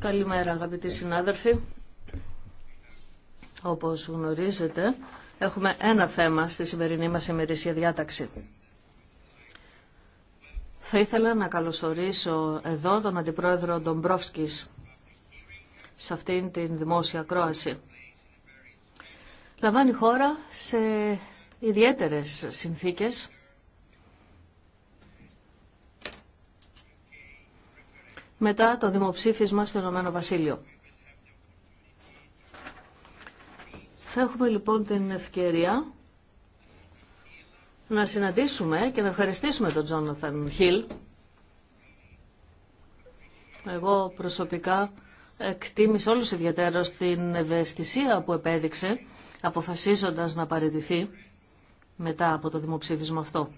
Καλημέρα αγαπητοί συνάδελφοι. Όπως γνωρίζετε, έχουμε ένα θέμα στη σημερινή μας ημερήσια διάταξη. Θα ήθελα να καλωσορίσω εδώ τον Αντιπρόεδρο Ντομπρόφσκης σε αυτήν την δημόσια κρόαση. Λαμβάνει χώρα σε ιδιαίτερες συνθήκες μετά το δημοψήφισμα στο Ηνωμένο Βασίλειο. Θα έχουμε λοιπόν την ευκαιρία να συναντήσουμε και να ευχαριστήσουμε τον Τζόναθαν Χιλ. Εγώ προσωπικά εκτίμησα όλους ιδιαίτερα την ευαισθησία που επέδειξε αποφασίζοντας να παραιτηθεί μετά από το δημοψήφισμα αυτό.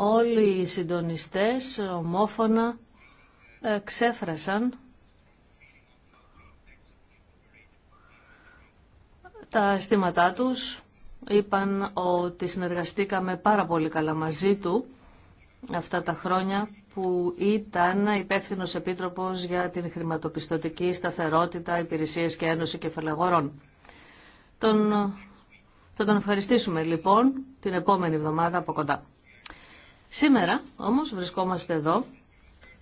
όλοι οι συντονιστές ομόφωνα ε, ξέφρασαν τα αισθήματά τους. Είπαν ότι συνεργαστήκαμε πάρα πολύ καλά μαζί του αυτά τα χρόνια που ήταν υπεύθυνο επίτροπος για την χρηματοπιστωτική σταθερότητα, υπηρεσίες και ένωση κεφαλαγορών. Τον... Θα τον ευχαριστήσουμε λοιπόν την επόμενη εβδομάδα από κοντά. Σήμερα όμως βρισκόμαστε εδώ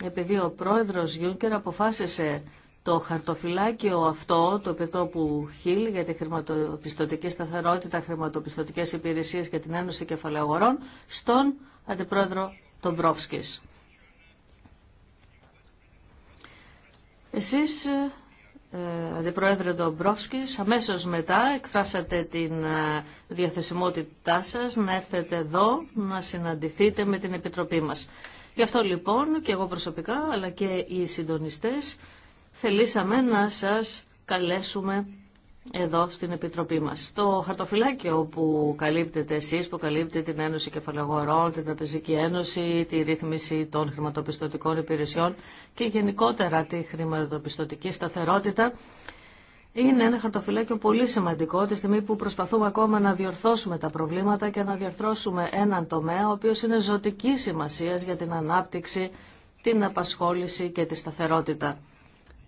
επειδή ο πρόεδρος Γιούγκερ αποφάσισε το χαρτοφυλάκιο αυτό, το επιτόπου Χιλ για τη χρηματοπιστωτική σταθερότητα, χρηματοπιστωτικές υπηρεσίες και την Ένωση Κεφαλαίου στον αντιπρόεδρο Μπρόφσκης. Εσείς ε, ε, Αντιπρόεδρε Ντομπρόφσκης, αμέσως μετά εκφράσατε την ε, διαθεσιμότητά σας να έρθετε εδώ να συναντηθείτε με την Επιτροπή μας. Γι' αυτό λοιπόν και εγώ προσωπικά αλλά και οι συντονιστέ, θελήσαμε να σας καλέσουμε εδώ στην Επιτροπή μας. Το χαρτοφυλάκιο που καλύπτετε εσείς, που καλύπτει την Ένωση Κεφαλαγορών, την Τραπεζική Ένωση, τη ρύθμιση των χρηματοπιστωτικών υπηρεσιών και γενικότερα τη χρηματοπιστωτική σταθερότητα, είναι ένα χαρτοφυλάκιο πολύ σημαντικό τη στιγμή που προσπαθούμε ακόμα να διορθώσουμε τα προβλήματα και να διορθώσουμε έναν τομέα ο οποίος είναι ζωτική σημασία για την ανάπτυξη, την απασχόληση και τη σταθερότητα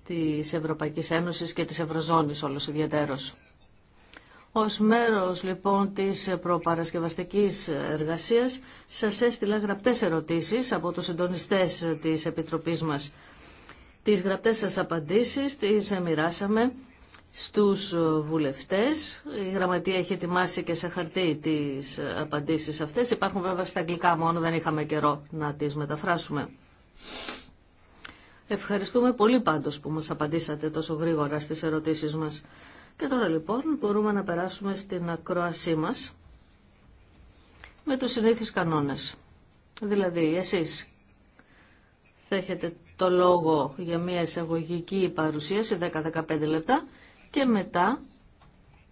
της Ευρωπαϊκής Ένωσης και της Ευρωζώνης όλος ιδιαίτερος. Ως μέρος λοιπόν της προπαρασκευαστικής εργασίας σας έστειλα γραπτές ερωτήσεις από τους συντονιστές της Επιτροπής μας. Τις γραπτές σας απαντήσεις τις μοιράσαμε στους βουλευτές. Η γραμματεία έχει ετοιμάσει και σε χαρτί τις απαντήσεις αυτές. Υπάρχουν βέβαια στα αγγλικά μόνο, δεν είχαμε καιρό να τις μεταφράσουμε. Ευχαριστούμε πολύ πάντως που μας απαντήσατε τόσο γρήγορα στις ερωτήσεις μας. Και τώρα λοιπόν μπορούμε να περάσουμε στην ακρόασή μας με τους συνήθεις κανόνες. Δηλαδή εσείς θα έχετε το λόγο για μια εισαγωγική παρουσίαση 10-15 λεπτά και μετά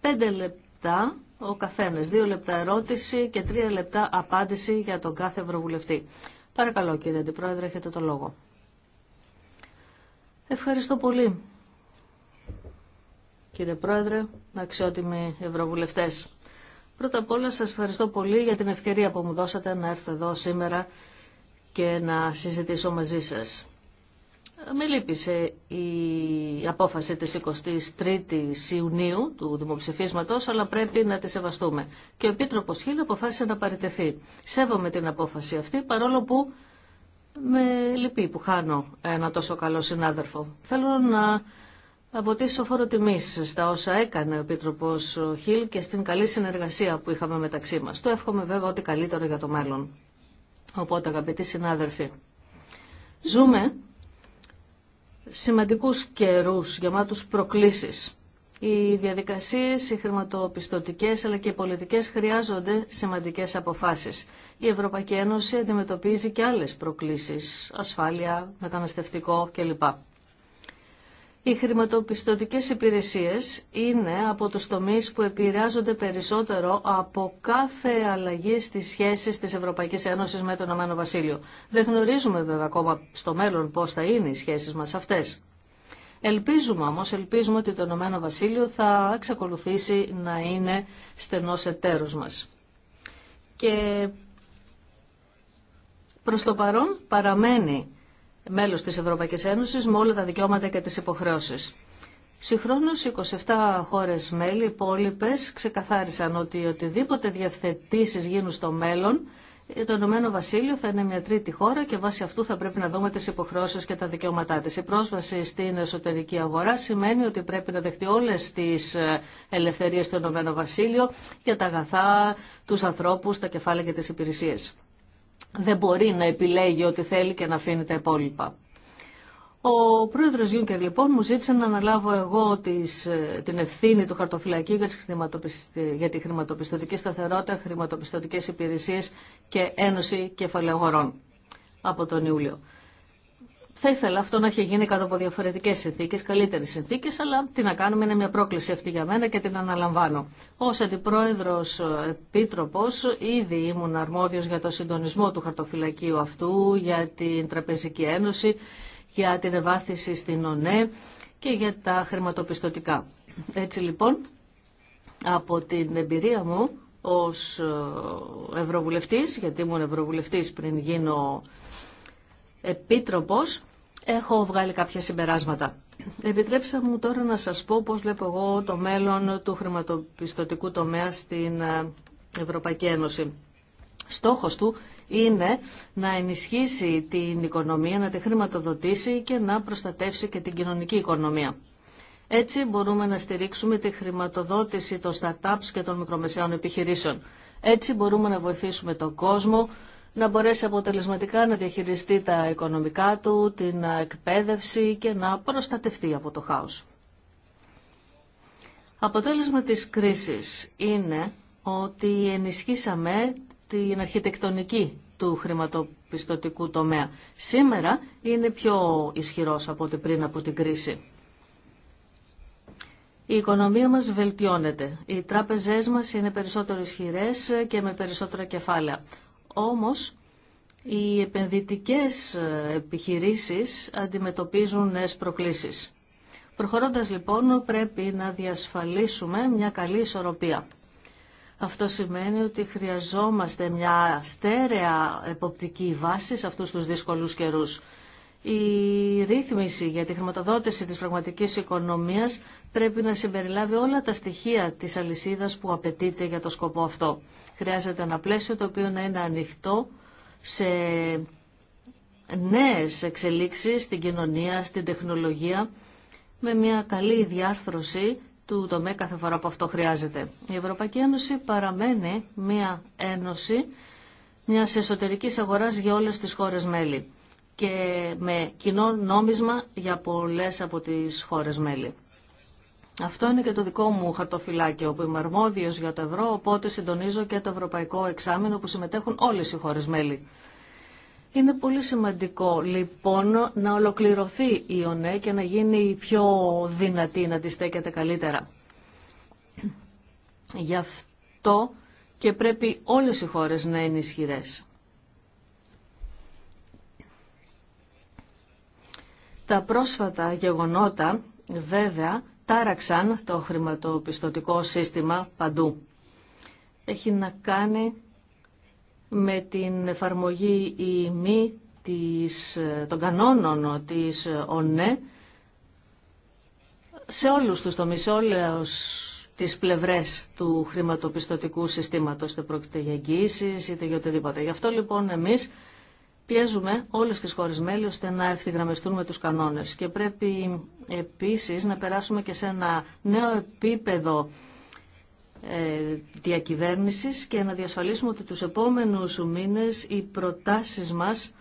5 λεπτά ο καθένας, 2 λεπτά ερώτηση και 3 λεπτά απάντηση για τον κάθε ευρωβουλευτή. Παρακαλώ κύριε Αντιπρόεδρε, έχετε το λόγο. Ευχαριστώ πολύ. Κύριε Πρόεδρε, αξιότιμοι ευρωβουλευτές. Πρώτα απ' όλα σας ευχαριστώ πολύ για την ευκαιρία που μου δώσατε να έρθω εδώ σήμερα και να συζητήσω μαζί σας. Με λύπησε η απόφαση της 23ης Ιουνίου του δημοψηφίσματος, αλλά πρέπει να τη σεβαστούμε. Και ο Επίτροπος Χίλ αποφάσισε να παραιτεθεί. Σέβομαι την απόφαση αυτή, παρόλο που με λυπή που χάνω ένα τόσο καλό συνάδελφο. Θέλω να αποτίσω φόρο τιμή στα όσα έκανε ο Επίτροπο Χιλ και στην καλή συνεργασία που είχαμε μεταξύ μα. Το εύχομαι βέβαια ότι καλύτερο για το μέλλον. Οπότε, αγαπητοί συνάδελφοι, ζούμε σημαντικούς καιρούς γεμάτους προκλήσεις. Οι διαδικασίες, οι χρηματοπιστωτικές αλλά και οι πολιτικές χρειάζονται σημαντικές αποφάσεις. Η Ευρωπαϊκή Ένωση αντιμετωπίζει και άλλες προκλήσεις, ασφάλεια, μεταναστευτικό κλπ. Οι χρηματοπιστωτικές υπηρεσίες είναι από τους τομείς που επηρεάζονται περισσότερο από κάθε αλλαγή στις σχέσεις της Ευρωπαϊκής Ένωσης με τον Αμένο Βασίλειο. Δεν γνωρίζουμε βέβαια ακόμα στο μέλλον πώς θα είναι οι σχέσεις μας αυτές. Ελπίζουμε όμως, ελπίζουμε ότι το Ηνωμένο Βασίλειο θα εξακολουθήσει να είναι στενός εταίρος μας. Και προς το παρόν παραμένει μέλος της Ευρωπαϊκής Ένωσης με όλα τα δικαιώματα και τις υποχρεώσεις. Συγχρόνως 27 χώρες μέλη υπόλοιπε ξεκαθάρισαν ότι οτιδήποτε διευθετήσεις γίνουν στο μέλλον το Ηνωμένο Βασίλειο θα είναι μια τρίτη χώρα και βάσει αυτού θα πρέπει να δούμε τι υποχρεώσει και τα δικαιώματά τη. Η πρόσβαση στην εσωτερική αγορά σημαίνει ότι πρέπει να δεχτεί όλε τι ε, ελευθερίε του Ηνωμένο Βασίλειο για τα αγαθά, του ανθρώπου, τα κεφάλαια και τι υπηρεσίε. Δεν μπορεί να επιλέγει ό,τι θέλει και να αφήνει τα υπόλοιπα. Ο πρόεδρο Γιούγκερ λοιπόν μου ζήτησε να αναλάβω εγώ τις, την ευθύνη του χαρτοφυλακίου για, για τη χρηματοπιστωτική σταθερότητα, χρηματοπιστωτικέ υπηρεσίε και ένωση κεφαλαιογορών από τον Ιούλιο. Θα ήθελα αυτό να έχει γίνει κάτω από διαφορετικέ συνθήκε, καλύτερε συνθήκε, αλλά τι να κάνουμε, είναι μια πρόκληση αυτή για μένα και την αναλαμβάνω. Ω αντιπρόεδρο επίτροπο, ήδη ήμουν αρμόδιο για το συντονισμό του χαρτοφυλακίου αυτού, για την Τραπεζική Ένωση για την ευάθυνση στην ΟΝΕ και για τα χρηματοπιστωτικά. Έτσι λοιπόν, από την εμπειρία μου ως ε, Ευρωβουλευτής, γιατί ήμουν Ευρωβουλευτής πριν γίνω Επίτροπος, έχω βγάλει κάποια συμπεράσματα. Επιτρέψα μου τώρα να σας πω πώς βλέπω εγώ το μέλλον του χρηματοπιστωτικού τομέα στην ε, Ευρωπαϊκή Ένωση. Στόχος του είναι να ενισχύσει την οικονομία, να τη χρηματοδοτήσει και να προστατεύσει και την κοινωνική οικονομία. Έτσι μπορούμε να στηρίξουμε τη χρηματοδότηση των startups και των μικρομεσαίων επιχειρήσεων. Έτσι μπορούμε να βοηθήσουμε τον κόσμο να μπορέσει αποτελεσματικά να διαχειριστεί τα οικονομικά του, την εκπαίδευση και να προστατευτεί από το χάος. Αποτέλεσμα της κρίσης είναι ότι ενισχύσαμε την αρχιτεκτονική του χρηματοπιστωτικού τομέα. Σήμερα είναι πιο ισχυρός από ό,τι πριν από την κρίση. Η οικονομία μας βελτιώνεται. Οι τράπεζές μας είναι περισσότερο ισχυρές και με περισσότερα κεφάλαια. Όμως, οι επενδυτικές επιχειρήσεις αντιμετωπίζουν νέες προκλήσεις. Προχωρώντας λοιπόν πρέπει να διασφαλίσουμε μια καλή ισορροπία. Αυτό σημαίνει ότι χρειαζόμαστε μια στέρεα εποπτική βάση σε αυτούς τους δύσκολους καιρούς. Η ρύθμιση για τη χρηματοδότηση της πραγματικής οικονομίας πρέπει να συμπεριλάβει όλα τα στοιχεία της αλυσίδας που απαιτείται για το σκοπό αυτό. Χρειάζεται ένα πλαίσιο το οποίο να είναι ανοιχτό σε νέες εξελίξεις στην κοινωνία, στην τεχνολογία, με μια καλή διάρθρωση του τομέα κάθε φορά που αυτό χρειάζεται. Η Ευρωπαϊκή Ένωση παραμένει μια ένωση μια εσωτερική αγορα για όλες τις χώρες μέλη και με κοινό νόμισμα για πολλές από τις χώρες μέλη. Αυτό είναι και το δικό μου χαρτοφυλάκιο που είμαι αρμόδιο για το ευρώ, οπότε συντονίζω και το ευρωπαϊκό εξάμεινο που συμμετέχουν όλε οι χώρες μέλη. Είναι πολύ σημαντικό λοιπόν να ολοκληρωθεί η ΟΝΕ και να γίνει πιο δυνατή, να στέκεται καλύτερα. Γι' αυτό και πρέπει όλες οι χώρες να είναι ισχυρές. Τα πρόσφατα γεγονότα βέβαια τάραξαν το χρηματοπιστωτικό σύστημα παντού. Έχει να κάνει με την εφαρμογή ή μη της, των κανόνων της ΟΝΕ σε όλους τους τομείς, σε όλες τις πλευρές του χρηματοπιστωτικού συστήματος, είτε πρόκειται για εγγύησεις, είτε για οτιδήποτε. Γι' αυτό λοιπόν εμείς πιέζουμε όλες τις χώρες μέλη ώστε να ευθυγραμμιστούν με τους κανόνες. Και πρέπει επίσης να περάσουμε και σε ένα νέο επίπεδο ε, διακυβέρνησης και να διασφαλίσουμε ότι τους επόμενους μήνες οι προτάσεις μας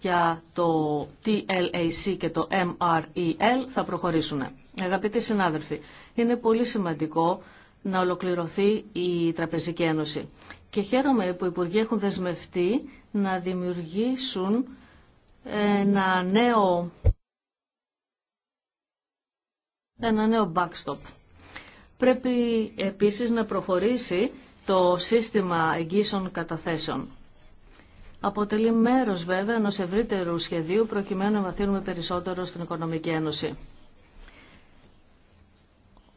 για το TLAC και το MREL θα προχωρήσουν. Αγαπητοί συνάδελφοι, είναι πολύ σημαντικό να ολοκληρωθεί η Τραπεζική Ένωση. Και χαίρομαι που οι Υπουργοί έχουν δεσμευτεί να δημιουργήσουν ένα νέο, ένα νέο backstop Πρέπει επίσης να προχωρήσει το σύστημα εγγύσεων καταθέσεων. Αποτελεί μέρος βέβαια ενός ευρύτερου σχεδίου προκειμένου να βαθύνουμε περισσότερο στην Οικονομική Ένωση.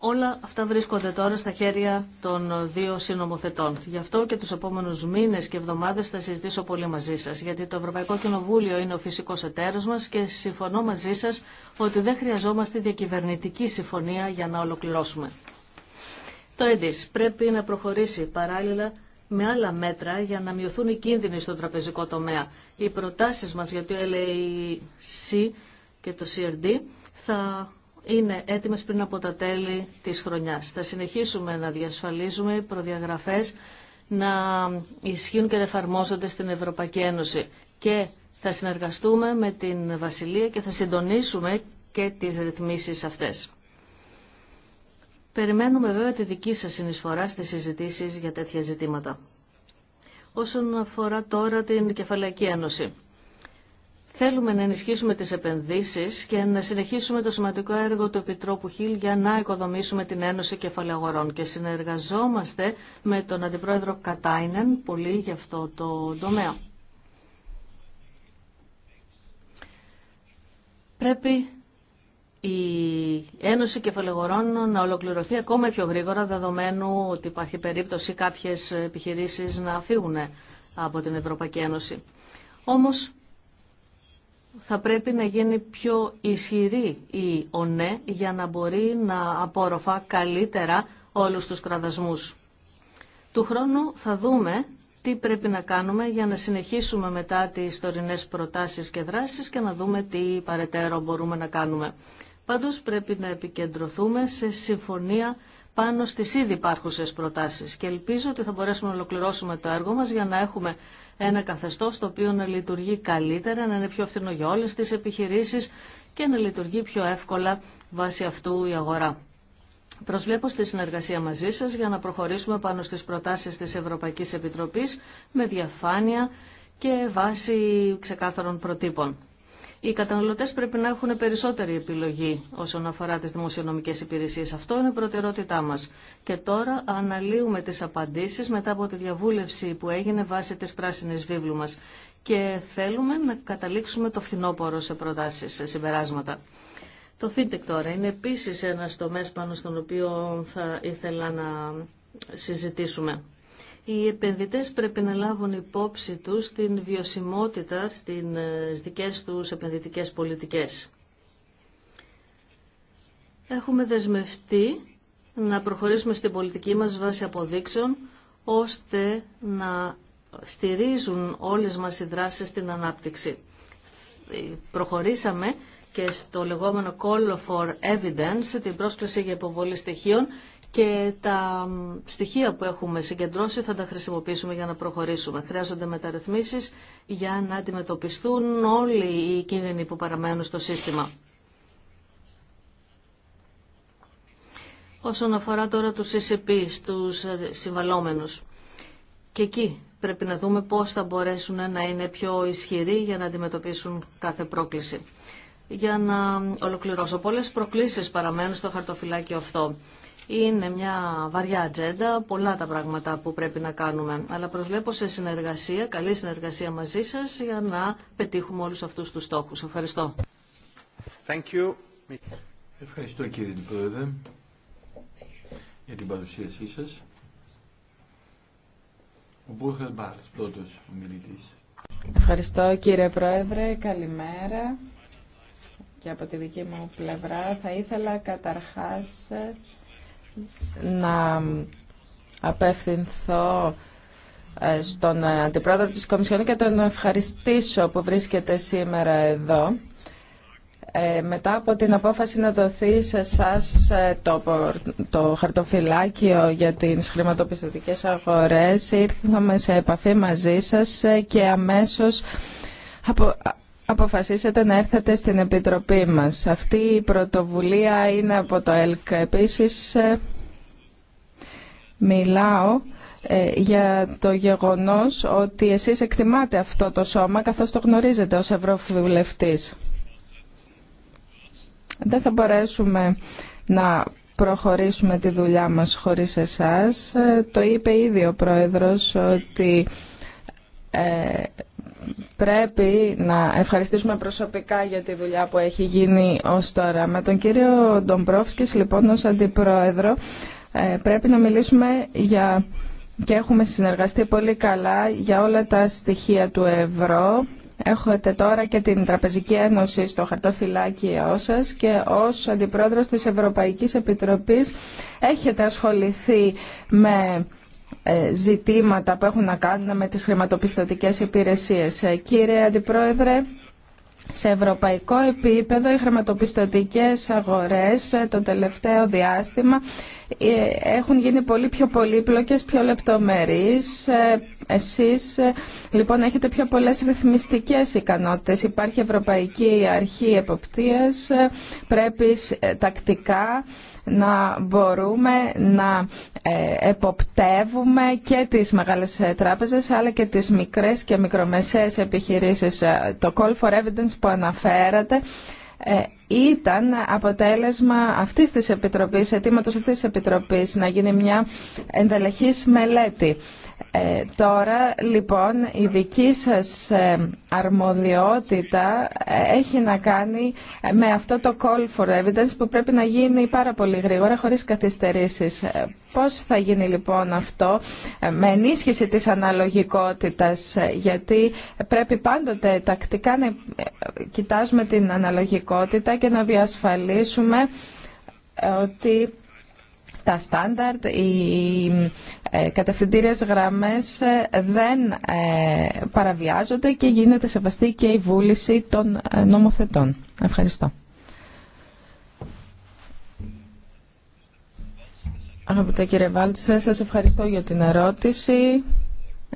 Όλα αυτά βρίσκονται τώρα στα χέρια των δύο συνομοθετών. Γι' αυτό και τους επόμενους μήνες και εβδομάδες θα συζητήσω πολύ μαζί σας, γιατί το Ευρωπαϊκό Κοινοβούλιο είναι ο φυσικός εταίρος μας και συμφωνώ μαζί σας ότι δεν χρειαζόμαστε διακυβερνητική συμφωνία για να ολοκληρώσουμε. Το ΕΝΤΙΣ πρέπει να προχωρήσει παράλληλα με άλλα μέτρα για να μειωθούν οι κίνδυνοι στο τραπεζικό τομέα. Οι προτάσεις μας για το LAC και το CRD θα είναι έτοιμες πριν από τα τέλη της χρονιάς. Θα συνεχίσουμε να διασφαλίζουμε προδιαγραφές να ισχύουν και να εφαρμόζονται στην Ευρωπαϊκή Ένωση. Και θα συνεργαστούμε με την Βασιλεία και θα συντονίσουμε και τις ρυθμίσεις αυτές. Περιμένουμε βέβαια τη δική σας συνεισφορά στις συζητήσεις για τέτοια ζητήματα. Όσον αφορά τώρα την Κεφαλαϊκή Ένωση. Θέλουμε να ενισχύσουμε τις επενδύσεις και να συνεχίσουμε το σημαντικό έργο του Επιτρόπου Χίλ για να οικοδομήσουμε την Ένωση Κεφαλαγορών και συνεργαζόμαστε με τον Αντιπρόεδρο Κατάινεν πολύ για αυτό το τομέα. Πρέπει η Ένωση Κεφαλαιογορών να ολοκληρωθεί ακόμα πιο γρήγορα, δεδομένου ότι υπάρχει περίπτωση κάποιες επιχειρήσεις να φύγουν από την Ευρωπαϊκή Ένωση. Όμως θα πρέπει να γίνει πιο ισχυρή η ΟΝΕ για να μπορεί να απορροφά καλύτερα όλους τους κραδασμούς. Του χρόνου θα δούμε τι πρέπει να κάνουμε για να συνεχίσουμε μετά τις τωρινές προτάσεις και δράσεις και να δούμε τι παρετέρω μπορούμε να κάνουμε. Πάντως πρέπει να επικεντρωθούμε σε συμφωνία πάνω στις ήδη υπάρχουσες προτάσεις και ελπίζω ότι θα μπορέσουμε να ολοκληρώσουμε το έργο μας για να έχουμε ένα καθεστώς το οποίο να λειτουργεί καλύτερα, να είναι πιο φθηνό για όλες τις επιχειρήσεις και να λειτουργεί πιο εύκολα βάσει αυτού η αγορά. Προσβλέπω στη συνεργασία μαζί σας για να προχωρήσουμε πάνω στις προτάσεις της Ευρωπαϊκής Επιτροπής με διαφάνεια και βάση ξεκάθαρων προτύπων. Οι καταναλωτέ πρέπει να έχουν περισσότερη επιλογή όσον αφορά τις δημοσιονομικές υπηρεσίες. Αυτό είναι η προτεραιότητά μας. Και τώρα αναλύουμε τις απαντήσεις μετά από τη διαβούλευση που έγινε βάσει τη πράσινη βίβλου μας. Και θέλουμε να καταλήξουμε το φθινόπωρο σε προτάσει σε συμπεράσματα. Το FinTech τώρα είναι επίση ένα τομέα πάνω στον οποίο θα ήθελα να συζητήσουμε. Οι επενδυτές πρέπει να λάβουν υπόψη τους την βιωσιμότητα ε, στις δικές τους επενδυτικές πολιτικές. Έχουμε δεσμευτεί να προχωρήσουμε στην πολιτική μας βάση αποδείξεων, ώστε να στηρίζουν όλες μας οι δράσεις στην ανάπτυξη. Προχωρήσαμε και στο λεγόμενο Call for Evidence, την πρόσκληση για υποβολή στοιχείων, και τα στοιχεία που έχουμε συγκεντρώσει θα τα χρησιμοποιήσουμε για να προχωρήσουμε. Χρειάζονται μεταρρυθμίσεις για να αντιμετωπιστούν όλοι οι κίνδυνοι που παραμένουν στο σύστημα. Όσον αφορά τώρα τους CCP, τους συμβαλόμενους, και εκεί πρέπει να δούμε πώς θα μπορέσουν να είναι πιο ισχυροί για να αντιμετωπίσουν κάθε πρόκληση. Για να ολοκληρώσω, πολλές προκλήσεις παραμένουν στο χαρτοφυλάκιο αυτό. Είναι μια βαριά ατζέντα, πολλά τα πράγματα που πρέπει να κάνουμε. Αλλά προσβλέπω σε συνεργασία, καλή συνεργασία μαζί σας για να πετύχουμε όλους αυτούς τους στόχους. Ευχαριστώ. Thank you. Ευχαριστώ κύριε Πρόεδρε για την παρουσίασή σας. Ο Μπούρχαρ Μπάρτς, πρώτος Ευχαριστώ κύριε Πρόεδρε, καλημέρα. Και από τη δική μου πλευρά θα ήθελα καταρχάς να απευθυνθώ ε, στον Αντιπρόεδρο της Κομισιόν και τον ευχαριστήσω που βρίσκεται σήμερα εδώ. Ε, μετά από την απόφαση να δοθεί σε εσά το, το χαρτοφυλάκιο για τις χρηματοπιστωτικές αγορές, ήρθαμε σε επαφή μαζί σας ε, και αμέσως απο, αποφασίσατε να έρθετε στην Επιτροπή μας. Αυτή η πρωτοβουλία είναι από το ΕΛΚ. Επίσης, ε, μιλάω ε, για το γεγονός ότι εσείς εκτιμάτε αυτό το σώμα καθώς το γνωρίζετε ως Ευρωβουλευτής. Δεν θα μπορέσουμε να προχωρήσουμε τη δουλειά μας χωρίς εσάς. Ε, το είπε ήδη ο Πρόεδρος ότι πρέπει να ευχαριστήσουμε προσωπικά για τη δουλειά που έχει γίνει ως τώρα. Με τον κύριο Ντομπρόφσκης λοιπόν ως αντιπρόεδρο ε, πρέπει να μιλήσουμε για και έχουμε συνεργαστεί πολύ καλά για όλα τα στοιχεία του ευρώ. Έχετε τώρα και την Τραπεζική Ένωση στο χαρτόφυλάκι σας και ως Αντιπρόεδρος της Ευρωπαϊκής Επιτροπής έχετε ασχοληθεί με ε, ζητήματα που έχουν να κάνουν με τις χρηματοπιστωτικές υπηρεσίες. Ε, κύριε Αντιπρόεδρε, σε ευρωπαϊκό επίπεδο οι χρηματοπιστωτικές αγορές ε, το τελευταίο διάστημα έχουν γίνει πολύ πιο πολύπλοκες, πιο λεπτομερείς. Εσείς λοιπόν έχετε πιο πολλές ρυθμιστικές ικανότητες. Υπάρχει Ευρωπαϊκή Αρχή Εποπτείας, πρέπει τακτικά να μπορούμε να ε, εποπτεύουμε και τις μεγάλες ε, τράπεζες αλλά και τις μικρές και μικρομεσαίες επιχειρήσεις. Ε, το Call for Evidence που αναφέρατε ήταν αποτέλεσμα αυτής της επιτροπής, αιτήματος αυτής της επιτροπής να γίνει μια ενδελεχής μελέτη. Ε, τώρα λοιπόν η δική σας ε, αρμοδιότητα ε, έχει να κάνει με αυτό το call for evidence που πρέπει να γίνει πάρα πολύ γρήγορα χωρίς καθυστερήσεις. Πώς θα γίνει λοιπόν αυτό με ενίσχυση της αναλογικότητας γιατί πρέπει πάντοτε τακτικά να κοιτάζουμε την αναλογικότητα και να διασφαλίσουμε ότι τα στάνταρτ, οι ε, κατευθυντήριες γραμμές ε, δεν ε, παραβιάζονται και γίνεται σεβαστή και η βούληση των νομοθετών. Ευχαριστώ. Αγαπητέ κύριε Βάλτσε, σας ευχαριστώ για την ερώτηση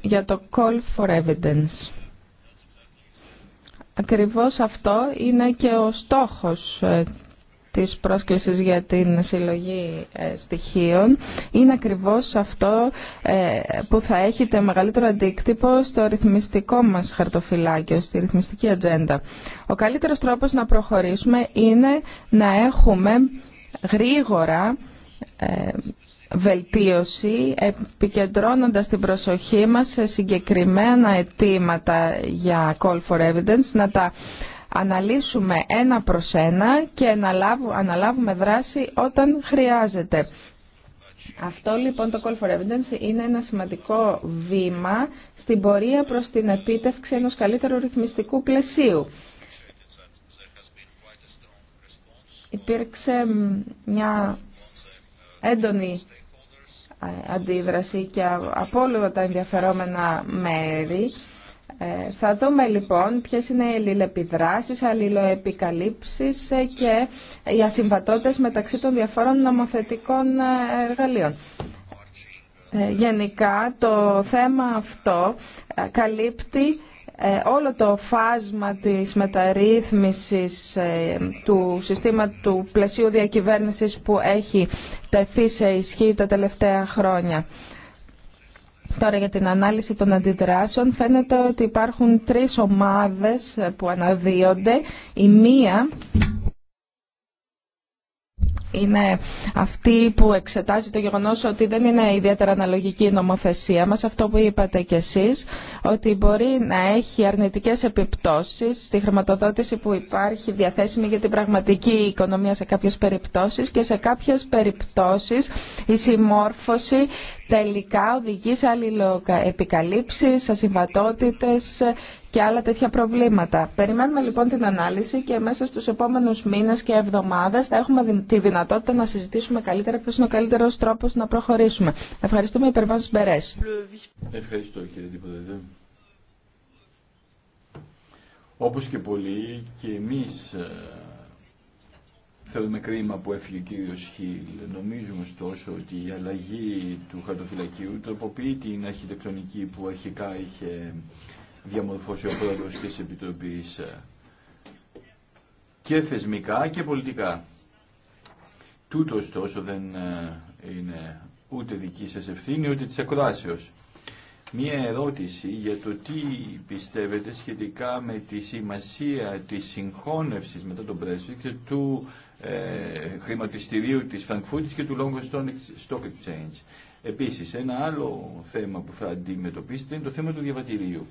για το Call for Evidence. Ακριβώς αυτό είναι και ο στόχος της πρόσκλησης για την συλλογή ε, στοιχείων είναι ακριβώς αυτό ε, που θα έχετε μεγαλύτερο αντίκτυπο στο ρυθμιστικό μας χαρτοφυλάκιο, στη ρυθμιστική ατζέντα. Ο καλύτερος τρόπος να προχωρήσουμε είναι να έχουμε γρήγορα ε, βελτίωση επικεντρώνοντας την προσοχή μας σε συγκεκριμένα αιτήματα για call for evidence να τα αναλύσουμε ένα προς ένα και αναλάβουμε δράση όταν χρειάζεται. Αυτό λοιπόν το call for evidence είναι ένα σημαντικό βήμα στην πορεία προς την επίτευξη ενός καλύτερου ρυθμιστικού πλαισίου. Υπήρξε μια έντονη ε, αντίδραση και από όλα τα ενδιαφερόμενα μέρη ε, θα δούμε λοιπόν ποιες είναι οι αλληλεπιδράσεις, αλληλοεπικαλύψεις ε, και οι ασυμβατότητες μεταξύ των διαφόρων νομοθετικών ε, εργαλείων. Γενικά το θέμα αυτό καλύπτει όλο το φάσμα της μεταρρύθμισης του συστήματος του πλαισίου διακυβέρνησης που έχει τεθεί σε ισχύ τα τελευταία χρόνια. Τώρα για την ανάλυση των αντιδράσεων φαίνεται ότι υπάρχουν τρεις ομάδες που αναδύονται. Η μία είναι αυτή που εξετάζει το γεγονός ότι δεν είναι ιδιαίτερα αναλογική η νομοθεσία μας, αυτό που είπατε κι εσείς, ότι μπορεί να έχει αρνητικές επιπτώσεις στη χρηματοδότηση που υπάρχει διαθέσιμη για την πραγματική οικονομία σε κάποιες περιπτώσεις και σε κάποιες περιπτώσεις η συμμόρφωση τελικά οδηγεί σε αλληλοεπικαλύψεις, ασυμβατότητες και άλλα τέτοια προβλήματα. Περιμένουμε λοιπόν την ανάλυση και μέσα στους επόμενους μήνες και εβδομάδες θα έχουμε τη δυνατότητα να συζητήσουμε καλύτερα ποιος είναι ο καλύτερος τρόπος να προχωρήσουμε. Ευχαριστούμε υπερβάσεις Μπερές. Ευχαριστώ κύριε Τίποτα. Όπως και πολλοί και εμείς ε, θέλουμε κρίμα που έφυγε ο κύριος Χιλ. Νομίζουμε ωστόσο ότι η αλλαγή του χαρτοφυλακίου τροποποιεί την αρχιτεκτονική που αρχικά είχε διαμορφώσει ο πρόεδρο τη επιτροπή ε, και θεσμικά και πολιτικά. Τούτο ωστόσο δεν ε, είναι ούτε δική σας ευθύνη ούτε της ακράσεως. Μία ερώτηση για το τι πιστεύετε σχετικά με τη σημασία της συγχώνευσης μετά τον και του ε, χρηματιστηρίου της Φραγκφούρτης και του Λόγκο Stock Exchange. Επίσης, ένα άλλο θέμα που θα αντιμετωπίσετε είναι το θέμα του διαβατηρίου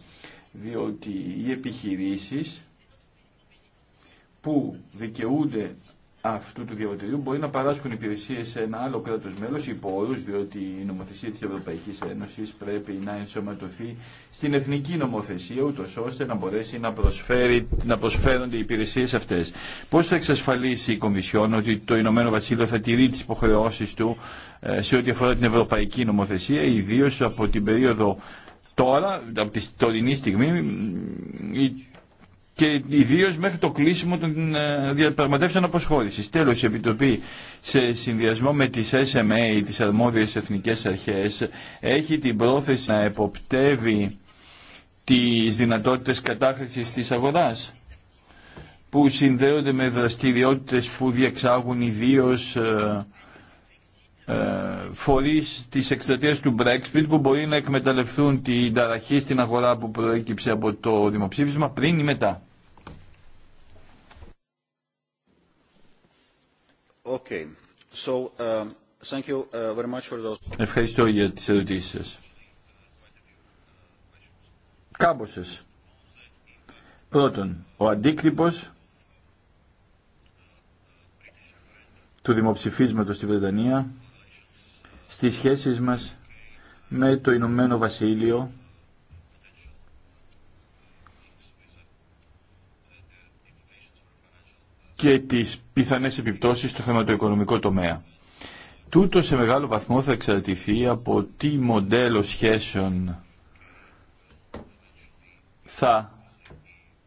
διότι οι επιχειρήσεις που δικαιούνται αυτού του διαβατηρίου μπορεί να παράσχουν υπηρεσίες σε ένα άλλο κράτος μέλος η νομοθεσία της Ευρωπαϊκής Ένωσης πρέπει να ενσωματωθεί στην εθνική νομοθεσία, ούτως διότι η νομοθεσία της Ευρωπαϊκής Ένωσης πρέπει να ενσωματωθεί στην εθνική νομοθεσία, ούτως ώστε να μπορέσει να, προσφέρει, να προσφέρονται οι υπηρεσίες αυτές. Πώς θα εξασφαλίσει η Κομισιόν ότι το Ηνωμένο Βασίλειο θα τηρεί τις υποχρεώσεις του ε, σε ό,τι αφορά την ευρωπαϊκή νομοθεσία, ιδίω από την περίοδο τώρα, από τη τωρινή στιγμή και ιδίω μέχρι το κλείσιμο των ε, διαπραγματεύσεων αποσχόλησης. Τέλος, η Επιτροπή σε συνδυασμό με τις SMA, τις αρμόδιες εθνικές αρχές, έχει την πρόθεση να εποπτεύει τις δυνατότητες κατάχρησης της αγοράς που συνδέονται με δραστηριότητες που διεξάγουν ιδίω. Ε, ε, φορείς της εκστρατείας του Brexit που μπορεί να εκμεταλλευτούν την ταραχή στην αγορά που προέκυψε από το δημοψήφισμα πριν ή μετά. Okay. So, um, thank you uh, very much for those... Ευχαριστώ για τις ερωτήσεις σας. Κάμποσες. Πρώτον, ο αντίκτυπος του δημοψηφίσματος στη Βρετανία στις σχέσεις μας με το Ηνωμένο Βασίλειο και τις πιθανές επιπτώσεις στο χρηματοοικονομικό τομέα. Τούτο σε μεγάλο βαθμό θα εξαρτηθεί από τι μοντέλο σχέσεων θα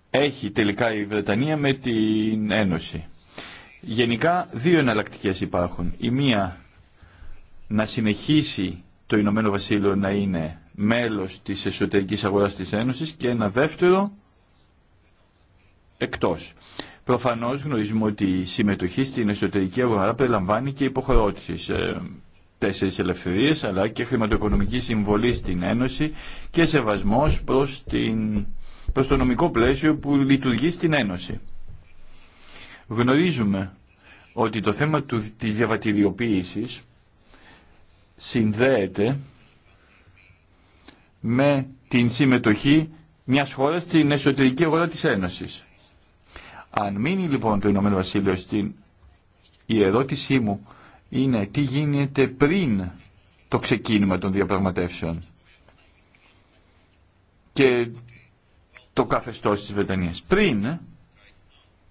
έχει τελικά η Βρετανία με την Ένωση. Γενικά δύο εναλλακτικέ υπάρχουν. Η μία να συνεχίσει το Ηνωμένο Βασίλειο να είναι μέλος της εσωτερικής αγοράς της Ένωσης και ένα δεύτερο εκτός. Προφανώς γνωρίζουμε ότι η συμμετοχή στην εσωτερική αγορά περιλαμβάνει και υποχρεώσεις ε, τέσσερις ελευθερίες αλλά και χρηματοοικονομική συμβολή στην Ένωση και σεβασμός προς, την, προς το νομικό πλαίσιο που λειτουργεί στην Ένωση. Γνωρίζουμε ότι το θέμα του, της διαβατηριοποίησης συνδέεται με την συμμετοχή μιας χώρας στην εσωτερική αγορά της Ένωσης. Αν μείνει λοιπόν το Ηνωμένο Βασίλειο στην η ερώτησή μου είναι τι γίνεται πριν το ξεκίνημα των διαπραγματεύσεων και το καθεστώς της Βρετανίας. Πριν,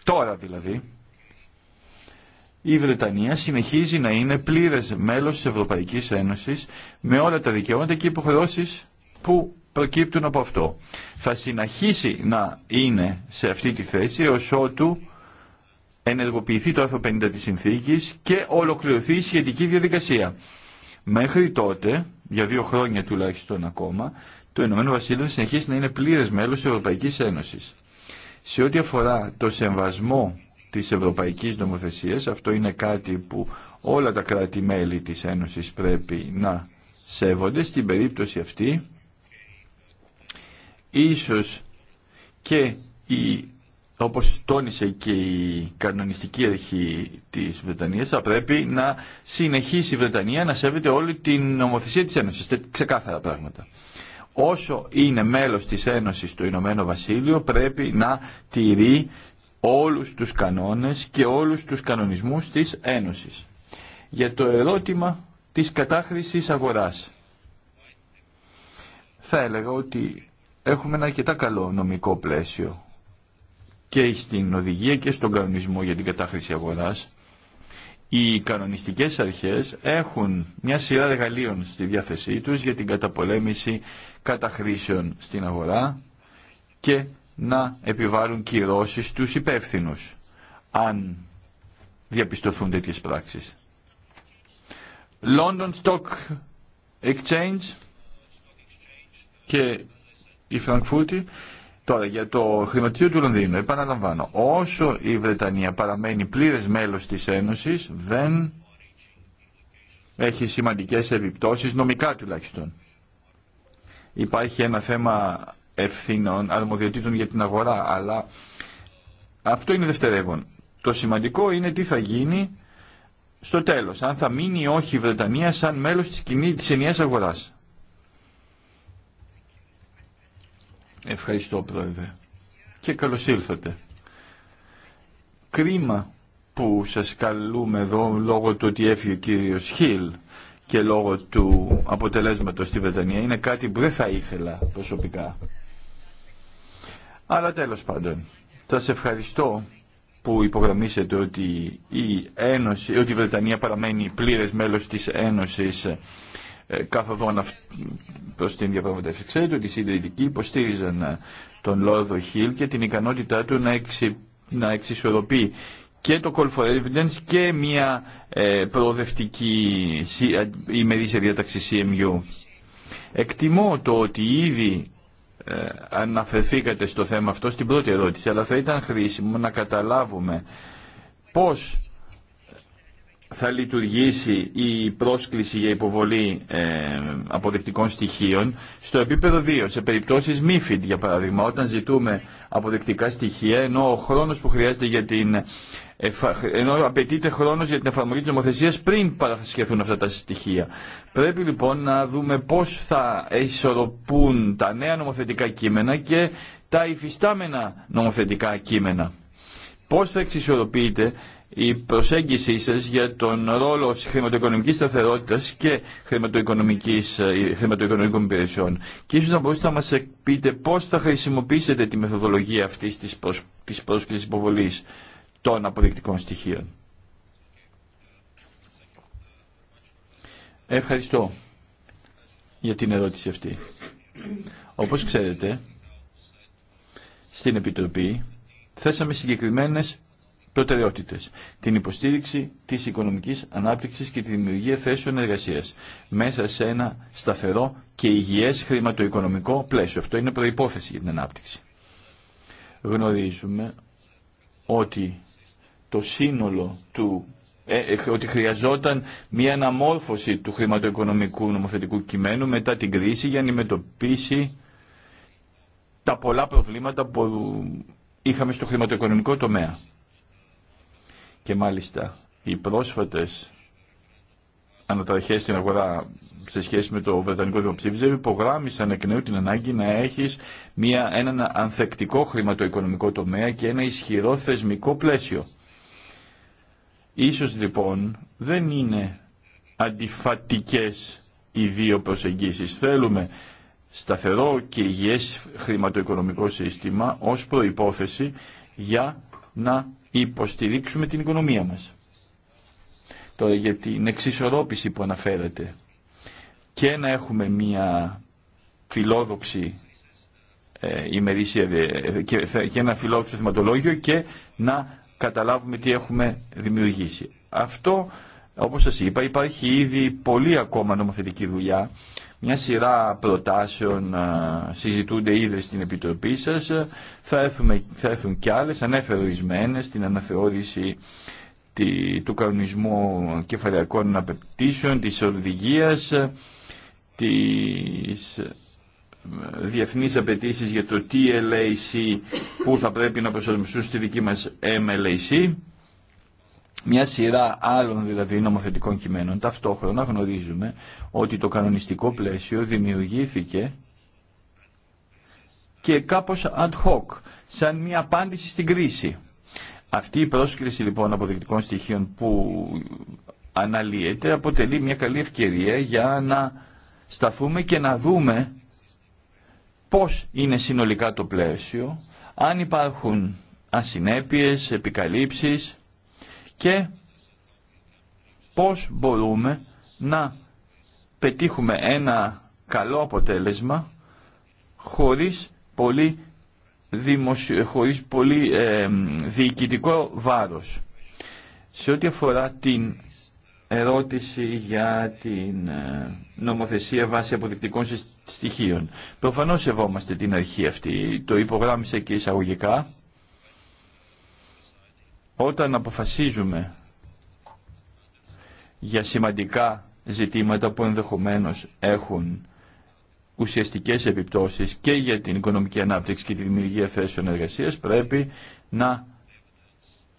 τώρα δηλαδή, η Βρετανία συνεχίζει να είναι πλήρες μέλος της Ευρωπαϊκής Ένωσης με όλα τα δικαιώματα και υποχρεώσεις που προκύπτουν από αυτό. Θα συνεχίσει να είναι σε αυτή τη θέση έως ότου ενεργοποιηθεί το άρθρο 50 της συνθήκης και ολοκληρωθεί η σχετική διαδικασία. Μέχρι τότε, για δύο χρόνια τουλάχιστον ακόμα, το Ηνωμένο Βασίλειο θα συνεχίσει να είναι πλήρες μέλος της Ευρωπαϊκής Ένωσης. Σε ό,τι αφορά το σεμβασμό της ευρωπαϊκής νομοθεσίας. Αυτό είναι κάτι που όλα τα κράτη-μέλη της Ένωσης πρέπει να σέβονται. Στην περίπτωση αυτή, ίσως και η, όπως τόνισε και η κανονιστική αρχή της Βρετανίας, θα πρέπει να συνεχίσει η Βρετανία να σέβεται όλη την νομοθεσία της Ένωσης. Ξεκάθαρα πράγματα. Όσο είναι μέλος της Ένωσης το Ηνωμένο Βασίλειο πρέπει να τηρεί όλους τους κανόνες και όλους τους κανονισμούς της Ένωσης. Για το ερώτημα της κατάχρησης αγοράς. Θα έλεγα ότι έχουμε ένα αρκετά καλό νομικό πλαίσιο και στην οδηγία και στον κανονισμό για την κατάχρηση αγοράς. Οι κανονιστικές αρχές έχουν μια σειρά εργαλείων στη διάθεσή τους για την καταπολέμηση καταχρήσεων στην αγορά και να επιβάλλουν κυρώσεις στους υπεύθυνου αν διαπιστωθούν τέτοιες πράξεις. London Stock Exchange και η Φραγκφούρτη. Τώρα για το χρηματιστήριο του Λονδίνου, επαναλαμβάνω, όσο η Βρετανία παραμένει πλήρες μέλος της Ένωσης, δεν έχει σημαντικές επιπτώσεις, νομικά τουλάχιστον. Υπάρχει ένα θέμα ευθύνων, αρμοδιοτήτων για την αγορά, αλλά αυτό είναι δευτερεύον. Το σημαντικό είναι τι θα γίνει στο τέλος, αν θα μείνει ή όχι η Βρετανία σαν μέλος της, κοινή, της ενιαίας αγοράς. Ευχαριστώ Πρόεδρε και καλώς ήλθατε. Κρίμα που σας καλούμε εδώ λόγω του ότι έφυγε ο κύριος Χίλ και λόγω του αποτελέσματος στη Βρετανία είναι κάτι που δεν θα ήθελα προσωπικά. Αλλά τέλος πάντων, σας ευχαριστώ που υπογραμμίσετε ότι η, Ένωση, ότι η Βρετανία παραμένει πλήρες μέλος της Ένωσης ε, καθοδόν προ την διαπραγματεύση. Ξέρετε ότι οι συντηρητικοί υποστήριζαν ε, τον Λόρδο Χιλ και την ικανότητά του να, να εξισορροπεί και το call for evidence και μια ε, προοδευτική ε, ημερήσια διάταξη CMU. Εκτιμώ το ότι ήδη ε, αναφερθήκατε στο θέμα αυτό στην πρώτη ερώτηση, αλλά θα ήταν χρήσιμο να καταλάβουμε πώς θα λειτουργήσει η πρόσκληση για υποβολή ε, αποδεκτικών στοιχείων στο επίπεδο 2, σε περιπτώσεις MIFID για παράδειγμα, όταν ζητούμε αποδεκτικά στοιχεία, ενώ ο χρόνος που χρειάζεται για την ενώ απαιτείται χρόνος για την εφαρμογή της νομοθεσίας πριν παρασκευθούν αυτά τα στοιχεία. Πρέπει λοιπόν να δούμε πώς θα ισορροπούν τα νέα νομοθετικά κείμενα και τα υφιστάμενα νομοθετικά κείμενα. Πώς θα εξισορροπείτε η προσέγγιση σας για τον ρόλο της χρηματοοικονομικής σταθερότητας και χρηματοοικονομικής, ε, χρηματοοικονομικών υπηρεσιών. Και ίσως να μπορούσατε να μας πείτε πώς θα χρησιμοποιήσετε τη μεθοδολογία αυτής της, προσ, της πρόσκλησης υποβολής των αποδεικτικών στοιχείων. Ευχαριστώ για την ερώτηση αυτή. Όπως ξέρετε, στην Επιτροπή θέσαμε συγκεκριμένες προτεραιότητες. Την υποστήριξη της οικονομικής ανάπτυξης και τη δημιουργία θέσεων εργασίας μέσα σε ένα σταθερό και υγιές χρηματοοικονομικό πλαίσιο. Αυτό είναι προϋπόθεση για την ανάπτυξη. Γνωρίζουμε ότι το σύνολο του ε, ε, ότι χρειαζόταν μια αναμόρφωση του χρηματοοικονομικού νομοθετικού κειμένου μετά την κρίση για να αντιμετωπίσει τα πολλά προβλήματα που είχαμε στο χρηματοοικονομικό τομέα. Και μάλιστα οι πρόσφατες αναταραχές στην αγορά σε σχέση με το Βρετανικό Δημοψήφισμα υπογράμμισαν εκ νέου την ανάγκη να έχεις μια, έναν ανθεκτικό χρηματοοικονομικό τομέα και ένα ισχυρό θεσμικό πλαίσιο Ίσως λοιπόν δεν είναι αντιφατικές οι δύο προσεγγίσεις. Θέλουμε σταθερό και υγιές χρηματοοικονομικό σύστημα ως προϋπόθεση για να υποστηρίξουμε την οικονομία μας. Τώρα για την εξισορρόπηση που αναφέρατε και να έχουμε μια φιλόδοξη ε, ημερήσια ε, και, ε, και ένα φιλόδοξο θεματολόγιο και να καταλάβουμε τι έχουμε δημιουργήσει. Αυτό, όπως σας είπα, υπάρχει ήδη πολύ ακόμα νομοθετική δουλειά. Μια σειρά προτάσεων συζητούνται ήδη στην Επιτροπή σας. Θα, έρθουμε, θα έρθουν κι άλλες, ανεφερορισμένες, στην αναθεώρηση του κανονισμού κεφαλαιακών απεπτήσεων, της οδηγίας, της διεθνείς απαιτήσει για το TLAC που θα πρέπει να προσαρμοστούν στη δική μας MLAC μια σειρά άλλων δηλαδή νομοθετικών κειμένων. Ταυτόχρονα γνωρίζουμε ότι το κανονιστικό πλαίσιο δημιουργήθηκε και κάπως ad hoc, σαν μια απάντηση στην κρίση. Αυτή η πρόσκληση λοιπόν αποδεικτικών στοιχείων που αναλύεται αποτελεί μια καλή ευκαιρία για να σταθούμε και να δούμε πώς είναι συνολικά το πλαίσιο, αν υπάρχουν ασυνέπειες, επικαλύψεις και πώς μπορούμε να πετύχουμε ένα καλό αποτέλεσμα χωρίς πολύ, δημοσιο... πολύ ε, διοικητικό βάρος. Σε ό,τι αφορά την ερώτηση για την ε, νομοθεσία βάσει αποδεικτικών στοιχείων. Προφανώς σεβόμαστε την αρχή αυτή, το υπογράμμισε και εισαγωγικά. Όταν αποφασίζουμε για σημαντικά ζητήματα που ενδεχομένως έχουν ουσιαστικές επιπτώσεις και για την οικονομική ανάπτυξη και τη δημιουργία θέσεων εργασίας πρέπει να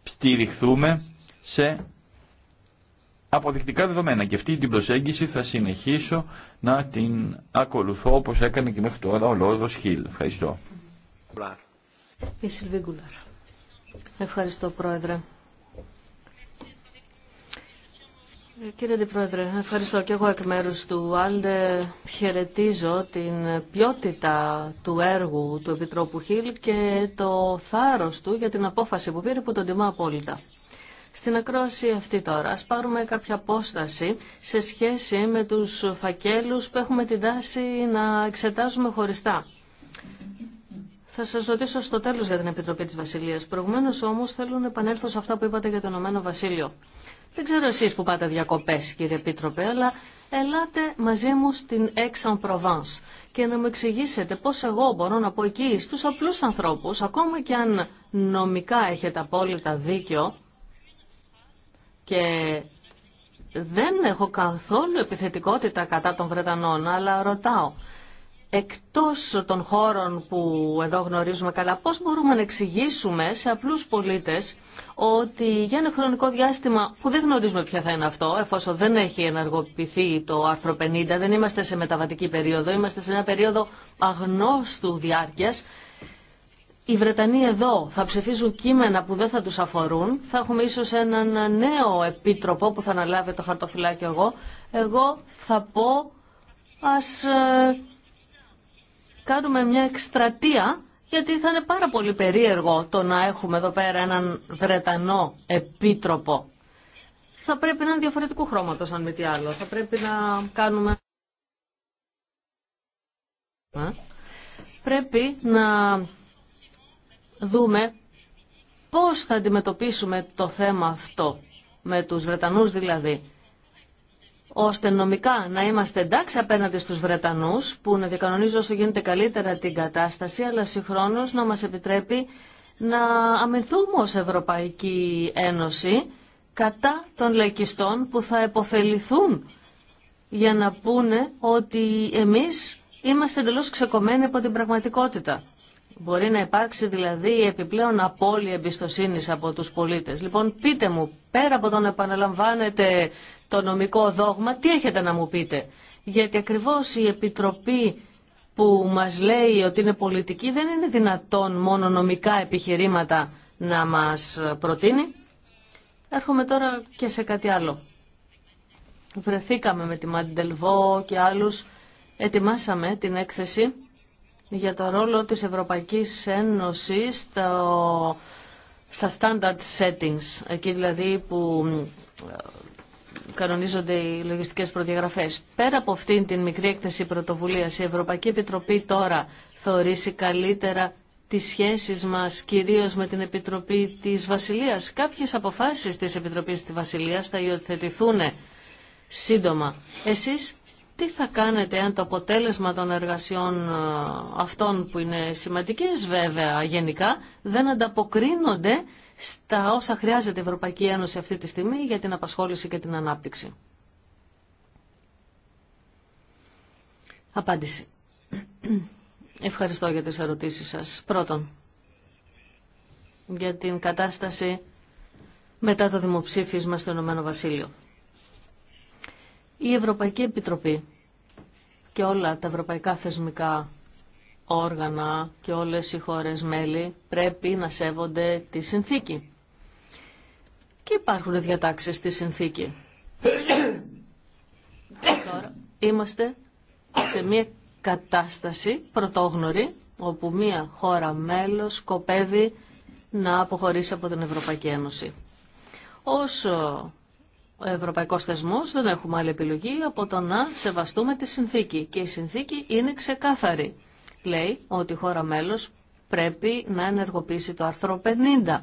στηριχθούμε σε αποδεικτικά δεδομένα και αυτή την προσέγγιση θα συνεχίσω να την ακολουθώ όπως έκανε και μέχρι τώρα ο Λόρδος Χιλ. Ευχαριστώ. Η Ευχαριστώ Πρόεδρε. Κύριε Αντιπρόεδρε, ευχαριστώ και εγώ εκ μέρους του Άλντε. Χαιρετίζω την ποιότητα του έργου του Επιτρόπου Χίλ και το θάρρος του για την απόφαση που πήρε που τον τιμά απόλυτα. Στην ακρόαση αυτή τώρα, ας πάρουμε κάποια απόσταση σε σχέση με τους φακέλους που έχουμε την τάση να εξετάζουμε χωριστά. Θα σα ρωτήσω στο τέλο για την Επιτροπή τη Βασιλεία. Προηγουμένω όμω θέλω να επανέλθω σε αυτά που είπατε για το Ηνωμένο Βασίλειο. Δεν ξέρω εσεί που πάτε διακοπέ, κύριε Επίτροπε, αλλά ελάτε μαζί μου στην Aix-en-Provence και να μου εξηγήσετε πώ εγώ μπορώ να πω εκεί στου απλού ανθρώπου, ακόμα και αν νομικά έχετε απόλυτα δίκιο, και δεν έχω καθόλου επιθετικότητα κατά των Βρετανών, αλλά ρωτάω, εκτός των χώρων που εδώ γνωρίζουμε καλά, πώς μπορούμε να εξηγήσουμε σε απλούς πολίτες ότι για ένα χρονικό διάστημα που δεν γνωρίζουμε ποια θα είναι αυτό, εφόσον δεν έχει ενεργοποιηθεί το άρθρο 50, δεν είμαστε σε μεταβατική περίοδο, είμαστε σε ένα περίοδο αγνώστου διάρκειας, οι Βρετανοί εδώ θα ψηφίζουν κείμενα που δεν θα τους αφορούν, θα έχουμε ίσως έναν νέο επίτροπο που θα αναλάβει το χαρτοφυλάκι εγώ, εγώ θα πω ας ε, κάνουμε μια εκστρατεία γιατί θα είναι πάρα πολύ περίεργο το να έχουμε εδώ πέρα έναν Βρετανό επίτροπο. Θα πρέπει να είναι διαφορετικού χρώματος αν μη τι άλλο. Θα πρέπει να κάνουμε... Ε, πρέπει να δούμε πώς θα αντιμετωπίσουμε το θέμα αυτό, με τους Βρετανούς δηλαδή, ώστε νομικά να είμαστε εντάξει απέναντι στους Βρετανούς, που να διακανονίζουν όσο γίνεται καλύτερα την κατάσταση, αλλά συγχρόνως να μας επιτρέπει να αμυνθούμε ως Ευρωπαϊκή Ένωση κατά των λαϊκιστών που θα επωφεληθούν για να πούνε ότι εμείς είμαστε εντελώς ξεκομμένοι από την πραγματικότητα. Μπορεί να υπάρξει δηλαδή επιπλέον απόλυτη εμπιστοσύνη από τους πολίτες. Λοιπόν, πείτε μου, πέρα από το να επαναλαμβάνετε το νομικό δόγμα, τι έχετε να μου πείτε. Γιατί ακριβώς η Επιτροπή που μας λέει ότι είναι πολιτική δεν είναι δυνατόν μόνο νομικά επιχειρήματα να μας προτείνει. Έρχομαι τώρα και σε κάτι άλλο. Βρεθήκαμε με τη Μαντελβό και άλλους, ετοιμάσαμε την έκθεση για το ρόλο της Ευρωπαϊκής Ένωσης στο, στα standard settings, εκεί δηλαδή που ε, κανονίζονται οι λογιστικές προδιαγραφές. Πέρα από αυτήν την μικρή έκθεση πρωτοβουλίας, η Ευρωπαϊκή Επιτροπή τώρα θεωρήσει καλύτερα τις σχέσεις μας κυρίως με την Επιτροπή της Βασιλείας. Κάποιες αποφάσεις της Επιτροπής της Βασιλείας θα υιοθετηθούν σύντομα. Εσείς τι θα κάνετε αν το αποτέλεσμα των εργασιών ε, αυτών που είναι σημαντικές βέβαια γενικά δεν ανταποκρίνονται στα όσα χρειάζεται η Ευρωπαϊκή Ένωση αυτή τη στιγμή για την απασχόληση και την ανάπτυξη. Απάντηση. Ευχαριστώ για τις ερωτήσεις σας. Πρώτον, για την κατάσταση μετά το δημοψήφισμα στο Ηνωμένο Βασίλειο. Η Ευρωπαϊκή Επιτροπή και όλα τα ευρωπαϊκά θεσμικά όργανα και όλες οι χώρες μέλη πρέπει να σέβονται τη συνθήκη. Και υπάρχουν διατάξεις στη συνθήκη. Τώρα είμαστε σε μια κατάσταση πρωτόγνωρη όπου μια χώρα μέλος σκοπεύει να αποχωρήσει από την Ευρωπαϊκή Ένωση. Όσο ο ευρωπαϊκός θεσμός δεν έχουμε άλλη επιλογή από το να σεβαστούμε τη συνθήκη. Και η συνθήκη είναι ξεκάθαρη. Λέει ότι η χώρα μέλος πρέπει να ενεργοποιήσει το άρθρο 50.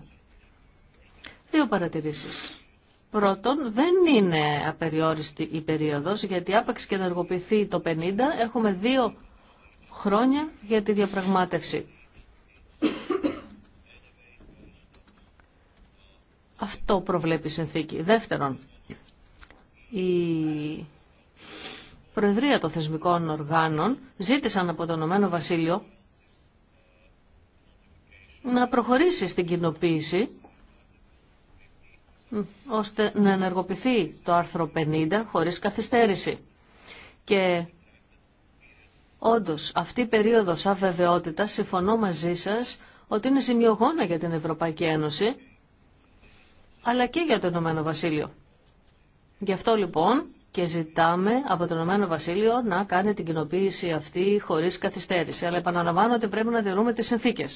Δύο παρατηρήσεις. Πρώτον, δεν είναι απεριόριστη η περίοδος, γιατί άπαξ και ενεργοποιηθεί το 50, έχουμε δύο χρόνια για τη διαπραγμάτευση. Αυτό προβλέπει η συνθήκη. Δεύτερον, η Προεδρία των Θεσμικών Οργάνων ζήτησαν από το Ηνωμένο Βασίλειο να προχωρήσει στην κοινοποίηση ώστε να ενεργοποιηθεί το άρθρο 50 χωρίς καθυστέρηση. Και όντως αυτή η περίοδος αβεβαιότητας, συμφωνώ μαζί σας, ότι είναι σημειογόνα για την Ευρωπαϊκή Ένωση, αλλά και για το Ηνωμένο Βασίλειο. Γι' αυτό λοιπόν και ζητάμε από το Ηνωμένο Βασίλειο να κάνει την κοινοποίηση αυτή χωρίς καθυστέρηση. Αλλά επαναλαμβάνω ότι πρέπει να τηρούμε τις συνθήκε.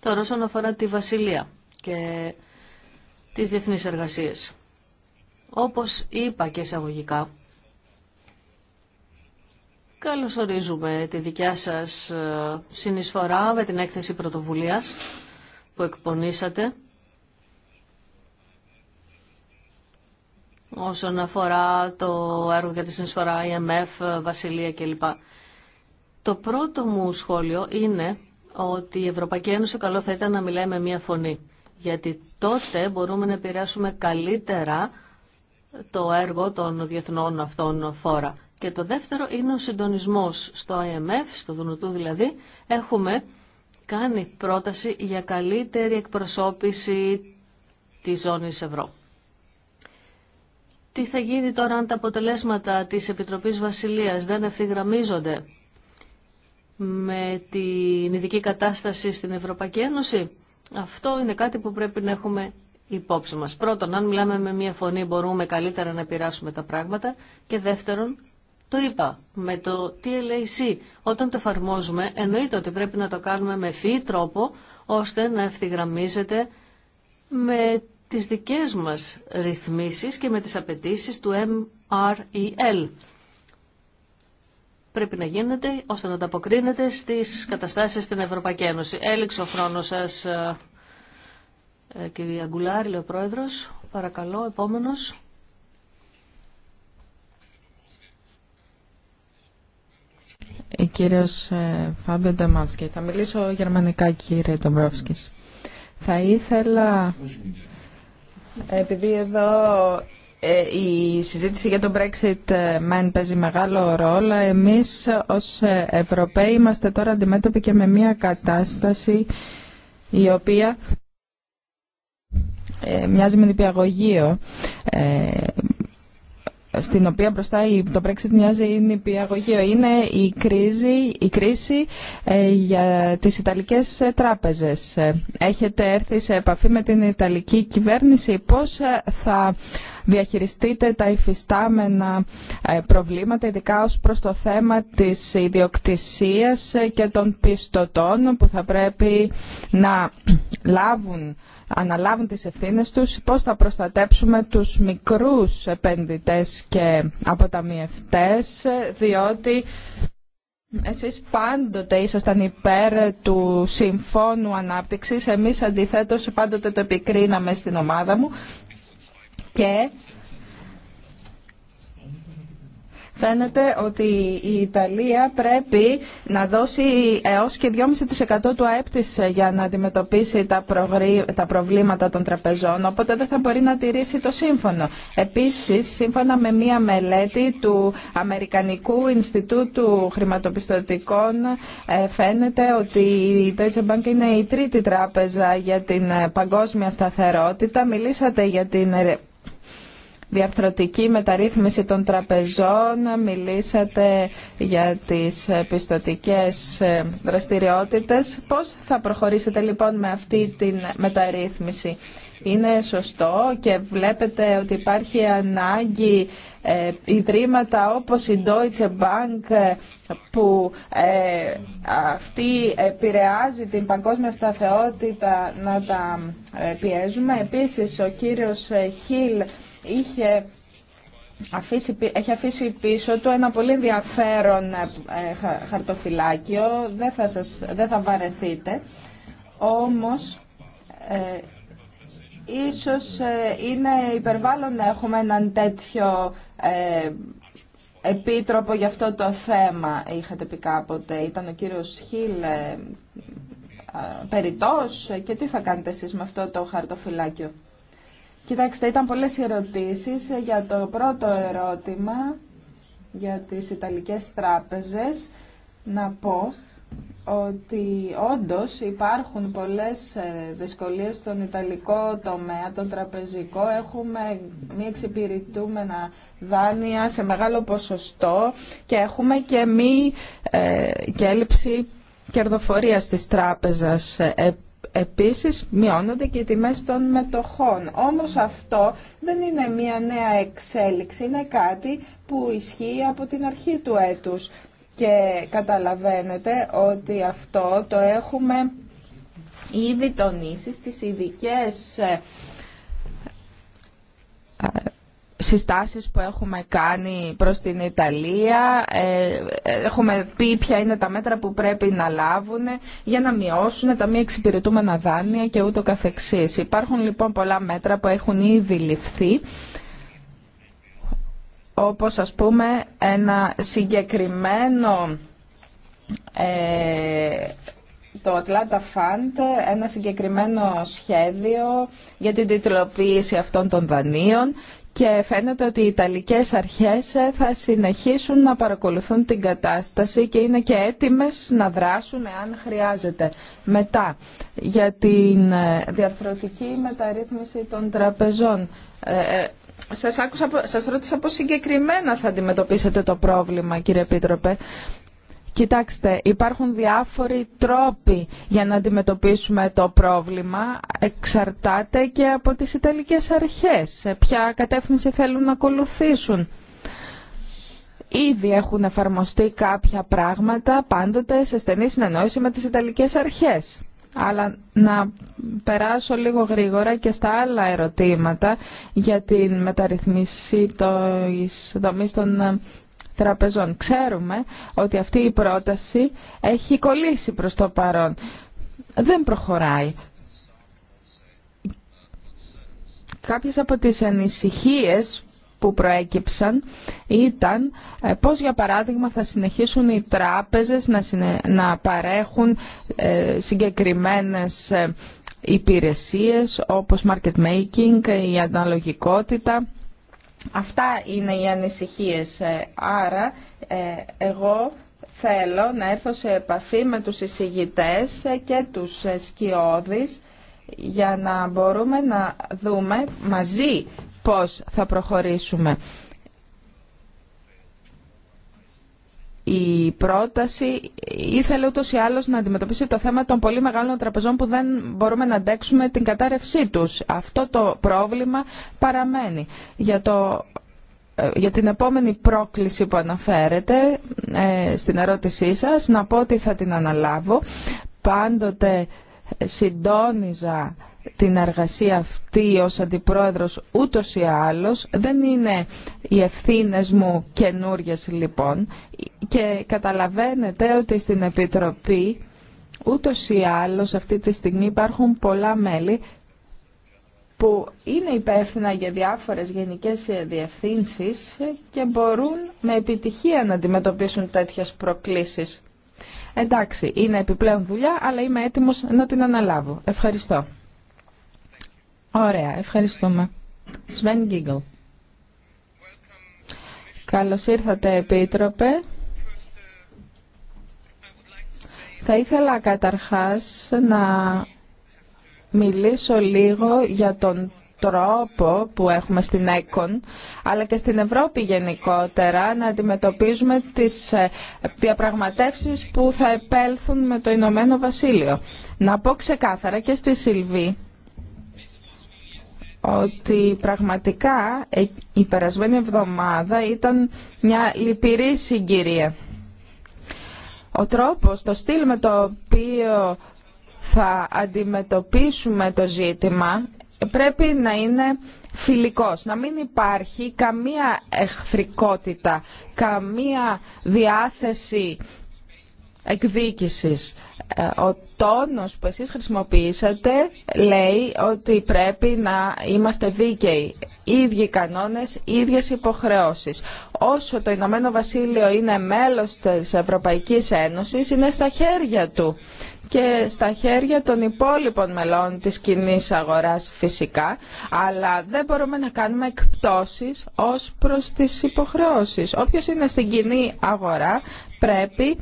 Τώρα όσον αφορά τη Βασιλεία και τις διεθνεί εργασίες. Όπως είπα και εισαγωγικά, καλωσορίζουμε τη δικιά σας ε, συνεισφορά με την έκθεση πρωτοβουλίας που εκπονήσατε όσον αφορά το έργο για τη συνεισφορά, IMF, Βασιλεία κλπ. Το πρώτο μου σχόλιο είναι ότι η Ευρωπαϊκή Ένωση καλό θα ήταν να μιλάει με μία φωνή. Γιατί τότε μπορούμε να επηρεάσουμε καλύτερα το έργο των διεθνών αυτών φόρα. Και το δεύτερο είναι ο συντονισμός στο IMF, στο Δουνουτού δηλαδή, έχουμε κάνει πρόταση για καλύτερη εκπροσώπηση της ζώνης ευρώ. Τι θα γίνει τώρα αν τα αποτελέσματα της Επιτροπής Βασιλείας δεν ευθυγραμμίζονται με την ειδική κατάσταση στην Ευρωπαϊκή Ένωση. Αυτό είναι κάτι που πρέπει να έχουμε υπόψη μας. Πρώτον, αν μιλάμε με μία φωνή μπορούμε καλύτερα να πειράσουμε τα πράγματα. Και δεύτερον, το είπα με το TLAC. Όταν το εφαρμόζουμε, εννοείται ότι πρέπει να το κάνουμε με φύ τρόπο, ώστε να ευθυγραμμίζεται με τις δικές μας ρυθμίσεις και με τις απαιτήσεις του MREL. Πρέπει να γίνεται ώστε να ανταποκρίνεται στις καταστάσεις στην Ευρωπαϊκή Ένωση. Έληξε ο χρόνος σας, ε, ε, κυρία Γκουλάρη, λέει ο Πρόεδρος. Παρακαλώ, επόμενος. Ε, κύριος Φάμπιο Νταμάφσκι. Θα μιλήσω γερμανικά, κύριε Ντομπρόφσκης. Θα ήθελα επειδή εδώ ε, η συζήτηση για τον Brexit ε, μεν παίζει μεγάλο ρόλο, εμείς ως ε, Ευρωπαίοι είμαστε τώρα αντιμέτωποι και με μια κατάσταση η οποία μοιάζει με νηπιαγωγείο. Ε, στην οποία μπροστά το Brexit μοιάζει είναι Είναι η, κρίση, η κρίση ε, για τις Ιταλικές τράπεζες. Ε, έχετε έρθει σε επαφή με την Ιταλική κυβέρνηση. Πώς ε, θα διαχειριστείτε τα υφιστάμενα ε, προβλήματα, ειδικά ως προς το θέμα της ιδιοκτησίας ε, και των πιστωτών που θα πρέπει να λάβουν, αναλάβουν τις ευθύνες τους, πώς θα προστατέψουμε τους μικρούς επενδυτές και αποταμιευτές, ε, διότι εσείς πάντοτε ήσασταν υπέρ του Συμφώνου Ανάπτυξης, εμείς αντιθέτως πάντοτε το επικρίναμε στην ομάδα μου και Φαίνεται ότι η Ιταλία πρέπει να δώσει έως και 2,5% του ΑΕΠ για να αντιμετωπίσει τα προβλήματα των τραπεζών, οπότε δεν θα μπορεί να τηρήσει το σύμφωνο. Επίσης, σύμφωνα με μία μελέτη του Αμερικανικού Ινστιτούτου Χρηματοπιστωτικών, ε, φαίνεται ότι η Deutsche Bank είναι η τρίτη τράπεζα για την παγκόσμια σταθερότητα. Μιλήσατε για την διαρθρωτική μεταρρύθμιση των τραπεζών, μιλήσατε για τις πιστοτικές ε, δραστηριότητες. Πώς θα προχωρήσετε λοιπόν με αυτή τη μεταρρύθμιση. Είναι σωστό και βλέπετε ότι υπάρχει ανάγκη ε, ιδρύματα όπως η Deutsche Bank ε, που αυτή επηρεάζει την παγκόσμια σταθερότητα να τα πιέζουμε. Επίσης ο κύριος Χίλ είχε αφήσει, έχει αφήσει πίσω του ένα πολύ ενδιαφέρον ε, χαρτοφυλάκιο, δεν θα, σας, δεν θα βαρεθείτε, όμως ε, ίσως ε, είναι υπερβάλλον να έχουμε έναν τέτοιο ε, επίτροπο για αυτό το θέμα, είχατε πει κάποτε, ήταν ο κύριος Χίλ ε, ε περιτός και τι θα κάνετε εσείς με αυτό το χαρτοφυλάκιο. Κοιτάξτε, ήταν πολλές ερωτήσεις. Για το πρώτο ερώτημα, για τις Ιταλικές τράπεζες, να πω ότι όντως υπάρχουν πολλές ε, δυσκολίες στον Ιταλικό τομέα, τον τραπεζικό. Έχουμε μη εξυπηρετούμενα δάνεια σε μεγάλο ποσοστό και έχουμε και μη ε, και έλλειψη κερδοφορίας της τράπεζας. Ε, Επίσης μειώνονται και οι τιμές των μετοχών. Όμως αυτό δεν είναι μια νέα εξέλιξη, είναι κάτι που ισχύει από την αρχή του έτους. Και καταλαβαίνετε ότι αυτό το έχουμε ήδη τονίσει στις ειδικές συστάσεις που έχουμε κάνει προς την Ιταλία. Ε, έχουμε πει ποια είναι τα μέτρα που πρέπει να λάβουν για να μειώσουν τα μη εξυπηρετούμενα δάνεια και ούτω καθεξής. Υπάρχουν λοιπόν πολλά μέτρα που έχουν ήδη ληφθεί όπως ας πούμε ένα συγκεκριμένο ε, το Atlanta ένα συγκεκριμένο σχέδιο για την τιτλοποίηση αυτών των δανείων και φαίνεται ότι οι Ιταλικές αρχές ε, θα συνεχίσουν να παρακολουθούν την κατάσταση και είναι και έτοιμες να δράσουν εάν χρειάζεται. Μετά, για την ε, διαρθρωτική μεταρρύθμιση των τραπεζών. Ε, σας, άκουσα, σας ρώτησα πώς συγκεκριμένα θα αντιμετωπίσετε το πρόβλημα, κύριε πίτροπε. Κοιτάξτε, υπάρχουν διάφοροι τρόποι για να αντιμετωπίσουμε το πρόβλημα. Εξαρτάται και από τις Ιταλικές αρχές, ποια κατεύθυνση θέλουν να ακολουθήσουν. Ήδη έχουν εφαρμοστεί κάποια πράγματα πάντοτε σε στενή συνεννόηση με τις Ιταλικές αρχές. Αλλά να περάσω λίγο γρήγορα και στα άλλα ερωτήματα για την μεταρρυθμίση της δομής των τραπεζών. Ξέρουμε ότι αυτή η πρόταση έχει κολλήσει προς το παρόν. Δεν προχωράει. Κάποιες από τις ανησυχίες που προέκυψαν ήταν ε, πώς για παράδειγμα θα συνεχίσουν οι τράπεζες να να παρέχουν ε, συγκεκριμένες ε, υπηρεσίες όπως market making, η αναλογικότητα Αυτά είναι οι ανησυχίες. Ε, άρα, ε, εγώ θέλω να έρθω σε επαφή με τους εισηγητές ε, και τους σκιώδεις για να μπορούμε να δούμε μαζί πώς θα προχωρήσουμε. η πρόταση ήθελε ούτως ή άλλως να αντιμετωπίσει το θέμα των πολύ μεγάλων τραπεζών που δεν μπορούμε να αντέξουμε την κατάρρευσή τους. Αυτό το πρόβλημα παραμένει. Για, το, ε, για την επόμενη πρόκληση που αναφέρετε στην ερώτησή σας, να πω ότι θα την αναλάβω. Πάντοτε συντόνιζα την εργασία αυτή ως αντιπρόεδρος ούτως ή άλλως. Δεν είναι οι ευθύνε μου καινούριε λοιπόν και καταλαβαίνετε ότι στην Επιτροπή ούτως ή άλλως αυτή τη στιγμή υπάρχουν πολλά μέλη που είναι υπεύθυνα για διάφορες γενικές διευθύνσεις και μπορούν με επιτυχία να αντιμετωπίσουν τέτοιες προκλήσεις. Εντάξει, είναι επιπλέον δουλειά, αλλά είμαι έτοιμος να την αναλάβω. Ευχαριστώ. Ωραία, ευχαριστούμε. Σβέν Γκίγκολ. Καλώς ήρθατε, Επίτροπε. Θα ήθελα καταρχάς να μιλήσω λίγο για τον τρόπο που έχουμε στην ΕΚΟΝ, αλλά και στην Ευρώπη γενικότερα, να αντιμετωπίζουμε τις ε, διαπραγματεύσεις που θα επέλθουν με το Ηνωμένο Βασίλειο. Να πω ξεκάθαρα και στη Σιλβή ότι πραγματικά ε, η περασμένη εβδομάδα ήταν μια λυπηρή συγκυρία. Ο τρόπος, το στυλ με το οποίο θα αντιμετωπίσουμε το ζήτημα πρέπει να είναι φιλικός, να μην υπάρχει καμία εχθρικότητα, καμία διάθεση εκδίκησης ο τόνος που εσείς χρησιμοποιήσατε λέει ότι πρέπει να είμαστε δίκαιοι. Ίδιοι κανόνες, ίδιες υποχρεώσεις. Όσο το Ηνωμένο Βασίλειο είναι μέλος της Ευρωπαϊκής Ένωσης, είναι στα χέρια του και στα χέρια των υπόλοιπων μελών της κοινή αγοράς φυσικά, αλλά δεν μπορούμε να κάνουμε εκπτώσεις ως προς τις υποχρεώσεις. Όποιος είναι στην κοινή αγορά πρέπει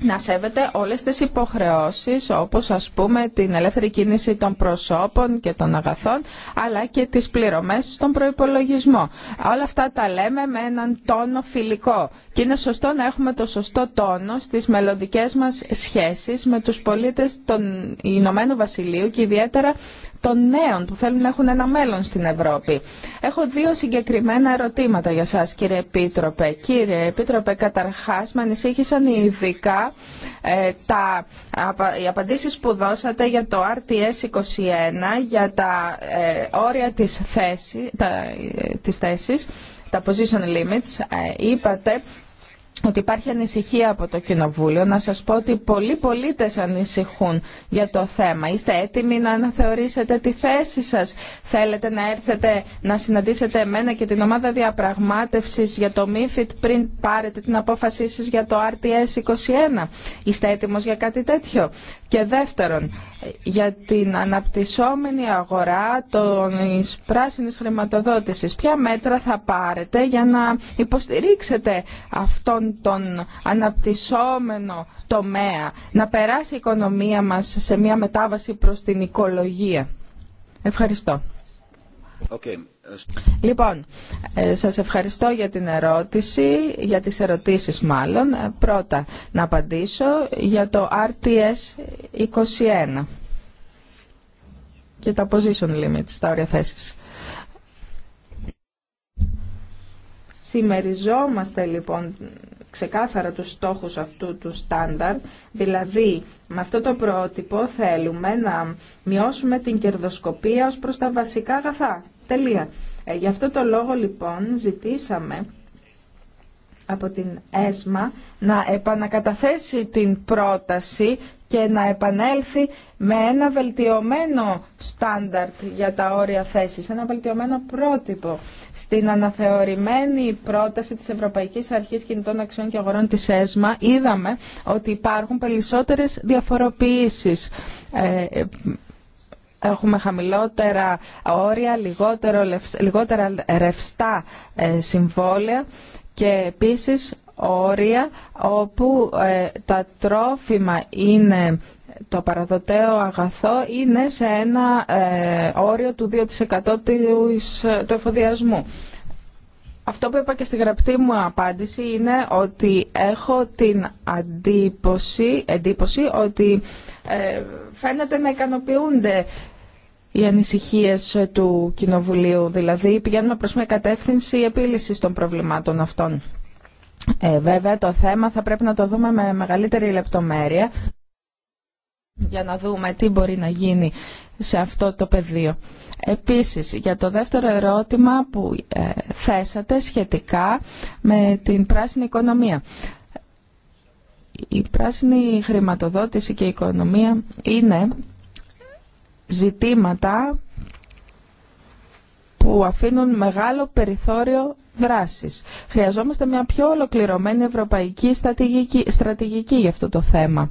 να σέβεται όλες τις υποχρεώσεις όπως ας πούμε την ελεύθερη κίνηση των προσώπων και των αγαθών αλλά και τις πληρωμές στον προϋπολογισμό. Όλα αυτά τα λέμε με έναν τόνο φιλικό και είναι σωστό να έχουμε το σωστό τόνο στις μελλοντικέ μας σχέσεις με τους πολίτες των Ηνωμένου Βασιλείου και ιδιαίτερα των νέων που θέλουν να έχουν ένα μέλλον στην Ευρώπη. Έχω δύο συγκεκριμένα ερωτήματα για σας κύριε Επίτροπε. Κύριε Επίτροπε, καταρχάς με ανησύχησαν ειδικά ε, τα, οι απαντήσεις που δώσατε για το RTS 21, για τα ε, όρια της, θέση, τα, ε, της θέσης, τα position limits. Ε, είπατε ότι υπάρχει ανησυχία από το Κοινοβούλιο. Να σας πω ότι πολλοί πολίτες ανησυχούν για το θέμα. Είστε έτοιμοι να αναθεωρήσετε τη θέση σας. Θέλετε να έρθετε να συναντήσετε εμένα και την ομάδα διαπραγμάτευσης για το MIFID πριν πάρετε την απόφασή σας για το RTS 21. Είστε έτοιμος για κάτι τέτοιο. Και δεύτερον, για την αναπτυσσόμενη αγορά των πράσινης χρηματοδότησης, ποια μέτρα θα πάρετε για να υποστηρίξετε αυτόν τον αναπτυσσόμενο τομέα, να περάσει η οικονομία μας σε μια μετάβαση προς την οικολογία. Ευχαριστώ. Λοιπόν, ε, σας ευχαριστώ για την ερώτηση, για τις ερωτήσεις μάλλον. Ε, πρώτα, να απαντήσω για το RTS 21 και τα position limits, τα όρια θέσεις. Σημεριζόμαστε λοιπόν ξεκάθαρα τους στόχους αυτού του στάνταρ, δηλαδή με αυτό το πρότυπο θέλουμε να μειώσουμε την κερδοσκοπία ως προς τα βασικά αγαθά Τελεία. Ε, γι' αυτό το λόγο λοιπόν ζητήσαμε από την ΕΣΜΑ να επανακαταθέσει την πρόταση και να επανέλθει με ένα βελτιωμένο στάνταρτ για τα όρια θέσης, ένα βελτιωμένο πρότυπο στην αναθεωρημένη πρόταση της Ευρωπαϊκής Αρχής Κινητών Αξιών και Αγορών της ΕΣΜΑ είδαμε ότι υπάρχουν περισσότερες διαφοροποιήσεις ε, έχουμε χαμηλότερα όρια, λιγότερο, λιγότερα ρευστά ε, συμβόλαια και επίσης όρια όπου ε, τα τρόφιμα είναι το παραδοτέο αγαθό είναι σε ένα ε, όριο του 2% του εφοδιασμού. Αυτό που είπα και στη γραπτή μου απάντηση είναι ότι έχω την αντίποση, εντύπωση ότι ε, φαίνεται να ικανοποιούνται οι ανησυχίες του Κοινοβουλίου. Δηλαδή πηγαίνουμε προς μια κατεύθυνση επίλυσης των προβλημάτων αυτών. Ε, βέβαια το θέμα θα πρέπει να το δούμε με μεγαλύτερη λεπτομέρεια για να δούμε τι μπορεί να γίνει σε αυτό το πεδίο. Επίσης, για το δεύτερο ερώτημα που ε, θέσατε σχετικά με την πράσινη οικονομία. Η πράσινη χρηματοδότηση και η οικονομία είναι ζητήματα που αφήνουν μεγάλο περιθώριο δράσης. Χρειαζόμαστε μια πιο ολοκληρωμένη ευρωπαϊκή στρατηγική, στρατηγική για αυτό το θέμα.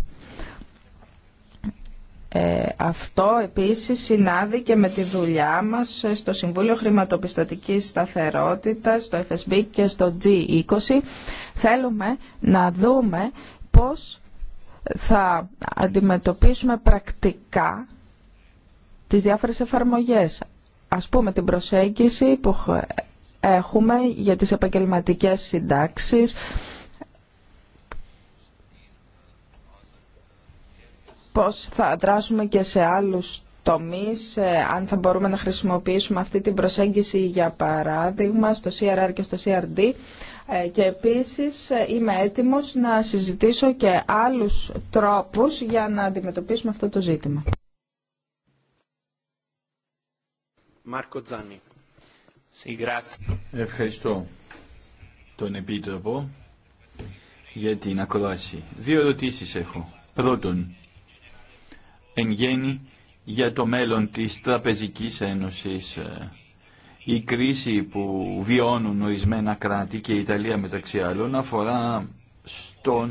Ε, αυτό επίσης συνάδει και με τη δουλειά μας στο Συμβούλιο Χρηματοπιστωτικής Σταθερότητας, στο FSB και στο G20. Θέλουμε να δούμε πώς θα αντιμετωπίσουμε πρακτικά τις διάφορες εφαρμογές. Ας πούμε την προσέγγιση που έχουμε για τις επαγγελματικές συντάξεις, πώς θα δράσουμε και σε άλλους τομείς, ε, αν θα μπορούμε να χρησιμοποιήσουμε αυτή την προσέγγιση για παράδειγμα στο CRR και στο CRD ε, και επίσης ε, είμαι έτοιμος να συζητήσω και άλλους τρόπους για να αντιμετωπίσουμε αυτό το ζήτημα. Μάρκο Τζάνι. Ευχαριστώ τον Επίτροπο για την ακρόαση. Δύο ερωτήσεις έχω. Πρώτον, εν γέννη για το μέλλον της Τραπεζικής Ένωσης. Ε, η κρίση που βιώνουν ορισμένα κράτη και η Ιταλία μεταξύ άλλων αφορά στον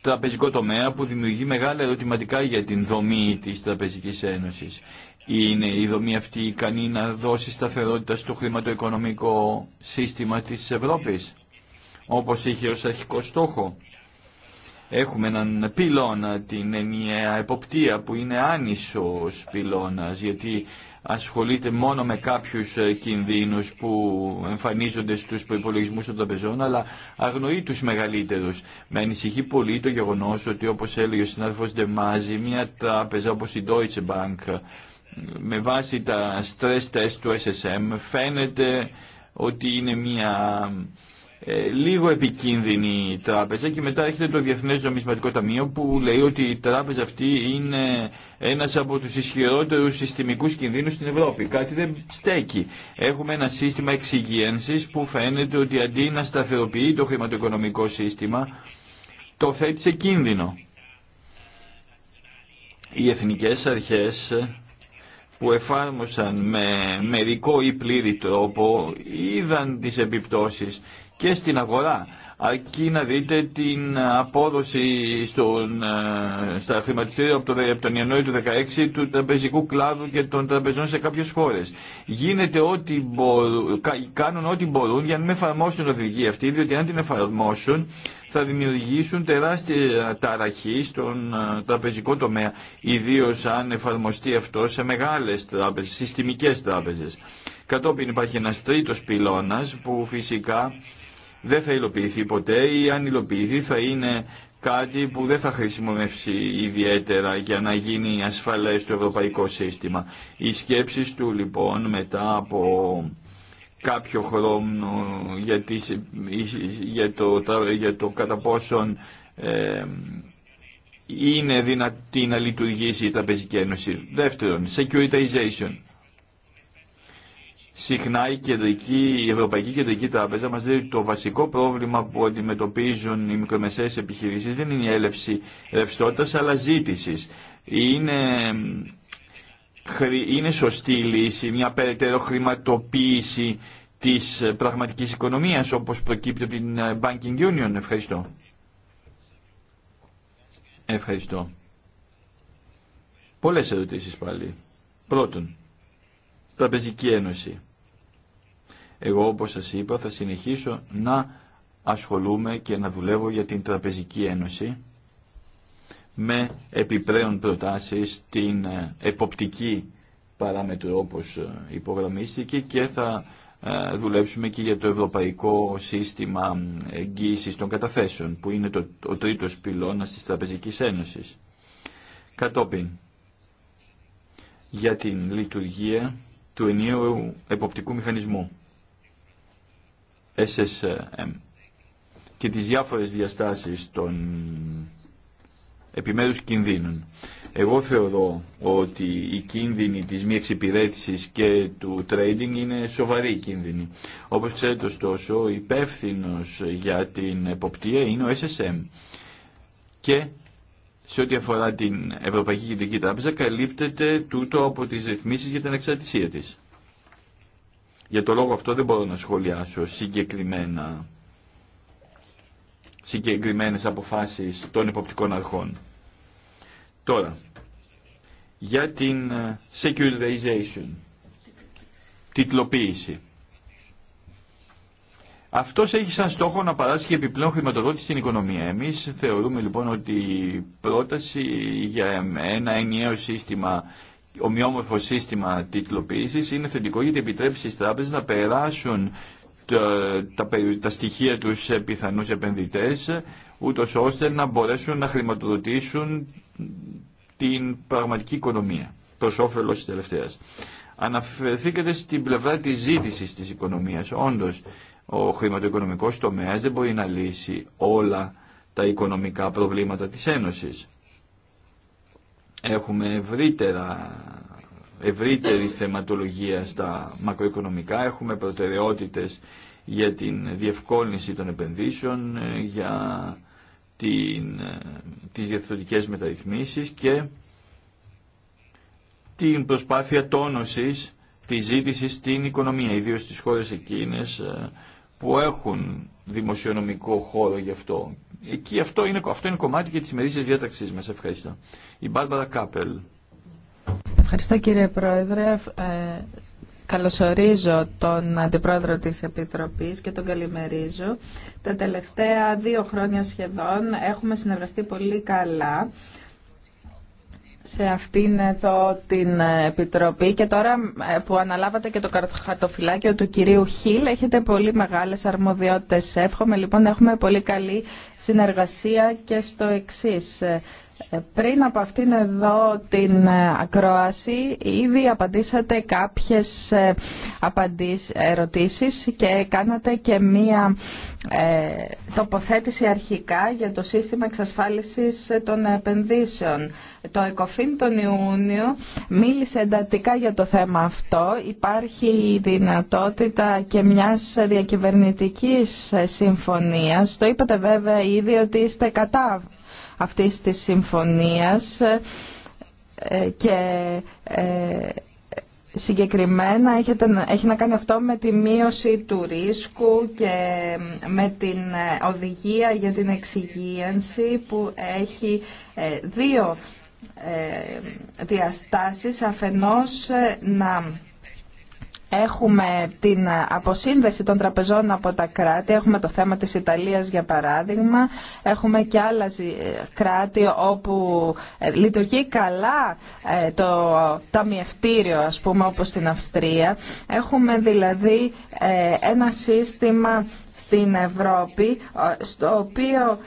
τραπεζικό τομέα που δημιουργεί μεγάλα ερωτηματικά για την δομή της Τραπεζικής Ένωσης. Είναι η δομή αυτή ικανή να δώσει σταθερότητα στο χρηματοοικονομικό σύστημα της Ευρώπης, όπως είχε ως αρχικό στόχο Έχουμε έναν πυλώνα, την ενιαία εποπτεία που είναι άνισος πυλώνας γιατί ασχολείται μόνο με κάποιους ε, κινδύνους που εμφανίζονται στους προϋπολογισμούς των τραπεζών αλλά αγνοεί τους μεγαλύτερους. Με ανησυχεί πολύ το γεγονός ότι όπως έλεγε ο συνάδελφος Ντεμάζη μια τράπεζα όπως η Deutsche Bank με βάση τα stress test του SSM φαίνεται ότι είναι μια ε, λίγο επικίνδυνη η τράπεζα και μετά έχετε το Διεθνές Νομισματικό Ταμείο που λέει ότι η τράπεζα αυτή είναι ένας από τους ισχυρότερους συστημικούς κινδύνους στην Ευρώπη. Κάτι δεν στέκει. Έχουμε ένα σύστημα εξυγίανσης που φαίνεται ότι αντί να σταθεροποιεί το χρηματοοικονομικό σύστημα το θέτει σε κίνδυνο. Οι εθνικές αρχές που εφάρμοσαν με μερικό ή πλήρη τρόπο είδαν τις επιπτώσεις και στην αγορά. Αρκεί να δείτε την απόδοση στον, ε, στα χρηματιστήρια από, το, από τον Ιανουάριο του 2016 του τραπεζικού κλάδου και των τραπεζών σε κάποιες χώρες. Γίνεται ό,τι κάνουν ό,τι μπορούν για να μην εφαρμόσουν οδηγία αυτή, διότι αν την εφαρμόσουν θα δημιουργήσουν τεράστια ταραχή στον ε, τραπεζικό τομέα, ιδίω αν εφαρμοστεί αυτό σε μεγάλες τράπεζες, συστημικές τράπεζες. Κατόπιν υπάρχει ένας τρίτο πυλώνας που φυσικά δεν θα υλοποιηθεί ποτέ ή αν υλοποιηθεί θα είναι κάτι που δεν θα χρησιμοποιησει ιδιαίτερα για να γίνει ασφαλές το ευρωπαϊκό σύστημα. Οι σκέψεις του λοιπόν μετά από κάποιο χρόνο για, για, το, για το κατά πόσον ε, είναι δυνατή να λειτουργήσει η Τραπεζική Ένωση. Δεύτερον, securitization συχνά η, κεντρική, Ευρωπαϊκή Κεντρική Τράπεζα μας λέει ότι το βασικό πρόβλημα που αντιμετωπίζουν οι μικρομεσαίες επιχειρήσεις δεν είναι η έλευση ρευστότητα, αλλά ζήτηση. Είναι, είναι σωστή η λύση, μια περαιτέρω χρηματοποίηση της πραγματική οικονομίας όπως προκύπτει από την Banking Union. Ευχαριστώ. Ευχαριστώ. Πολλές ερωτήσεις πάλι. Πρώτον, Τραπεζική Ένωση. Εγώ όπως σας είπα θα συνεχίσω να ασχολούμαι και να δουλεύω για την Τραπεζική Ένωση με επιπλέον προτάσεις την ε, εποπτική παράμετρο όπως ε, υπογραμμίστηκε και θα ε, δουλέψουμε και για το Ευρωπαϊκό Σύστημα Εγγύησης των Καταθέσεων που είναι το, ο τρίτος πυλώνας της Τραπεζικής Ένωσης. Κατόπιν, για την λειτουργία του ενιαίου εποπτικού μηχανισμού SSM και τις διάφορες διαστάσεις των επιμέρους κινδύνων. Εγώ θεωρώ ότι η κίνδυνη της μη εξυπηρέτησης και του trading είναι σοβαρή κίνδυνη, Όπως ξέρετε ωστόσο, ο υπεύθυνο για την εποπτεία είναι ο SSM και σε ό,τι αφορά την Ευρωπαϊκή Κεντρική Τράπεζα καλύπτεται τούτο από τις ρυθμίσεις για την εξαρτησία της. Για το λόγο αυτό δεν μπορώ να σχολιάσω συγκεκριμένα συγκεκριμένες αποφάσεις των υποπτικών αρχών. Τώρα, για την ε, securitization, τιτλοποίηση. Αυτό έχει σαν στόχο να παράσχει επιπλέον χρηματοδότηση στην οικονομία. Εμεί θεωρούμε λοιπόν ότι η πρόταση για ένα ενιαίο σύστημα, ομοιόμορφο σύστημα τίτλοποίηση είναι θετικό γιατί επιτρέπει στι τράπεζε να περάσουν τα, τα, τα στοιχεία του σε πιθανού επενδυτέ, ούτω ώστε να μπορέσουν να χρηματοδοτήσουν την πραγματική οικονομία προ όφελο τη τελευταία. Αναφερθήκατε στην πλευρά τη ζήτηση τη οικονομία όντω. Ο χρηματοοικονομικός τομέας δεν μπορεί να λύσει όλα τα οικονομικά προβλήματα της Ένωσης. Έχουμε ευρύτερα, ευρύτερη θεματολογία στα μακροοικονομικά, έχουμε προτεραιότητες για την διευκόλυνση των επενδύσεων, για την, τις διευθυντικές μεταρρυθμίσεις και την προσπάθεια τόνωσης τη ζήτηση στην οικονομία, ιδίως στις χώρες εκείνες ε, που έχουν δημοσιονομικό χώρο γι' αυτό. Εκεί αυτό είναι, αυτό είναι κομμάτι και της ημερήσια διάταξής μας. Ευχαριστώ. Η Μπάρμπαρα Κάπελ. Ευχαριστώ κύριε Πρόεδρε. Ε, καλωσορίζω τον Αντιπρόεδρο της Επιτροπής και τον καλημερίζω. Τα τελευταία δύο χρόνια σχεδόν έχουμε συνεργαστεί πολύ καλά σε αυτήν εδώ την Επιτροπή και τώρα ε, που αναλάβατε και το χαρτοφυλάκιο του κυρίου Χίλ έχετε πολύ μεγάλες αρμοδιότητες. Εύχομαι λοιπόν να έχουμε πολύ καλή συνεργασία και στο εξής. Πριν από αυτήν εδώ την ε, ακρόαση, ήδη απαντήσατε κάποιες ε, ερωτήσεις και κάνατε και μία ε, τοποθέτηση αρχικά για το σύστημα εξασφάλισης των επενδύσεων. Το ΕΚΟΦΗΝ τον Ιούνιο μίλησε εντατικά για το θέμα αυτό. Υπάρχει η δυνατότητα και μιας διακυβερνητικής συμφωνίας. Το είπατε βέβαια ήδη ότι είστε κατά αυτής της συμφωνίας ε, και ε, συγκεκριμένα έχει να κάνει αυτό με τη μείωση του ρίσκου και με την ε, οδηγία για την εξυγίανση που έχει δύο διαστάσεις αφενός να Έχουμε την αποσύνδεση των τραπεζών από τα κράτη, έχουμε το θέμα της Ιταλίας για παράδειγμα, έχουμε και άλλα κράτη όπου ε, λειτουργεί καλά ε, το ταμιευτήριο ας πούμε όπως στην Αυστρία. Έχουμε δηλαδή ε, ένα σύστημα στην Ευρώπη στο οποίο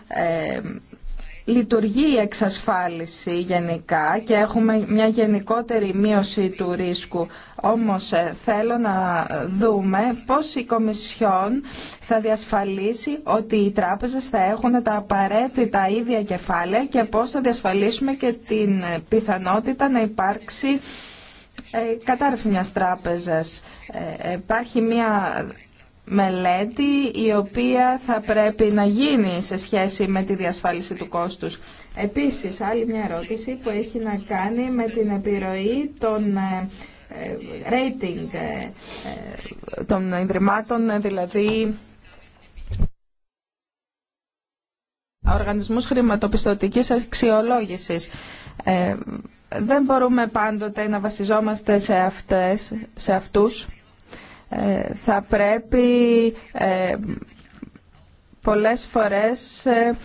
λειτουργεί η εξασφάλιση γενικά και έχουμε μια γενικότερη μείωση του ρίσκου. Όμως ε, θέλω να δούμε πώς η Κομισιόν θα διασφαλίσει ότι οι τράπεζες θα έχουν τα απαραίτητα ίδια κεφάλαια και πώς θα διασφαλίσουμε και την πιθανότητα να υπάρξει ε, κατάρρευση μιας τράπεζας. Ε, υπάρχει μια μελέτη η οποία θα πρέπει να γίνει σε σχέση με τη διασφάλιση του κόστους. Επίσης, άλλη μια ερώτηση που έχει να κάνει με την επιρροή των ε, ε, rating ε, των ιδρυμάτων, δηλαδή οργανισμούς χρηματοπιστωτικής αξιολόγησης. δεν μπορούμε πάντοτε να βασιζόμαστε σε, αυτές, σε αυτούς θα πρέπει ε, πολλές φορές ε,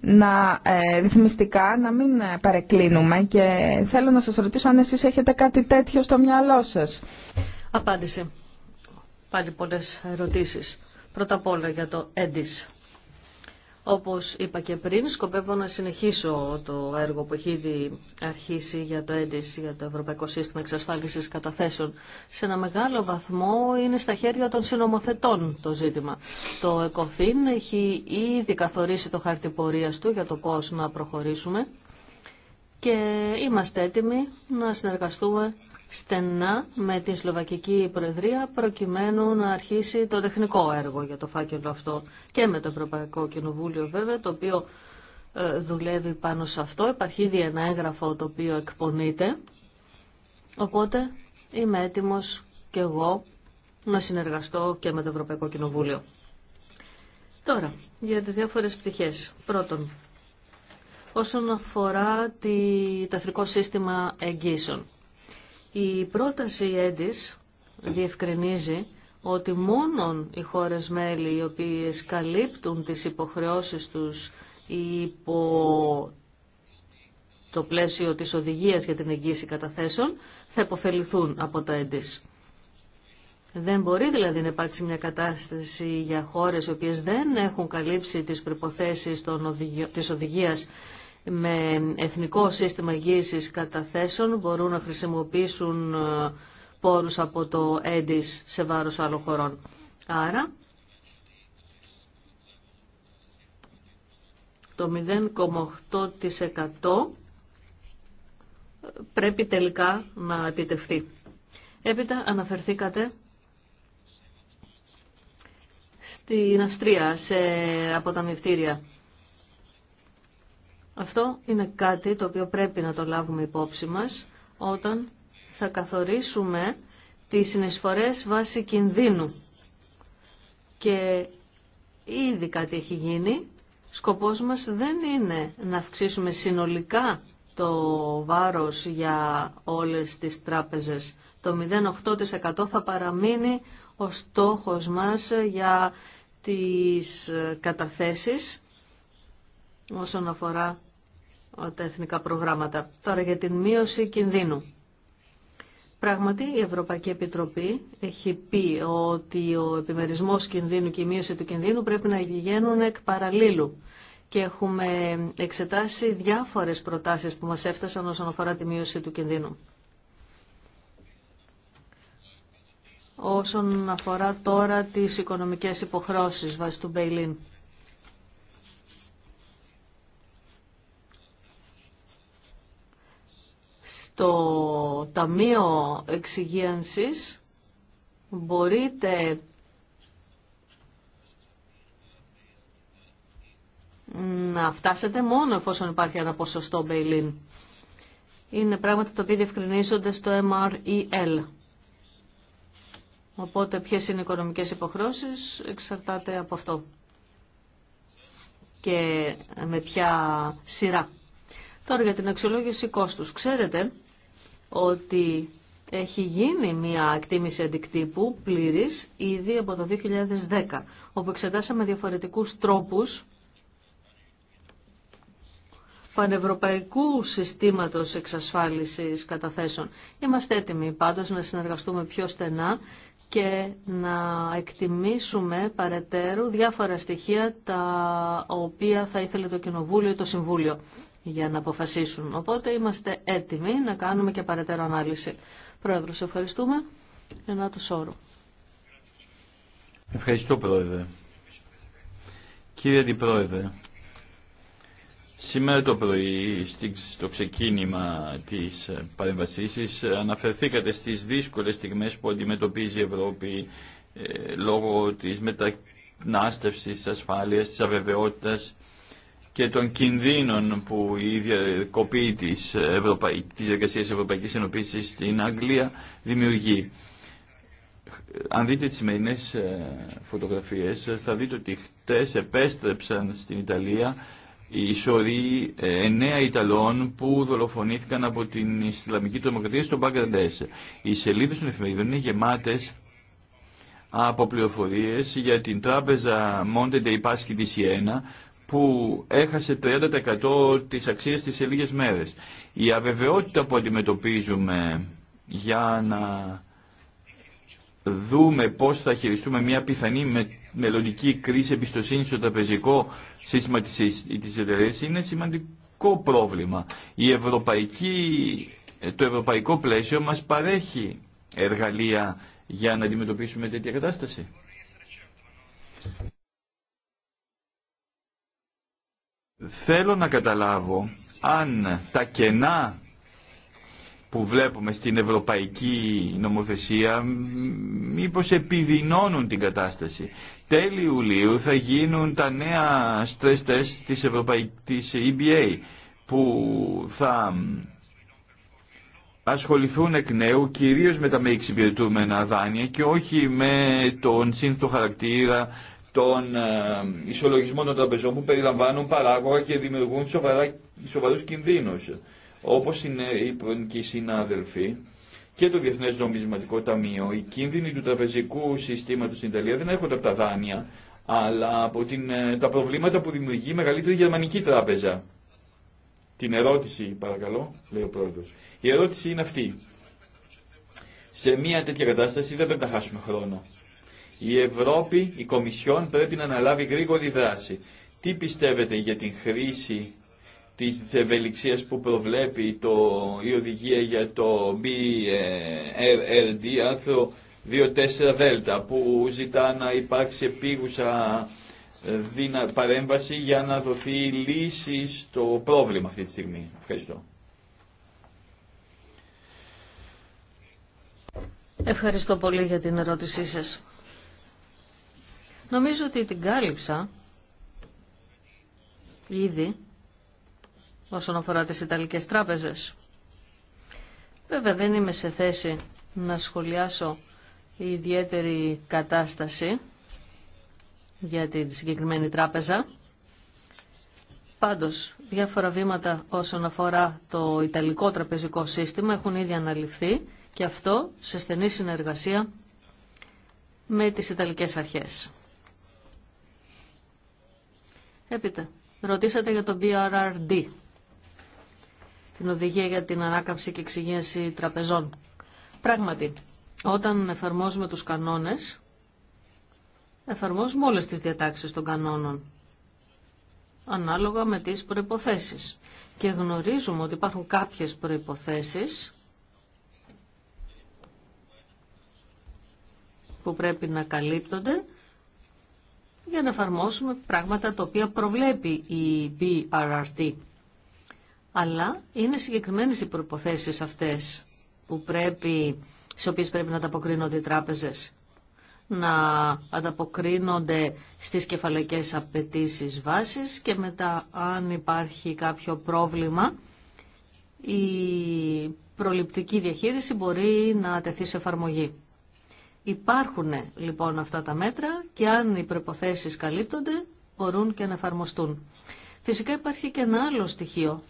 να ε, ρυθμιστικά να μην παρεκκλίνουμε και θέλω να σας ρωτήσω αν εσείς έχετε κάτι τέτοιο στο μυαλό σας. Απάντηση. Πάλι πολλές ερωτήσεις. Πρώτα απ' όλα για το έντις. Όπως είπα και πριν, σκοπεύω να συνεχίσω το έργο που έχει ήδη αρχίσει για το ΕΝΤΙΣ, για το Ευρωπαϊκό Σύστημα Εξασφάλισης Καταθέσεων. Σε ένα μεγάλο βαθμό είναι στα χέρια των συνομοθετών το ζήτημα. Το ΕΚΟΦΗΝ έχει ήδη καθορίσει το χάρτη πορείας του για το πώς να προχωρήσουμε και είμαστε έτοιμοι να συνεργαστούμε στενά με τη Σλοβακική Προεδρία προκειμένου να αρχίσει το τεχνικό έργο για το φάκελο αυτό και με το Ευρωπαϊκό Κοινοβούλιο βέβαια το οποίο ε, δουλεύει πάνω σε αυτό. Υπάρχει ήδη ένα έγγραφο το οποίο εκπονείται. Οπότε είμαι έτοιμος και εγώ να συνεργαστώ και με το Ευρωπαϊκό Κοινοβούλιο. Τώρα, για τις διάφορες πτυχές. Πρώτον, όσον αφορά το εθνικό σύστημα εγγύσεων. Η πρόταση έντις διευκρινίζει ότι μόνον οι χώρες μέλη οι οποίες καλύπτουν τις υποχρεώσεις τους υπό το πλαίσιο της οδηγίας για την εγγύηση καταθέσεων θα υποφεληθούν από το έντις. Δεν μπορεί δηλαδή να υπάρξει μια κατάσταση για χώρες οι οποίες δεν έχουν καλύψει τις προϋποθέσεις των της οδηγίας με εθνικό σύστημα γύρισης καταθέσεων μπορούν να χρησιμοποιήσουν ε, πόρους από το έντις σε βάρος άλλων χωρών. Άρα, το 0,8% ε, πρέπει τελικά να επιτευχθεί. Έπειτα αναφερθήκατε στην Αυστρία, σε αποταμιευτήρια. Αυτό είναι κάτι το οποίο πρέπει να το λάβουμε υπόψη μας όταν θα καθορίσουμε τις συνεισφορές βάσει κινδύνου. Και ήδη κάτι έχει γίνει. Σκοπός μας δεν είναι να αυξήσουμε συνολικά το βάρος για όλες τις τράπεζες. Το 0,8% θα παραμείνει ο στόχος μας για τις καταθέσεις όσον αφορά τα εθνικά προγράμματα. Τώρα για την μείωση κινδύνου. Πράγματι, η Ευρωπαϊκή Επιτροπή έχει πει ότι ο επιμερισμός κινδύνου και η μείωση του κινδύνου πρέπει να γίνουν εκ παραλίλου. Και έχουμε εξετάσει διάφορες προτάσεις που μας έφτασαν όσον αφορά τη μείωση του κινδύνου. Όσον αφορά τώρα τις οικονομικές υποχρώσεις βάσει του Μπέιλιν. Το Ταμείο Εξυγίανσης μπορείτε να φτάσετε μόνο εφόσον υπάρχει ένα ποσοστό bail-in. Είναι πράγματα τα οποία διευκρινίζονται στο MREL. Οπότε ποιες είναι οι οικονομικές υποχρώσεις εξαρτάται από αυτό και με ποια σειρά. Τώρα για την αξιολόγηση κόστους. Ξέρετε ότι έχει γίνει μια εκτίμηση αντικτύπου πλήρης ήδη από το 2010, όπου εξετάσαμε διαφορετικούς τρόπους πανευρωπαϊκού συστήματος εξασφάλισης καταθέσεων. Είμαστε έτοιμοι πάντως να συνεργαστούμε πιο στενά και να εκτιμήσουμε παρετέρου διάφορα στοιχεία τα οποία θα ήθελε το Κοινοβούλιο ή το Συμβούλιο για να αποφασίσουν. Οπότε είμαστε έτοιμοι να κάνουμε και παρετέρω ανάλυση. Πρόεδρος, ευχαριστούμε. του όρου. Ευχαριστώ, Πρόεδρε. Κύριε Αντιπρόεδρε, σήμερα το πρωί στο ξεκίνημα της ε, παρεμβασής αναφερθήκατε στις δύσκολες στιγμές που αντιμετωπίζει η Ευρώπη ε, λόγω της μετανάστευσης, ασφάλειας, της αβεβαιότητας και των κινδύνων που η διακοπή της, Ευρωπαϊ... της διαδικασίας Ευρωπαϊκής Ενωπήσης στην Αγγλία δημιουργεί. Αν δείτε τις σημερινές ε, φωτογραφίες θα δείτε ότι χτες επέστρεψαν στην Ιταλία οι ισορροί ε, εννέα Ιταλών που δολοφονήθηκαν από την Ισλαμική Τρομοκρατία στο Μπαγκραντές. Οι σελίδες των εφημερίδων είναι γεμάτες από πληροφορίε για την τράπεζα Monte dei Paschi di Siena που έχασε 30% της αξίας της σε λίγες μέρες. Η αβεβαιότητα που αντιμετωπίζουμε για να δούμε πώς θα χειριστούμε μια πιθανή μελλοντική κρίση εμπιστοσύνη στο τραπεζικό σύστημα της εταιρείας είναι σημαντικό πρόβλημα. Η ευρωπαϊκή, το ευρωπαϊκό πλαίσιο μας παρέχει εργαλεία για να αντιμετωπίσουμε τέτοια κατάσταση. Θέλω να καταλάβω αν τα κενά που βλέπουμε στην ευρωπαϊκή νομοθεσία μήπως επιδεινώνουν την κατάσταση. Τέλη Ιουλίου θα γίνουν τα νέα stress test της, Ευρωπαϊ... της EBA που θα ασχοληθούν εκ νέου κυρίως με τα με εξυπηρετούμενα δάνεια και όχι με τον σύνθετο χαρακτήρα των ε, ισολογισμών των τραπεζών που περιλαμβάνουν παράγωγα και δημιουργούν σοβαρού κινδύνου, Όπω είναι, είπαν και οι συνάδελφοι, και το διεθνέ Νομισματικό Ταμείο, οι κίνδυνοι του τραπεζικού συστήματο στην Ιταλία δεν έρχονται από τα δάνεια, αλλά από την, ε, τα προβλήματα που δημιουργεί η μεγαλύτερη γερμανική τράπεζα. Την ερώτηση, παρακαλώ, λέει ο πρόεδρο. Η ερώτηση είναι αυτή. Σε μια τέτοια κατάσταση δεν πρέπει να χάσουμε χρόνο. Η Ευρώπη, η Κομισιόν πρέπει να αναλάβει γρήγορη δράση. Τι πιστεύετε για την χρήση της ευελιξίας που προβλέπει το, η οδηγία για το BRD, άρθρο 2.4 Δέλτα που ζητά να υπάρξει επίγουσα παρέμβαση για να δοθεί λύση στο πρόβλημα αυτή τη στιγμή. Ευχαριστώ. Ευχαριστώ πολύ για την ερώτησή σας. Νομίζω ότι την κάλυψα ήδη όσον αφορά τις Ιταλικές τράπεζες. Βέβαια δεν είμαι σε θέση να σχολιάσω η ιδιαίτερη κατάσταση για την συγκεκριμένη τράπεζα. Πάντως, διάφορα βήματα όσον αφορά το Ιταλικό τραπεζικό σύστημα έχουν ήδη αναλυφθεί και αυτό σε στενή συνεργασία με τις Ιταλικές αρχές. Έπειτα, ρωτήσατε για το BRRD, την οδηγία για την ανάκαμψη και εξυγίανση τραπεζών. Πράγματι, όταν εφαρμόζουμε τους κανόνες, εφαρμόζουμε όλες τις διατάξεις των κανόνων, ανάλογα με τις προϋποθέσεις. Και γνωρίζουμε ότι υπάρχουν κάποιες προϋποθέσεις που πρέπει να καλύπτονται για να εφαρμόσουμε πράγματα τα οποία προβλέπει η BRRT. Αλλά είναι συγκεκριμένες οι προϋποθέσεις αυτές που πρέπει, στις οποίες πρέπει να ανταποκρίνονται οι τράπεζες. Να ανταποκρίνονται στις κεφαλαϊκές απαιτήσει βάσης και μετά αν υπάρχει κάποιο πρόβλημα η προληπτική διαχείριση μπορεί να τεθεί σε εφαρμογή. Υπάρχουν λοιπόν αυτά τα μέτρα και αν οι προποθέσεις καλύπτονται μπορούν και να εφαρμοστούν. Φυσικά υπάρχει και ένα άλλο στοιχείο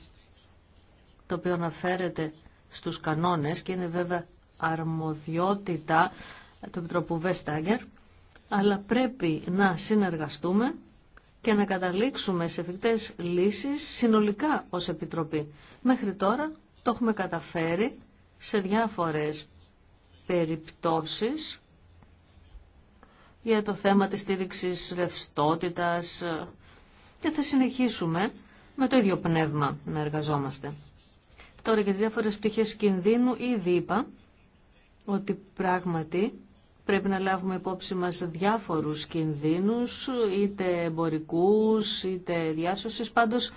το οποίο αναφέρεται στους κανόνες και είναι βέβαια αρμοδιότητα του Επιτροπού Βεστάγκερ αλλά πρέπει να συνεργαστούμε και να καταλήξουμε σε εφικτές λύσεις συνολικά ως Επιτροπή. Μέχρι τώρα το έχουμε καταφέρει σε διάφορες περιπτώσεις για το θέμα της στήριξης ρευστότητα και θα συνεχίσουμε με το ίδιο πνεύμα να εργαζόμαστε. Τώρα για τις διάφορες πτυχές κινδύνου ήδη είπα ότι πράγματι πρέπει να λάβουμε υπόψη μας διάφορους κινδύνους, είτε εμπορικούς, είτε διάσωσης. Πάντως,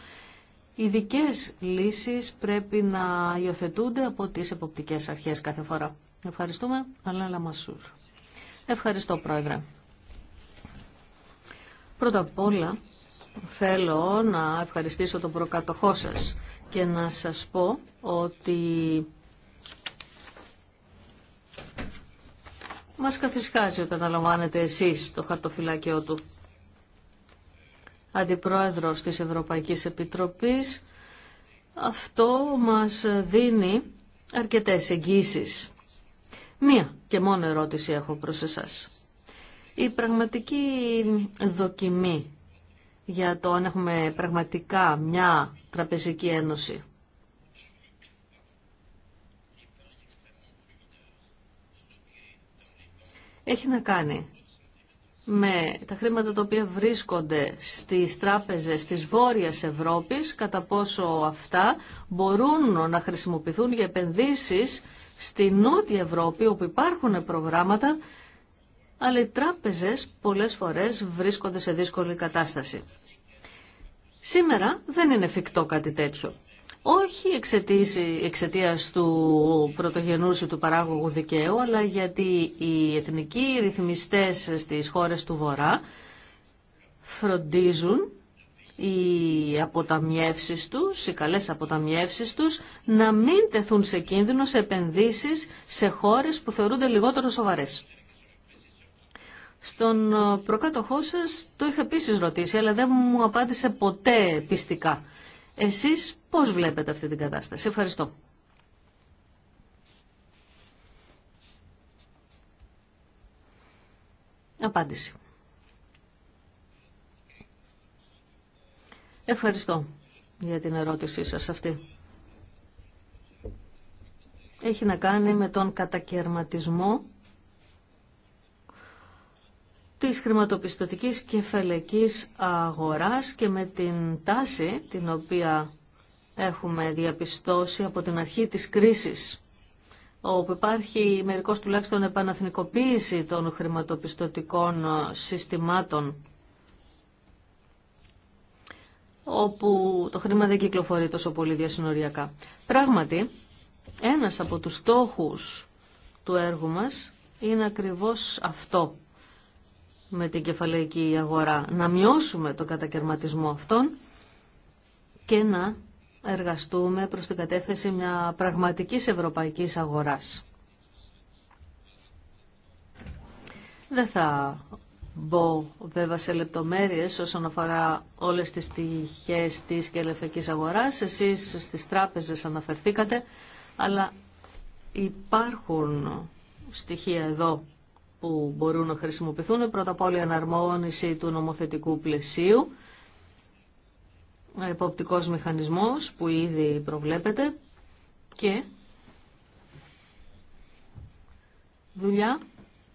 ειδικέ λύσεις πρέπει να υιοθετούνται από τις εποπτικές αρχές κάθε φορά. Ευχαριστούμε. Ευχαριστώ, Πρόεδρε. Πρώτα απ' όλα θέλω να ευχαριστήσω τον προκατοχό σας και να σας πω ότι μας καθισκάζει όταν αναλαμβάνετε εσείς το χαρτοφυλάκιό του. Αντιπρόεδρος της Ευρωπαϊκής Επιτροπής, αυτό μας δίνει αρκετές εγγύσεις. Μία και μόνο ερώτηση έχω προς εσάς η πραγματική δοκιμή για το αν έχουμε πραγματικά μια τραπεζική ένωση. Έχει να κάνει με τα χρήματα τα οποία βρίσκονται στις τράπεζες της Βόρειας Ευρώπης, κατά πόσο αυτά μπορούν να χρησιμοποιηθούν για επενδύσεις στη Νότια Ευρώπη, όπου υπάρχουν προγράμματα αλλά οι τράπεζες πολλές φορές βρίσκονται σε δύσκολη κατάσταση. Σήμερα δεν είναι εφικτό κάτι τέτοιο. Όχι εξαιτία του πρωτογενούς ή του παράγωγου δικαίου, αλλά γιατί οι εθνικοί ρυθμιστές στις χώρες του Βορρά φροντίζουν οι αποταμιεύσεις τους, οι καλές αποταμιεύσεις τους, να μην τεθούν σε κίνδυνο σε επενδύσεις σε χώρες που θεωρούνται λιγότερο σοβαρές. Στον ε, προκάτοχό σας το είχα επίση ρωτήσει, αλλά δεν μου απάντησε ποτέ πιστικά. Εσείς πώς βλέπετε αυτή την κατάσταση. Ευχαριστώ. Απάντηση. Ευχαριστώ για την ερώτησή σας αυτή. Έχει να κάνει με τον κατακαιρματισμό της χρηματοπιστωτικής φελεκής αγοράς και με την τάση την οποία έχουμε διαπιστώσει από την αρχή της κρίσης όπου υπάρχει μερικώς τουλάχιστον επαναθνικοποίηση των χρηματοπιστωτικών συστημάτων όπου το χρήμα δεν κυκλοφορεί τόσο πολύ διασυνοριακά. Πράγματι, ένας από τους στόχους του έργου μας είναι ακριβώς αυτό με την κεφαλαϊκή αγορά, να μειώσουμε τον κατακαιρματισμό αυτών και να εργαστούμε προς την κατεύθυνση μια πραγματικής ευρωπαϊκής αγοράς. Δεν θα μπω βέβαια σε λεπτομέρειες όσον αφορά όλες τις πτυχές της κελεφικής αγοράς. Εσείς στις τράπεζες αναφερθήκατε, αλλά υπάρχουν στοιχεία εδώ που μπορούν να χρησιμοποιηθούν. Πρώτα απ' όλα η αναρμόνιση του νομοθετικού πλαισίου, εποπτικός μηχανισμός που ήδη προβλέπεται και δουλειά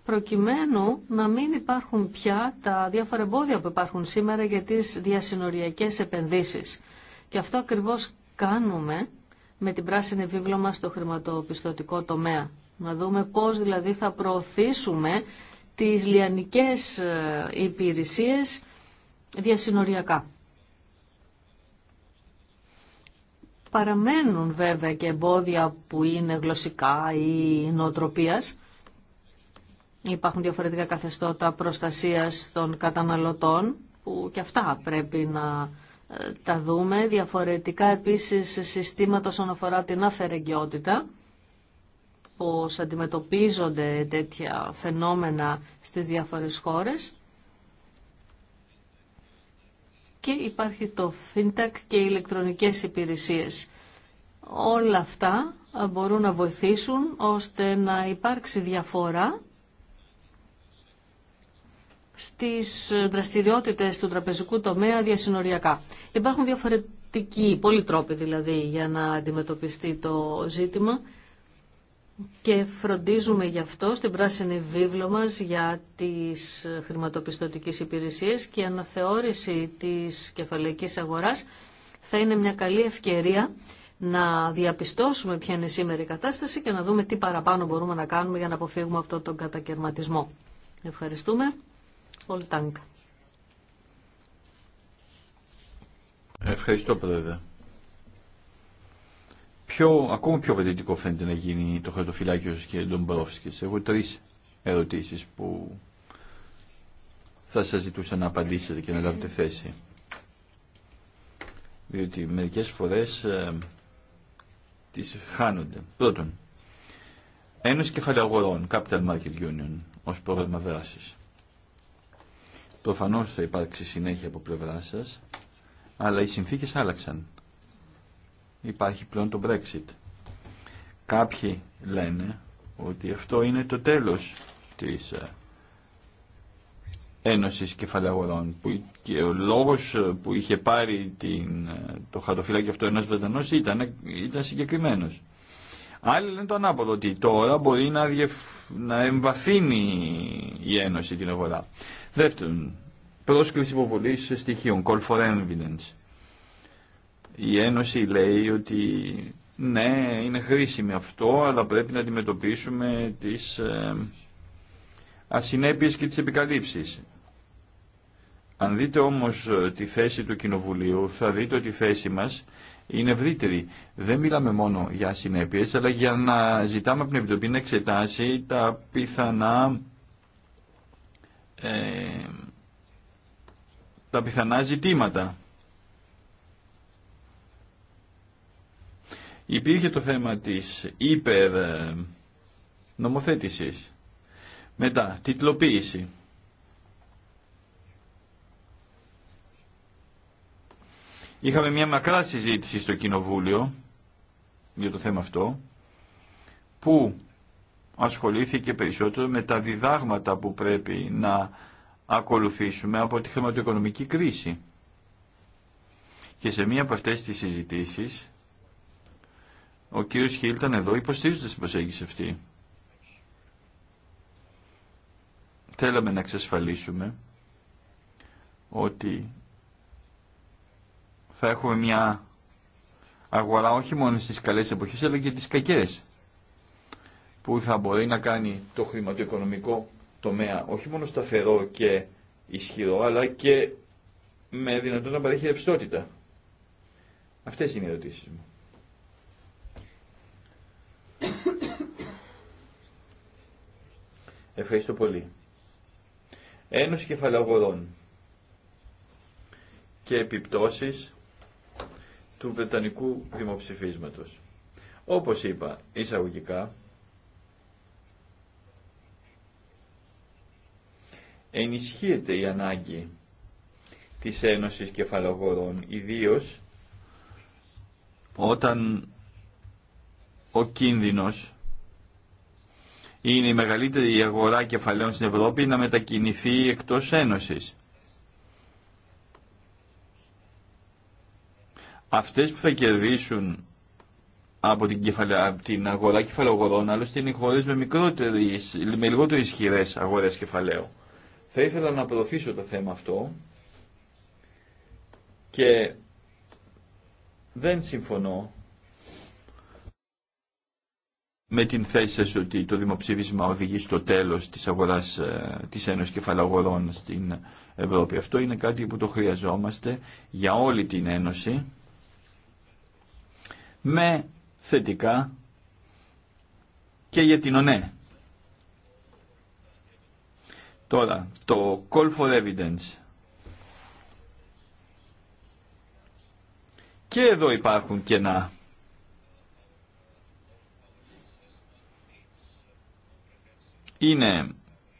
προκειμένου να μην υπάρχουν πια τα διάφορα εμπόδια που υπάρχουν σήμερα για τις διασυνοριακές επενδύσεις. Και αυτό ακριβώς κάνουμε με την πράσινη βίβλο μας στο χρηματοπιστωτικό τομέα να δούμε πώς δηλαδή θα προωθήσουμε τις λιανικές ε, υπηρεσίες διασυνοριακά. Παραμένουν βέβαια και εμπόδια που είναι γλωσσικά ή νοοτροπίας. Υπάρχουν διαφορετικά καθεστώτα προστασίας των καταναλωτών που και αυτά πρέπει να ε, τα δούμε. Διαφορετικά επίσης συστήματα όσον αφορά την αφαιρεγκαιότητα πώς αντιμετωπίζονται τέτοια φαινόμενα στις διάφορες χώρες. Και υπάρχει το FinTech και οι ηλεκτρονικές υπηρεσίες. Όλα αυτά μπορούν να βοηθήσουν ώστε να υπάρξει διαφορά στις δραστηριότητες του τραπεζικού τομέα διασυνοριακά. Υπάρχουν διαφορετικοί πολλοί τρόποι δηλαδή για να αντιμετωπιστεί το ζήτημα και φροντίζουμε γι' αυτό στην πράσινη βίβλο μας για τις χρηματοπιστωτικές υπηρεσίες και η αναθεώρηση της κεφαλαϊκής αγοράς θα είναι μια καλή ευκαιρία να διαπιστώσουμε ποια είναι σήμερα η κατάσταση και να δούμε τι παραπάνω μπορούμε να κάνουμε για να αποφύγουμε αυτό τον κατακαιρματισμό. Ευχαριστούμε. Ολτάνκ. Ευχαριστώ, Πρόεδρε πιο, ακόμα πιο απαιτητικό φαίνεται να γίνει το χαρτοφυλάκιο και τον Ντομπρόφσκι. Έχω τρει ερωτήσει που θα σα ζητούσα να απαντήσετε και να λάβετε θέση. Διότι μερικέ φορέ ε, τις χάνονται. Πρώτον, Ένωση Κεφαλαιογορών, Capital Market Union, ως πρόγραμμα δράσης. Προφανώς θα υπάρξει συνέχεια από πλευρά σας, αλλά οι συνθήκες άλλαξαν υπάρχει πλέον το Brexit. Κάποιοι λένε ότι αυτό είναι το τέλος της ε, Ένωσης Κεφαλαγορών που και ο λόγος ε, που είχε πάρει την, ε, το χαρτοφυλάκι αυτό ένας Βρετανός ήταν, ήταν συγκεκριμένος. Άλλοι λένε το ανάποδο, ότι τώρα μπορεί να, να εμβαθύνει η Ένωση την αγορά. Δεύτερον, πρόσκληση υποβολή στοιχείων, call for evidence. Η Ένωση λέει ότι ναι, είναι χρήσιμο αυτό, αλλά πρέπει να αντιμετωπίσουμε τις ε, ασυνέπειες και τις επικαλύψεις. Αν δείτε όμως ε, τη θέση του Κοινοβουλίου, θα δείτε ότι η θέση μας είναι ευρύτερη. Δεν μιλάμε μόνο για ασυνέπειες, αλλά για να ζητάμε από την Επιτροπή να εξετάσει τα πιθανά, ε, τα πιθανά ζητήματα. Υπήρχε το θέμα της υπερ ε, νομοθέτησης. Μετά, τιτλοποίηση. Είχαμε μια μακρά συζήτηση στο Κοινοβούλιο για το θέμα αυτό, που ασχολήθηκε περισσότερο με τα διδάγματα που πρέπει να ακολουθήσουμε από τη χρηματοοικονομική κρίση. Και σε μία από αυτές τις συζητήσεις ο κύριος Χίλ εδώ, υποστήριζονται στην προσέγγιση αυτή. Θέλαμε να εξασφαλίσουμε ότι θα έχουμε μια αγορά όχι μόνο στις καλές εποχές αλλά και τις κακές που θα μπορεί να κάνει το χρηματοοικονομικό τομέα όχι μόνο σταθερό και ισχυρό αλλά και με δυνατότητα να παρέχει ρευστότητα. Αυτές είναι οι ερωτήσεις μου. Ευχαριστώ πολύ. Ένωση κεφαλαγορών και επιπτώσεις του Βρετανικού δημοψηφίσματος. Όπως είπα εισαγωγικά, ενισχύεται η ανάγκη της Ένωσης Κεφαλαγορών, ιδίως όταν ο κίνδυνος είναι η μεγαλύτερη αγορά κεφαλαίων στην Ευρώπη να μετακινηθεί εκτός Ένωσης. Αυτές που θα κερδίσουν από την, από την αγορά κεφαλαγορών, άλλωστε είναι οι χώρες με, μικρότερες, με λιγότερο ισχυρές αγορές κεφαλαίου. Θα ήθελα να προωθήσω το θέμα αυτό και δεν συμφωνώ με την θέση σας ότι το δημοψήφισμα οδηγεί στο τέλος της αγοράς ε, της Ένωσης Κεφαλαγορών στην Ευρώπη. Αυτό είναι κάτι που το χρειαζόμαστε για όλη την Ένωση με θετικά και για την ΟΝΕ. Τώρα, το call for evidence. Και εδώ υπάρχουν κενά. είναι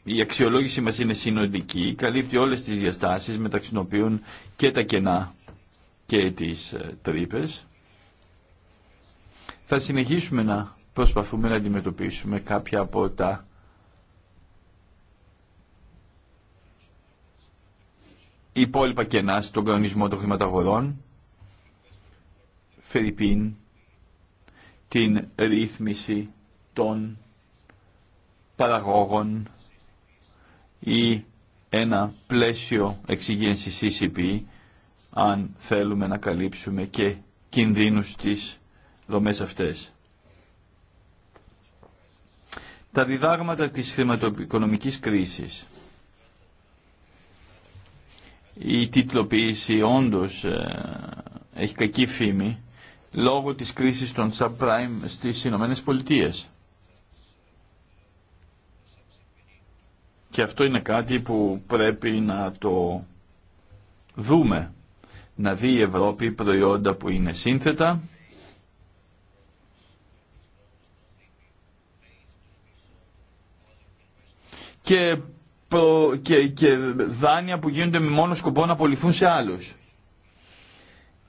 η αξιολόγηση μας είναι συνοδική, καλύπτει όλες τις διαστάσεις μεταξύ των οποίων και τα κενά και τις ε, τρύπε. Θα συνεχίσουμε να προσπαθούμε να αντιμετωπίσουμε κάποια από τα υπόλοιπα κενά στον κανονισμό των χρηματαγορών, Φερρυπίν, την ρύθμιση των ή ένα πλαίσιο εξυγένσης CCP αν θέλουμε να καλύψουμε και κινδύνους στις δομές αυτές. Τα διδάγματα της χρηματοοικονομικής κρίσης. Η τίτλοποίηση όντως ε, έχει κακή φήμη λόγω της κρίσης των subprime στις Ηνωμένες Πολιτείες. Και αυτό είναι κάτι που πρέπει να το δούμε. Να δει η Ευρώπη προϊόντα που είναι σύνθετα, και, και, και δάνεια που γίνονται με μόνο σκοπό να απολυθούν σε άλλους.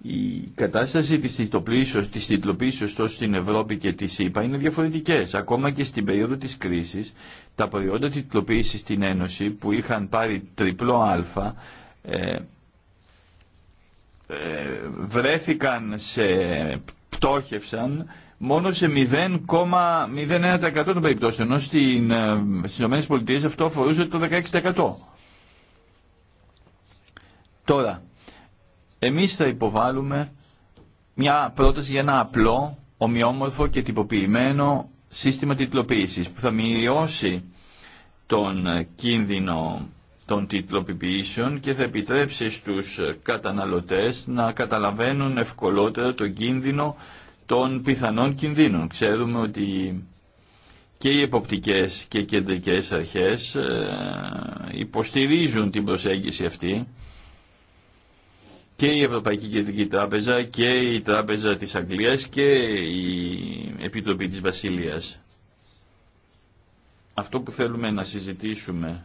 Η κατάσταση της τιτλοποίησης, της ωστόσο στην Ευρώπη και της ΕΠΑ είναι διαφορετικές. Ακόμα και στην περίοδο της κρίσης, τα προϊόντα τιτλοποίησης στην Ένωση που είχαν πάρει τριπλό α, ε, ε, βρέθηκαν σε πτώχευσαν μόνο σε 0,01% των περιπτώσεων, ενώ στην, ε, στις ΗΠΑ αυτό αφορούσε το 16%. Τώρα, εμείς θα υποβάλουμε μια πρόταση για ένα απλό, ομοιόμορφο και τυποποιημένο σύστημα τιτλοποίησης που θα μειώσει τον κίνδυνο των τιτλοποιήσεων και θα επιτρέψει στους καταναλωτές να καταλαβαίνουν ευκολότερα τον κίνδυνο των πιθανών κινδύνων. Ξέρουμε ότι και οι εποπτικές και οι κεντρικές αρχές ε, υποστηρίζουν την προσέγγιση αυτή και η Ευρωπαϊκή Κεντρική Τράπεζα και η Τράπεζα της Αγγλίας και η Επιτροπή της Βασιλείας. Αυτό που θέλουμε να συζητήσουμε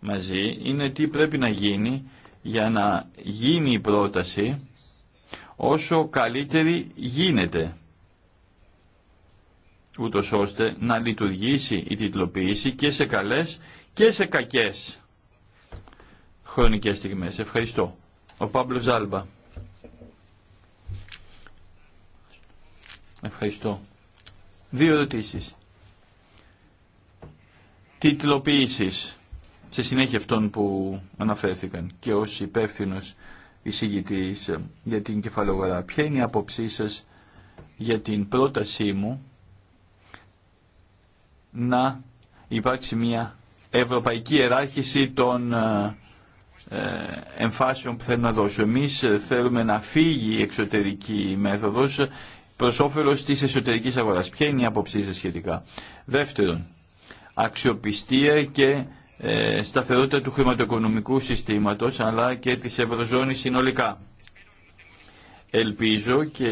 μαζί είναι τι πρέπει να γίνει για να γίνει η πρόταση όσο καλύτερη γίνεται ούτω ώστε να λειτουργήσει η τιτλοποίηση και σε καλές και σε κακές χρονικές στιγμές. Ευχαριστώ. Ο Πάμπλο Ζάλμπα. Ευχαριστώ. Δύο ερωτήσει. Τιτλοποιήσει. Σε συνέχεια αυτών που αναφέρθηκαν και ω υπεύθυνο εισηγητή ε, για την κεφαλογορά. Ποια είναι η άποψή σα για την πρότασή μου να υπάρξει μια ευρωπαϊκή εράχηση των ε, ε, εμφάσεων που θέλει να δώσω. Ε, θέλουμε να φύγει η εξωτερική μέθοδος προ όφελο της εσωτερικής αγοράς. Ποια είναι η άποψή σα σχετικά. Δεύτερον, αξιοπιστία και ε, σταθερότητα του χρηματοοικονομικού συστήματος αλλά και της Ευρωζώνης συνολικά. Ελπίζω και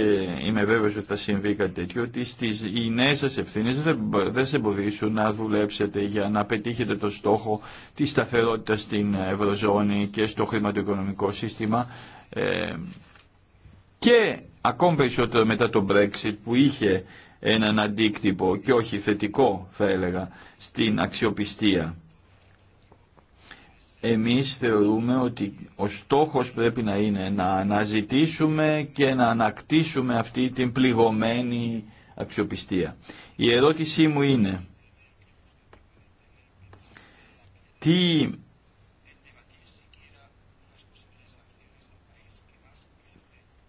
είμαι βέβαιος ότι θα συμβεί κάτι τέτοιο, ότι στις, οι νέες σας ευθύνες δεν, σε εμποδίσουν να δουλέψετε για να πετύχετε το στόχο της σταθερότητας στην Ευρωζώνη και στο χρηματοοικονομικό σύστημα ε, και ακόμη περισσότερο μετά το Brexit που είχε έναν αντίκτυπο και όχι θετικό θα έλεγα στην αξιοπιστία εμείς θεωρούμε ότι ο στόχος πρέπει να είναι να αναζητήσουμε και να ανακτήσουμε αυτή την πληγωμένη αξιοπιστία. Η ερώτησή μου είναι τι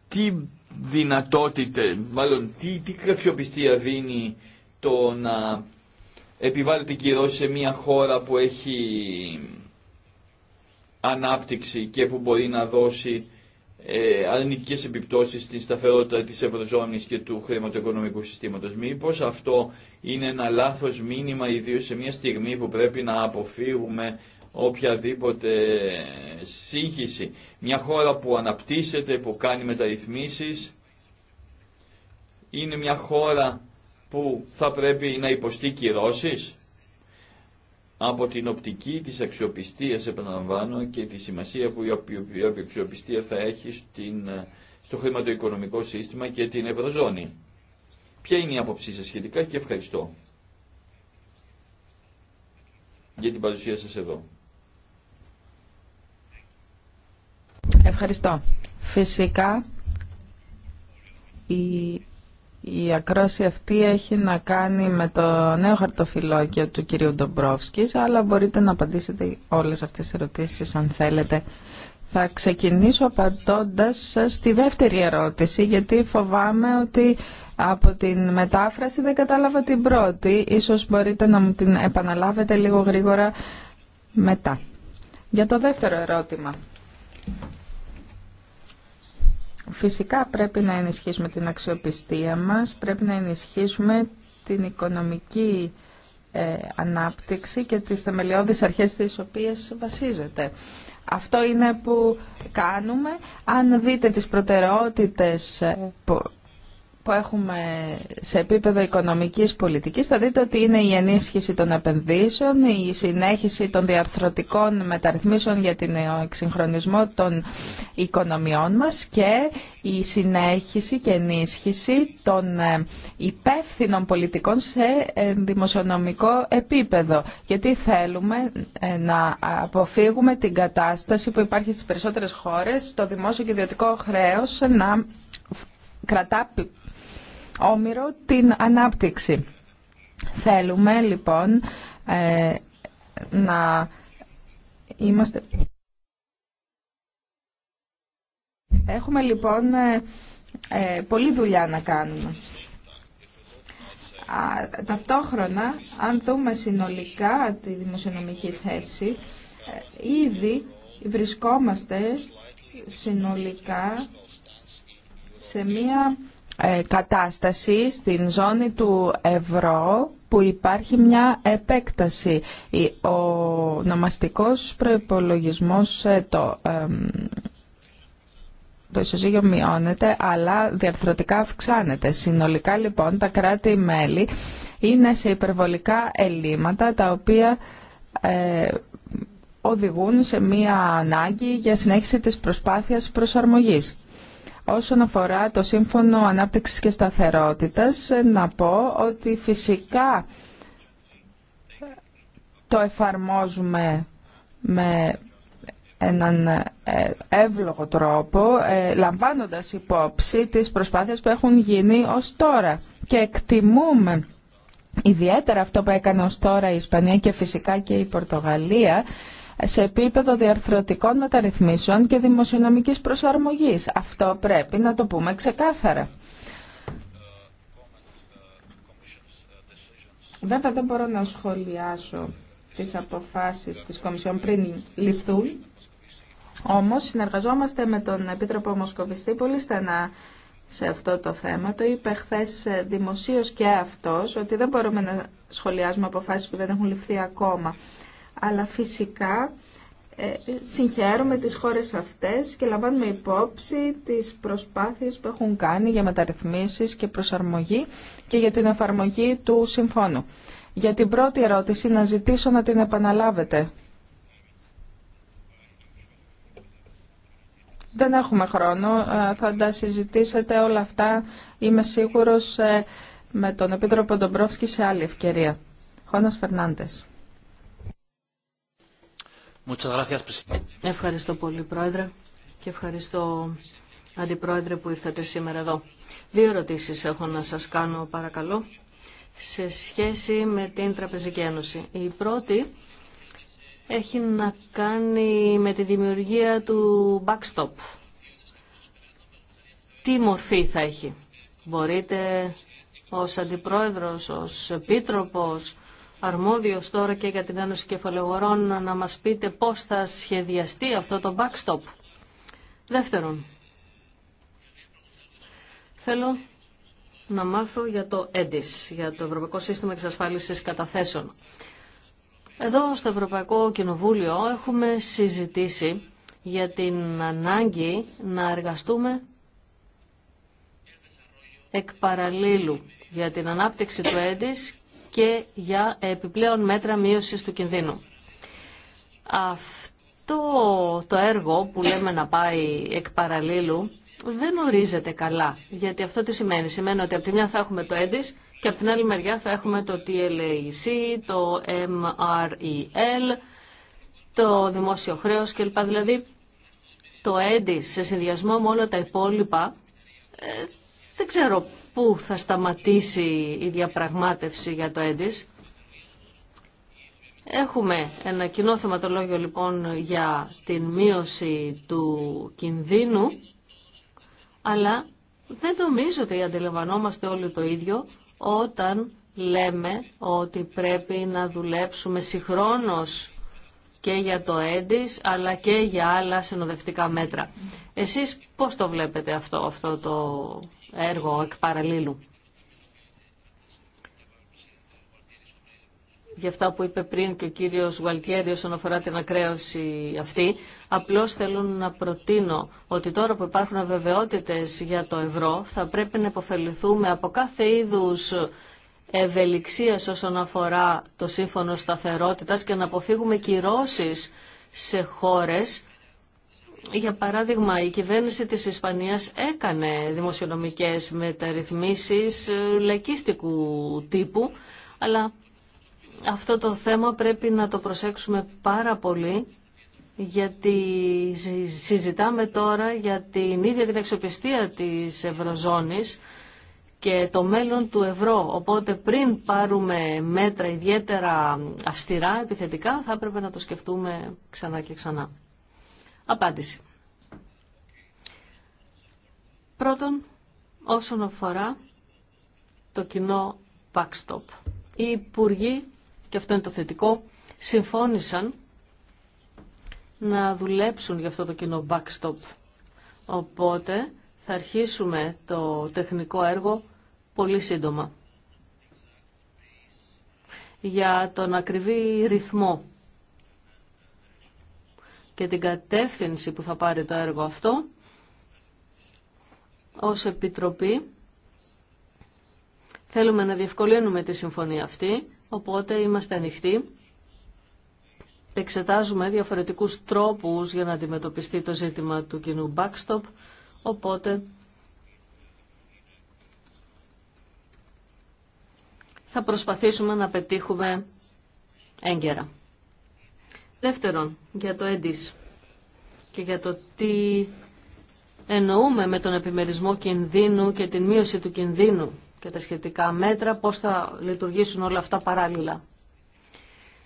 τι δυνατότητε, μάλλον τι, τι αξιοπιστία δίνει το να επιβάλλεται κυρώσει σε μια χώρα που έχει ανάπτυξη και που μπορεί να δώσει ε, αρνητικές επιπτώσεις στην σταθερότητα τη Ευρωζώνη και του χρηματοοικονομικού συστήματος. Μήπω αυτό είναι ένα λάθο μήνυμα ιδίω σε μια στιγμή που πρέπει να αποφύγουμε οποιαδήποτε σύγχυση. Μια χώρα που αναπτύσσεται, που κάνει μεταρρυθμίσεις, είναι μια χώρα που θα πρέπει να υποστεί κυρώσεις από την οπτική της αξιοπιστίας επαναλαμβάνω και τη σημασία που η αξιοπιστία θα έχει στην, στο χρηματοοικονομικό σύστημα και την Ευρωζώνη. Ποια είναι η άποψή σας σχετικά και ευχαριστώ για την παρουσία σας εδώ. Ευχαριστώ. Φυσικά η η ακρόση αυτή έχει να κάνει με το νέο χαρτοφυλόκιο του κυρίου Ντομπρόφσκης, αλλά μπορείτε να απαντήσετε όλες αυτές τις ερωτήσεις αν θέλετε. Θα ξεκινήσω απαντώντας στη δεύτερη ερώτηση, γιατί φοβάμαι ότι από την μετάφραση δεν κατάλαβα την πρώτη. Ίσως μπορείτε να μου την επαναλάβετε λίγο γρήγορα μετά. Για το δεύτερο ερώτημα. Φυσικά πρέπει να ενισχύσουμε την αξιοπιστία μας, πρέπει να ενισχύσουμε την οικονομική ε, ανάπτυξη και τις θεμελιώδεις αρχές στις οποίες βασίζεται. Αυτό είναι που κάνουμε. Αν δείτε τις προτεραιότητες ε, που έχουμε σε επίπεδο οικονομικής πολιτικής θα δείτε ότι είναι η ενίσχυση των επενδύσεων, η συνέχιση των διαρθρωτικών μεταρρυθμίσεων για τον ε, εξυγχρονισμό των οικονομιών μας και η συνέχιση και ενίσχυση των ε, υπεύθυνων πολιτικών σε ε, δημοσιονομικό επίπεδο. Γιατί θέλουμε να αποφύγουμε την κατάσταση που υπάρχει στις περισσότερες χώρες, το δημόσιο και ιδιωτικό χρέος να κρατά όμοιρο την ανάπτυξη. Θέλουμε λοιπόν ε, να είμαστε... Έχουμε λοιπόν ε, ε, πολλή δουλειά να κάνουμε. Ταυτόχρονα, αν δούμε συνολικά τη δημοσιονομική θέση, ήδη βρισκόμαστε συνολικά σε μία ε, κατάσταση στην ζώνη του ευρώ που υπάρχει μια επέκταση. Ο νομαστικός προϋπολογισμός ε, το, το ισοζύγιο μειώνεται αλλά διαρθρωτικά αυξάνεται. Συνολικά λοιπόν τα κράτη-μέλη είναι σε υπερβολικά ελλείμματα τα οποία ε, οδηγούν σε μια ανάγκη για συνέχιση της προσπάθειας προσαρμογής. Όσον αφορά το Σύμφωνο Ανάπτυξης και Σταθερότητας, να πω ότι φυσικά το εφαρμόζουμε με έναν ε, εύλογο τρόπο, ε, λαμβάνοντας υπόψη τις προσπάθειες που έχουν γίνει ως τώρα. Και εκτιμούμε ιδιαίτερα αυτό που έκανε ως τώρα η Ισπανία και φυσικά και η Πορτογαλία, σε επίπεδο διαρθρωτικών μεταρρυθμίσεων και δημοσιονομικής προσαρμογής. Αυτό πρέπει να το πούμε ξεκάθαρα. Βέβαια δεν μπορώ να σχολιάσω τις αποφάσεις της Κομισιόν πριν ληφθούν, όμως συνεργαζόμαστε με τον Επίτροπο Μοσκοβιστή πολύ στενά σε αυτό το θέμα. Το είπε χθε δημοσίως και αυτός ότι δεν μπορούμε να σχολιάζουμε αποφάσεις που δεν έχουν ληφθεί ακόμα αλλά φυσικά ε, συγχαίρουμε τις χώρες αυτές και λαμβάνουμε υπόψη τις προσπάθειες που έχουν κάνει για μεταρρυθμίσεις και προσαρμογή και για την εφαρμογή του συμφώνου. Για την πρώτη ερώτηση να ζητήσω να την επαναλάβετε. Δεν έχουμε χρόνο, ε, θα τα συζητήσετε όλα αυτά, είμαι σίγουρος, ε, με τον Επίτροπο Ντομπρόφσκι σε άλλη ευκαιρία. Χώνας Φερνάντες. Ευχαριστώ πολύ, Πρόεδρε, και ευχαριστώ, Αντιπρόεδρε, που ήρθατε σήμερα εδώ. Δύο ερωτήσεις έχω να σας κάνω, παρακαλώ, σε σχέση με την Τραπεζική Ένωση. Η πρώτη έχει να κάνει με τη δημιουργία του backstop. Τι μορφή θα έχει. Μπορείτε ως Αντιπρόεδρος, ως Επίτροπος, αρμόδιος τώρα και για την Ένωση Κεφαλαιογορών να μας πείτε πώς θα σχεδιαστεί αυτό το backstop. Δεύτερον, θέλω να μάθω για το ΕΝΤΙΣ, για το Ευρωπαϊκό Σύστημα Εξασφάλισης Καταθέσεων. Εδώ στο Ευρωπαϊκό Κοινοβούλιο έχουμε συζητήσει για την ανάγκη να εργαστούμε εκ για την ανάπτυξη του ΕΝΤΙΣ και για επιπλέον μέτρα μείωσης του κινδύνου. Αυτό το έργο που λέμε να πάει εκ παραλίλου δεν ορίζεται καλά. Γιατί αυτό τι σημαίνει. Σημαίνει ότι από τη μια θα έχουμε το EDIS και από την άλλη μεριά θα έχουμε το TLAC, το MREL, το δημόσιο χρέος κλπ. Δηλαδή το EDIS σε συνδυασμό με όλα τα υπόλοιπα ε, δεν ξέρω πού θα σταματήσει η διαπραγμάτευση για το έντις. Έχουμε ένα κοινό θεματολόγιο λοιπόν για την μείωση του κινδύνου, αλλά δεν νομίζω ότι αντιλαμβανόμαστε όλοι το ίδιο όταν λέμε ότι πρέπει να δουλέψουμε συγχρόνως και για το έντις αλλά και για άλλα συνοδευτικά μέτρα. Εσείς πώς το βλέπετε αυτό, αυτό το έργο εκ παραλίλου. για αυτά που είπε πριν και ο κύριος Γουαλτιέρη όσον αφορά την ακραίωση αυτή. Απλώς θέλω να προτείνω ότι τώρα που υπάρχουν αβεβαιότητες για το ευρώ θα πρέπει να υποφεληθούμε από κάθε είδους ευελιξίας όσον αφορά το σύμφωνο σταθερότητας και να αποφύγουμε κυρώσεις σε χώρες για παράδειγμα, η κυβέρνηση της Ισπανίας έκανε δημοσιονομικές μεταρρυθμίσεις ε, λαϊκίστικου τύπου, αλλά αυτό το θέμα πρέπει να το προσέξουμε πάρα πολύ, γιατί συζητάμε τώρα για την ίδια την εξοπιστία της Ευρωζώνης και το μέλλον του ευρώ. Οπότε πριν πάρουμε μέτρα ιδιαίτερα αυστηρά, επιθετικά, θα έπρεπε να το σκεφτούμε ξανά και ξανά. Απάντηση. Πρώτον, όσον αφορά το κοινό backstop. Οι υπουργοί, και αυτό είναι το θετικό, συμφώνησαν να δουλέψουν για αυτό το κοινό backstop. Οπότε θα αρχίσουμε το τεχνικό έργο πολύ σύντομα. Για τον ακριβή ρυθμό και την κατεύθυνση που θα πάρει το έργο αυτό, ως Επιτροπή θέλουμε να διευκολύνουμε τη συμφωνία αυτή, οπότε είμαστε ανοιχτοί. Εξετάζουμε διαφορετικούς τρόπους για να αντιμετωπιστεί το ζήτημα του κοινού backstop, οπότε θα προσπαθήσουμε να πετύχουμε έγκαιρα. Δεύτερον, για το έντις και για το τι εννοούμε με τον επιμερισμό κινδύνου και την μείωση του κινδύνου και τα σχετικά μέτρα, πώς θα λειτουργήσουν όλα αυτά παράλληλα.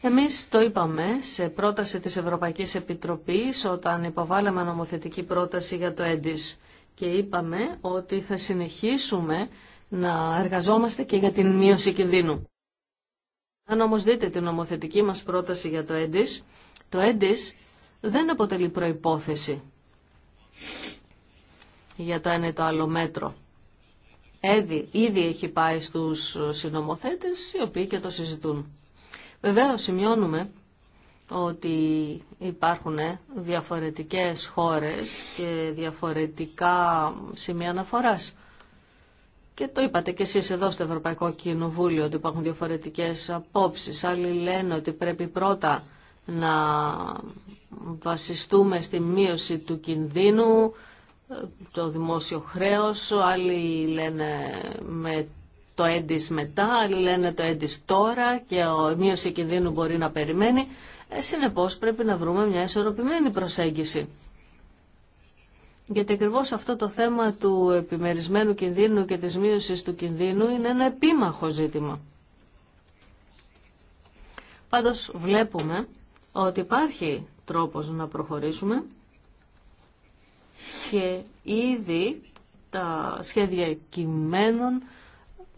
Εμείς το είπαμε σε πρόταση της Ευρωπαϊκής Επιτροπής όταν υποβάλαμε νομοθετική πρόταση για το έντις και είπαμε ότι θα συνεχίσουμε να εργαζόμαστε και για την μείωση κινδύνου. Αν όμως δείτε την νομοθετική μας πρόταση για το έντις, το έντις δεν αποτελεί προϋπόθεση για το ένα ή το άλλο μέτρο. Έδι, ήδη έχει πάει στους συνομοθέτες οι οποίοι και το συζητούν. Βεβαίω σημειώνουμε ότι υπάρχουν διαφορετικές χώρες και διαφορετικά σημεία αναφοράς. Και το είπατε και εσείς εδώ στο Ευρωπαϊκό Κοινοβούλιο ότι υπάρχουν διαφορετικές απόψεις. Άλλοι λένε ότι πρέπει πρώτα να βασιστούμε στη μείωση του κινδύνου, το δημόσιο χρέος, άλλοι λένε με το έντις μετά, άλλοι λένε το έντις τώρα και η μείωση κινδύνου μπορεί να περιμένει. Ε, συνεπώς πρέπει να βρούμε μια ισορροπημένη προσέγγιση. Γιατί ακριβώ αυτό το θέμα του επιμερισμένου κινδύνου και της μείωσης του κινδύνου είναι ένα επίμαχο ζήτημα. Πάντως βλέπουμε ότι υπάρχει τρόπος να προχωρήσουμε και ήδη τα σχέδια κειμένων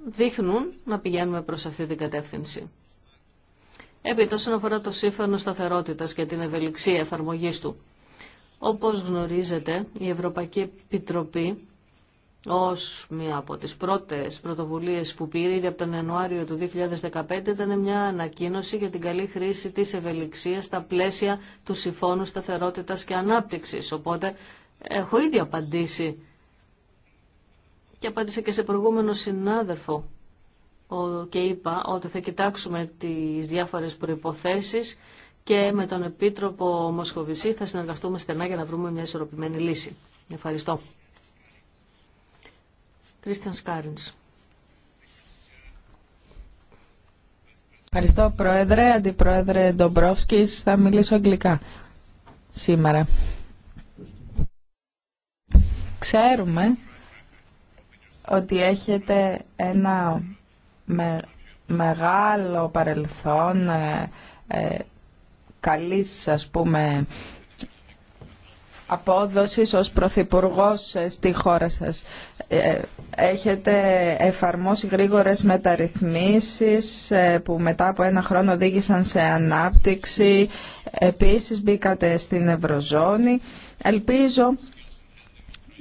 δείχνουν να πηγαίνουμε προς αυτή την κατεύθυνση. Επί όσον αφορά το σύμφωνο σταθερότητα και την ευελιξία εφαρμογή του. Όπως γνωρίζετε, η Ευρωπαϊκή Επιτροπή ως μία από τις πρώτες πρωτοβουλίες που πήρε ήδη από τον Ιανουάριο του 2015 ήταν μια ανακοίνωση για την καλή χρήση της ευελιξίας στα πλαίσια του Συμφώνου Σταθερότητας και Ανάπτυξης. Οπότε έχω ήδη απαντήσει και απάντησα και σε προηγούμενο συνάδελφο και είπα ότι θα κοιτάξουμε τις διάφορες προϋποθέσεις και με τον Επίτροπο Μοσχοβησή θα συνεργαστούμε στενά για να βρούμε μια ισορροπημένη λύση. Ευχαριστώ. Κρίστιαν Ευχαριστώ Πρόεδρε, Αντιπρόεδρε Ντομπρόφσκης. Θα μιλήσω αγγλικά σήμερα. Ξέρουμε ότι έχετε ένα με, μεγάλο παρελθόν ε, ε, καλής ας πούμε απόδοσης ως Πρωθυπουργό ε, στη χώρα σας. Ε, ε, έχετε εφαρμόσει γρήγορες μεταρρυθμίσεις που μετά από ένα χρόνο οδήγησαν σε ανάπτυξη. Επίσης μπήκατε στην Ευρωζώνη. Ελπίζω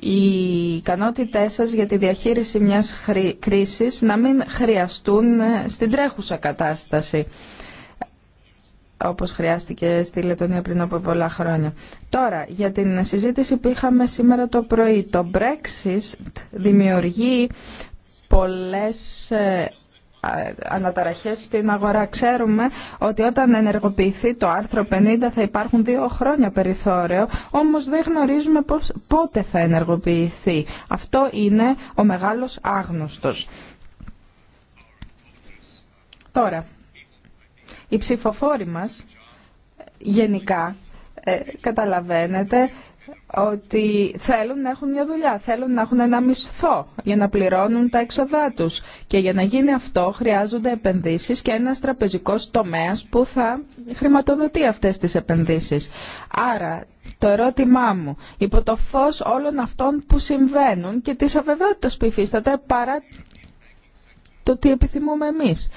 οι ικανότητέ σας για τη διαχείριση μιας κρίσης να μην χρειαστούν στην τρέχουσα κατάσταση όπως χρειάστηκε στη Λετωνία πριν από πολλά χρόνια. Τώρα, για την συζήτηση που είχαμε σήμερα το πρωί, το Brexit δημιουργεί πολλές ε, αναταραχές στην αγορά. Ξέρουμε ότι όταν ενεργοποιηθεί το άρθρο 50 θα υπάρχουν δύο χρόνια περιθώριο, όμως δεν γνωρίζουμε πότε θα ενεργοποιηθεί. Αυτό είναι ο μεγάλος άγνωστος. Τώρα, οι ψηφοφόροι μας γενικά ε, καταλαβαίνετε ότι θέλουν να έχουν μια δουλειά, θέλουν να έχουν ένα μισθό για να πληρώνουν τα έξοδά τους και για να γίνει αυτό χρειάζονται επενδύσεις και ένας τραπεζικός τομέας που θα χρηματοδοτεί αυτές τις επενδύσεις. Άρα το ερώτημά μου, υπό το φως όλων αυτών που συμβαίνουν και της αβεβαιότητας που υφίσταται παρά το τι επιθυμούμε εμείς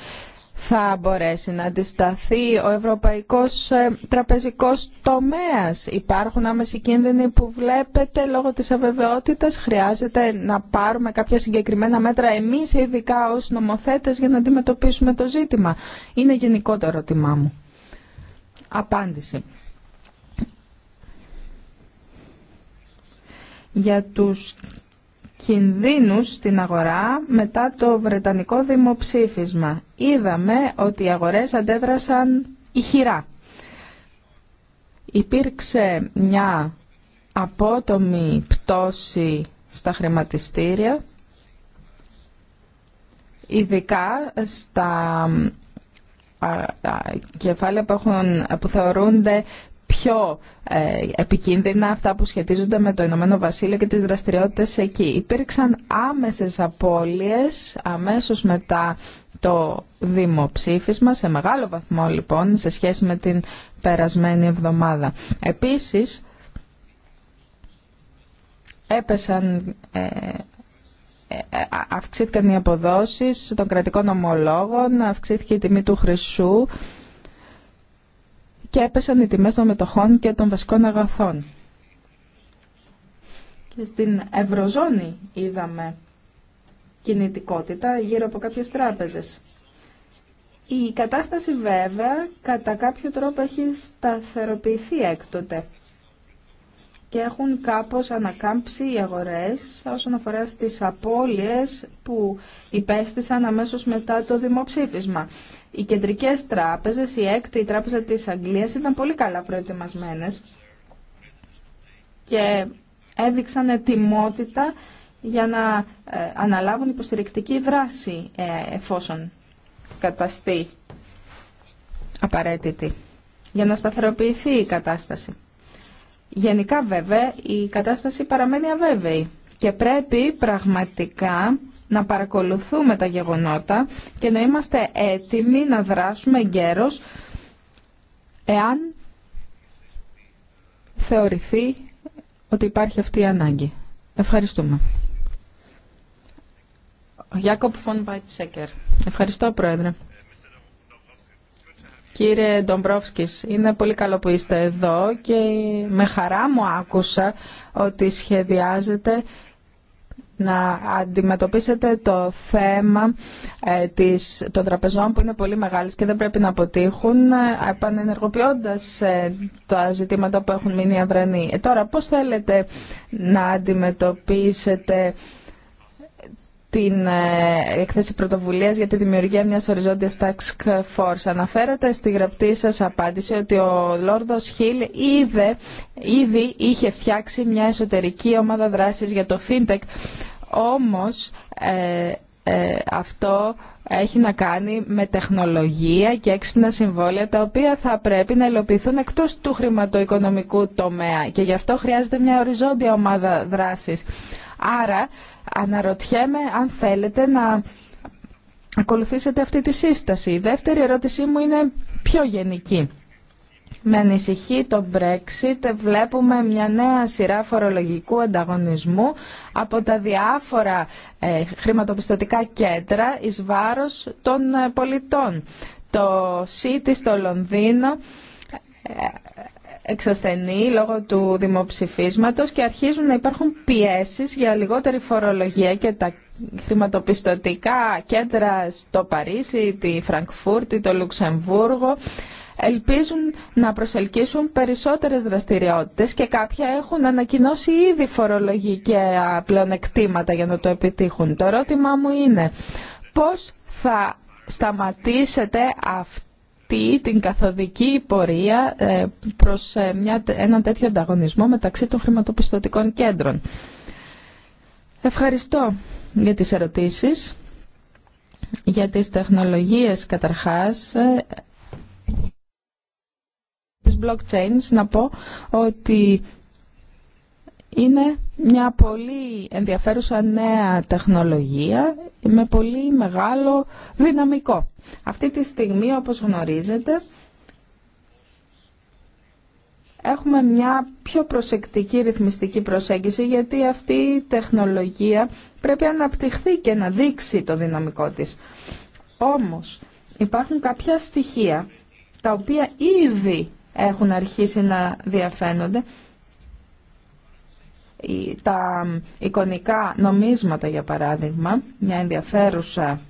θα μπορέσει να αντισταθεί ο ευρωπαϊκός ε, τραπεζικός τομέας. Υπάρχουν άμεση κίνδυνοι που βλέπετε λόγω της αβεβαιότητας. Χρειάζεται να πάρουμε κάποια συγκεκριμένα μέτρα εμείς ειδικά ως νομοθέτες για να αντιμετωπίσουμε το ζήτημα. Είναι γενικό το ερώτημά μου. Απάντηση. Για τους κινδύνους στην αγορά μετά το Βρετανικό δημοψήφισμα. Είδαμε ότι οι αγορές αντέδρασαν ηχηρά. Υπήρξε μια απότομη πτώση στα χρηματιστήρια, ειδικά στα κεφάλαια που, έχουν, που θεωρούνται πιο ε, επικίνδυνα αυτά που σχετίζονται με το Ηνωμένο Βασίλειο και τις δραστηριότητες εκεί. Υπήρξαν άμεσες απώλειες αμέσως μετά το δημοψήφισμα, σε μεγάλο βαθμό λοιπόν, σε σχέση με την περασμένη εβδομάδα. Επίσης, έπεσαν, ε, ε, ε αυξήθηκαν οι αποδόσεις των κρατικών ομολόγων, αυξήθηκε η τιμή του χρυσού, και έπεσαν οι τιμές των μετοχών και των βασικών αγαθών. Και στην Ευρωζώνη είδαμε κινητικότητα γύρω από κάποιες τράπεζες. Η κατάσταση βέβαια κατά κάποιο τρόπο έχει σταθεροποιηθεί έκτοτε και έχουν κάπως ανακάμψει οι αγορές όσον αφορά στις απώλειες που υπέστησαν αμέσως μετά το δημοψήφισμα. Οι κεντρικές τράπεζες, η έκτη η Τράπεζα της Αγγλίας ήταν πολύ καλά προετοιμασμένες και έδειξαν ετοιμότητα για να ε, αναλάβουν υποστηρικτική δράση ε, εφόσον καταστεί απαραίτητη για να σταθεροποιηθεί η κατάσταση. Γενικά βέβαια η κατάσταση παραμένει αβέβαιη και πρέπει πραγματικά να παρακολουθούμε τα γεγονότα και να είμαστε έτοιμοι να δράσουμε γέρος εάν θεωρηθεί ότι υπάρχει αυτή η ανάγκη. Ευχαριστούμε. Ο Ευχαριστώ, Πρόεδρε. Κύριε Ντομπρόφσκης, είναι πολύ καλό που είστε εδώ και με χαρά μου άκουσα ότι σχεδιάζετε να αντιμετωπίσετε το θέμα ε, της, των τραπεζών που είναι πολύ μεγάλες και δεν πρέπει να αποτύχουν ε, επανενεργοποιώντας ε, τα ζητήματα που έχουν μείνει αδρανή. τώρα πώς θέλετε να αντιμετωπίσετε την ε, έκθεση πρωτοβουλίας για τη δημιουργία μιας οριζόντιας tax force. Αναφέρατε στη γραπτή σας απάντηση ότι ο Λόρδος Χιλ είδε, ήδη είχε φτιάξει μια εσωτερική ομάδα δράσης για το FinTech, όμως ε, ε, αυτό έχει να κάνει με τεχνολογία και έξυπνα συμβόλαια τα οποία θα πρέπει να υλοποιηθούν εκτός του χρηματοοικονομικού τομέα και γι' αυτό χρειάζεται μια οριζόντια ομάδα δράσης. Άρα αναρωτιέμαι αν θέλετε να ακολουθήσετε αυτή τη σύσταση. Η δεύτερη ερώτησή μου είναι πιο γενική. Με ανησυχεί το Brexit, βλέπουμε μια νέα σειρά φορολογικού ανταγωνισμού από τα διάφορα ε, χρηματοπιστωτικά κέντρα εις βάρος των ε, πολιτών. Το City στο Λονδίνο ε, εξασθενεί λόγω του δημοψηφίσματος και αρχίζουν να υπάρχουν πιέσεις για λιγότερη φορολογία και τα χρηματοπιστωτικά κέντρα στο Παρίσι, τη Φραγκφούρτη, το Λουξεμβούργο ελπίζουν να προσελκύσουν περισσότερες δραστηριότητες και κάποια έχουν ανακοινώσει ήδη φορολογικά πλεονεκτήματα για να το επιτύχουν. Το ερώτημά μου είναι πώς θα σταματήσετε αυτό αυτή την καθοδική πορεία ε, προς ε, μια, ένα τέτοιο ανταγωνισμό μεταξύ των χρηματοπιστωτικών κέντρων. Ευχαριστώ για τις ερωτήσεις, για τις τεχνολογίες καταρχάς, ε, της blockchain, να πω ότι είναι μια πολύ ενδιαφέρουσα νέα τεχνολογία με πολύ μεγάλο δυναμικό. Αυτή τη στιγμή, όπως γνωρίζετε, έχουμε μια πιο προσεκτική ρυθμιστική προσέγγιση γιατί αυτή η τεχνολογία πρέπει να αναπτυχθεί και να δείξει το δυναμικό της. Όμως υπάρχουν κάποια στοιχεία τα οποία ήδη έχουν αρχίσει να διαφαίνονται τα εικονικά νομίσματα για παράδειγμα, μια ενδιαφέρουσα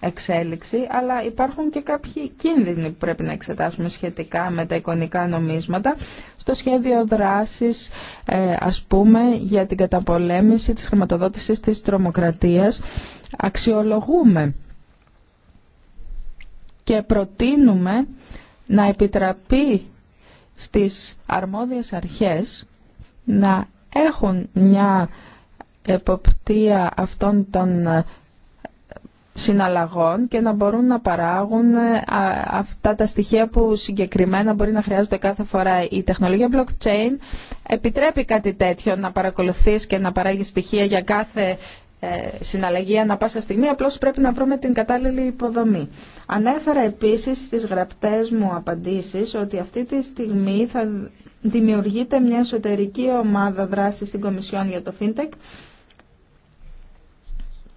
εξέλιξη, αλλά υπάρχουν και κάποιοι κίνδυνοι που πρέπει να εξετάσουμε σχετικά με τα εικονικά νομίσματα στο σχέδιο δράσης, ε, ας πούμε, για την καταπολέμηση της χρηματοδότησης της τρομοκρατίας. Αξιολογούμε και προτείνουμε να επιτραπεί στις αρμόδιες αρχές να έχουν μια εποπτεία αυτών των ε, συναλλαγών και να μπορούν να παράγουν ε, αυτά τα στοιχεία που συγκεκριμένα μπορεί να χρειάζονται κάθε φορά. Η τεχνολογία blockchain επιτρέπει κάτι τέτοιο να παρακολουθείς και να παράγει στοιχεία για κάθε ε, συναλλαγή ανά πάσα στιγμή, απλώ πρέπει να βρούμε την κατάλληλη υποδομή. Ανέφερα επίσης στι γραπτές μου απαντήσεις ότι αυτή τη στιγμή θα δημιουργείται μια εσωτερική ομάδα δράσης στην Κομισιόν για το FinTech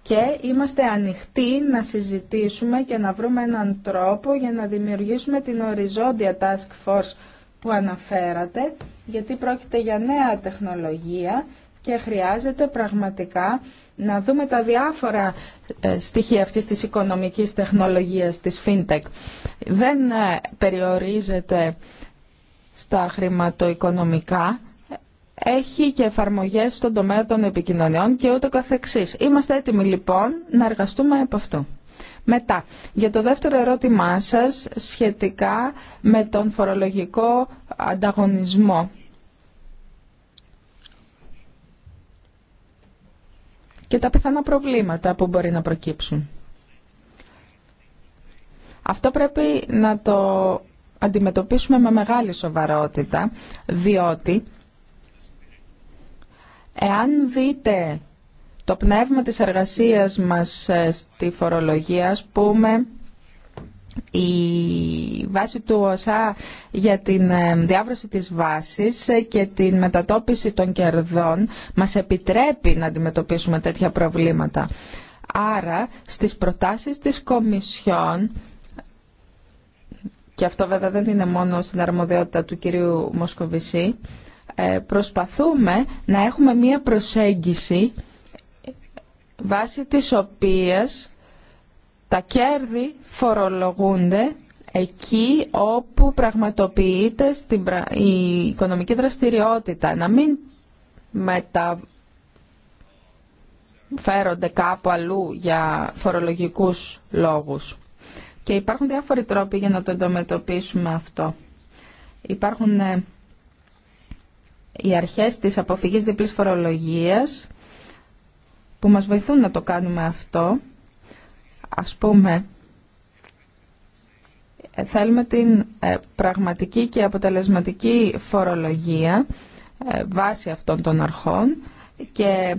και είμαστε ανοιχτοί να συζητήσουμε και να βρούμε έναν τρόπο για να δημιουργήσουμε την οριζόντια task force που αναφέρατε, γιατί πρόκειται για νέα τεχνολογία και χρειάζεται πραγματικά να δούμε τα διάφορα ε, στοιχεία αυτής της οικονομικής τεχνολογίας, της FinTech. Δεν ε, περιορίζεται στα χρηματοοικονομικά, έχει και εφαρμογές στον τομέα των επικοινωνιών και ούτω καθεξής. Είμαστε έτοιμοι λοιπόν να εργαστούμε από αυτό. Μετά, για το δεύτερο ερώτημά σας σχετικά με τον φορολογικό ανταγωνισμό και τα πιθανά προβλήματα που μπορεί να προκύψουν. Αυτό πρέπει να το αντιμετωπίσουμε με μεγάλη σοβαρότητα, διότι εάν δείτε το πνεύμα της εργασίας μας ε, στη φορολογία, ας πούμε, η βάση του ΟΣΑ για την ε, διάβρωση της βάσης και την μετατόπιση των κερδών μας επιτρέπει να αντιμετωπίσουμε τέτοια προβλήματα. Άρα στις προτάσεις της Κομισιόν και αυτό βέβαια δεν είναι μόνο στην αρμοδιότητα του κυρίου Μοσκοβισή ε, προσπαθούμε να έχουμε μία προσέγγιση βάσει της οποίας τα κέρδη φορολογούνται εκεί όπου πραγματοποιείται η οικονομική δραστηριότητα. Να μην μεταφέρονται κάπου αλλού για φορολογικούς λόγους. Και υπάρχουν διάφοροι τρόποι για να το εντομετωπίσουμε αυτό. Υπάρχουν ε, οι αρχές της αποφυγής διπλής φορολογίας που μας βοηθούν να το κάνουμε αυτό Ας πούμε, θέλουμε την ε, πραγματική και αποτελεσματική φορολογία ε, βάσει αυτών των αρχών και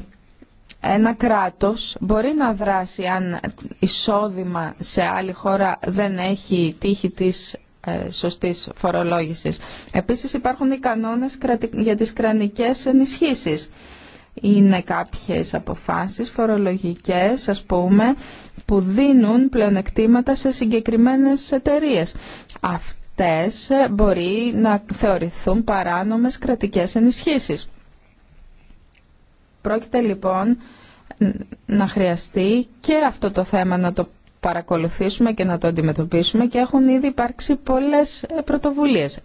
ένα κράτος μπορεί να δράσει αν εισόδημα σε άλλη χώρα δεν έχει τύχη της ε, σωστής φορολόγησης. Επίσης υπάρχουν οι κανόνες για τις κρανικές ενισχύσεις είναι κάποιες αποφάσεις φορολογικές, ας πούμε, που δίνουν πλεονεκτήματα σε συγκεκριμένες εταιρείες. Αυτές ε, μπορεί να θεωρηθούν παράνομες κρατικές ενισχύσεις. Πρόκειται λοιπόν να χρειαστεί και αυτό το θέμα να το παρακολουθήσουμε και να το αντιμετωπίσουμε και έχουν ήδη υπάρξει πολλές ε, πρωτοβουλίες.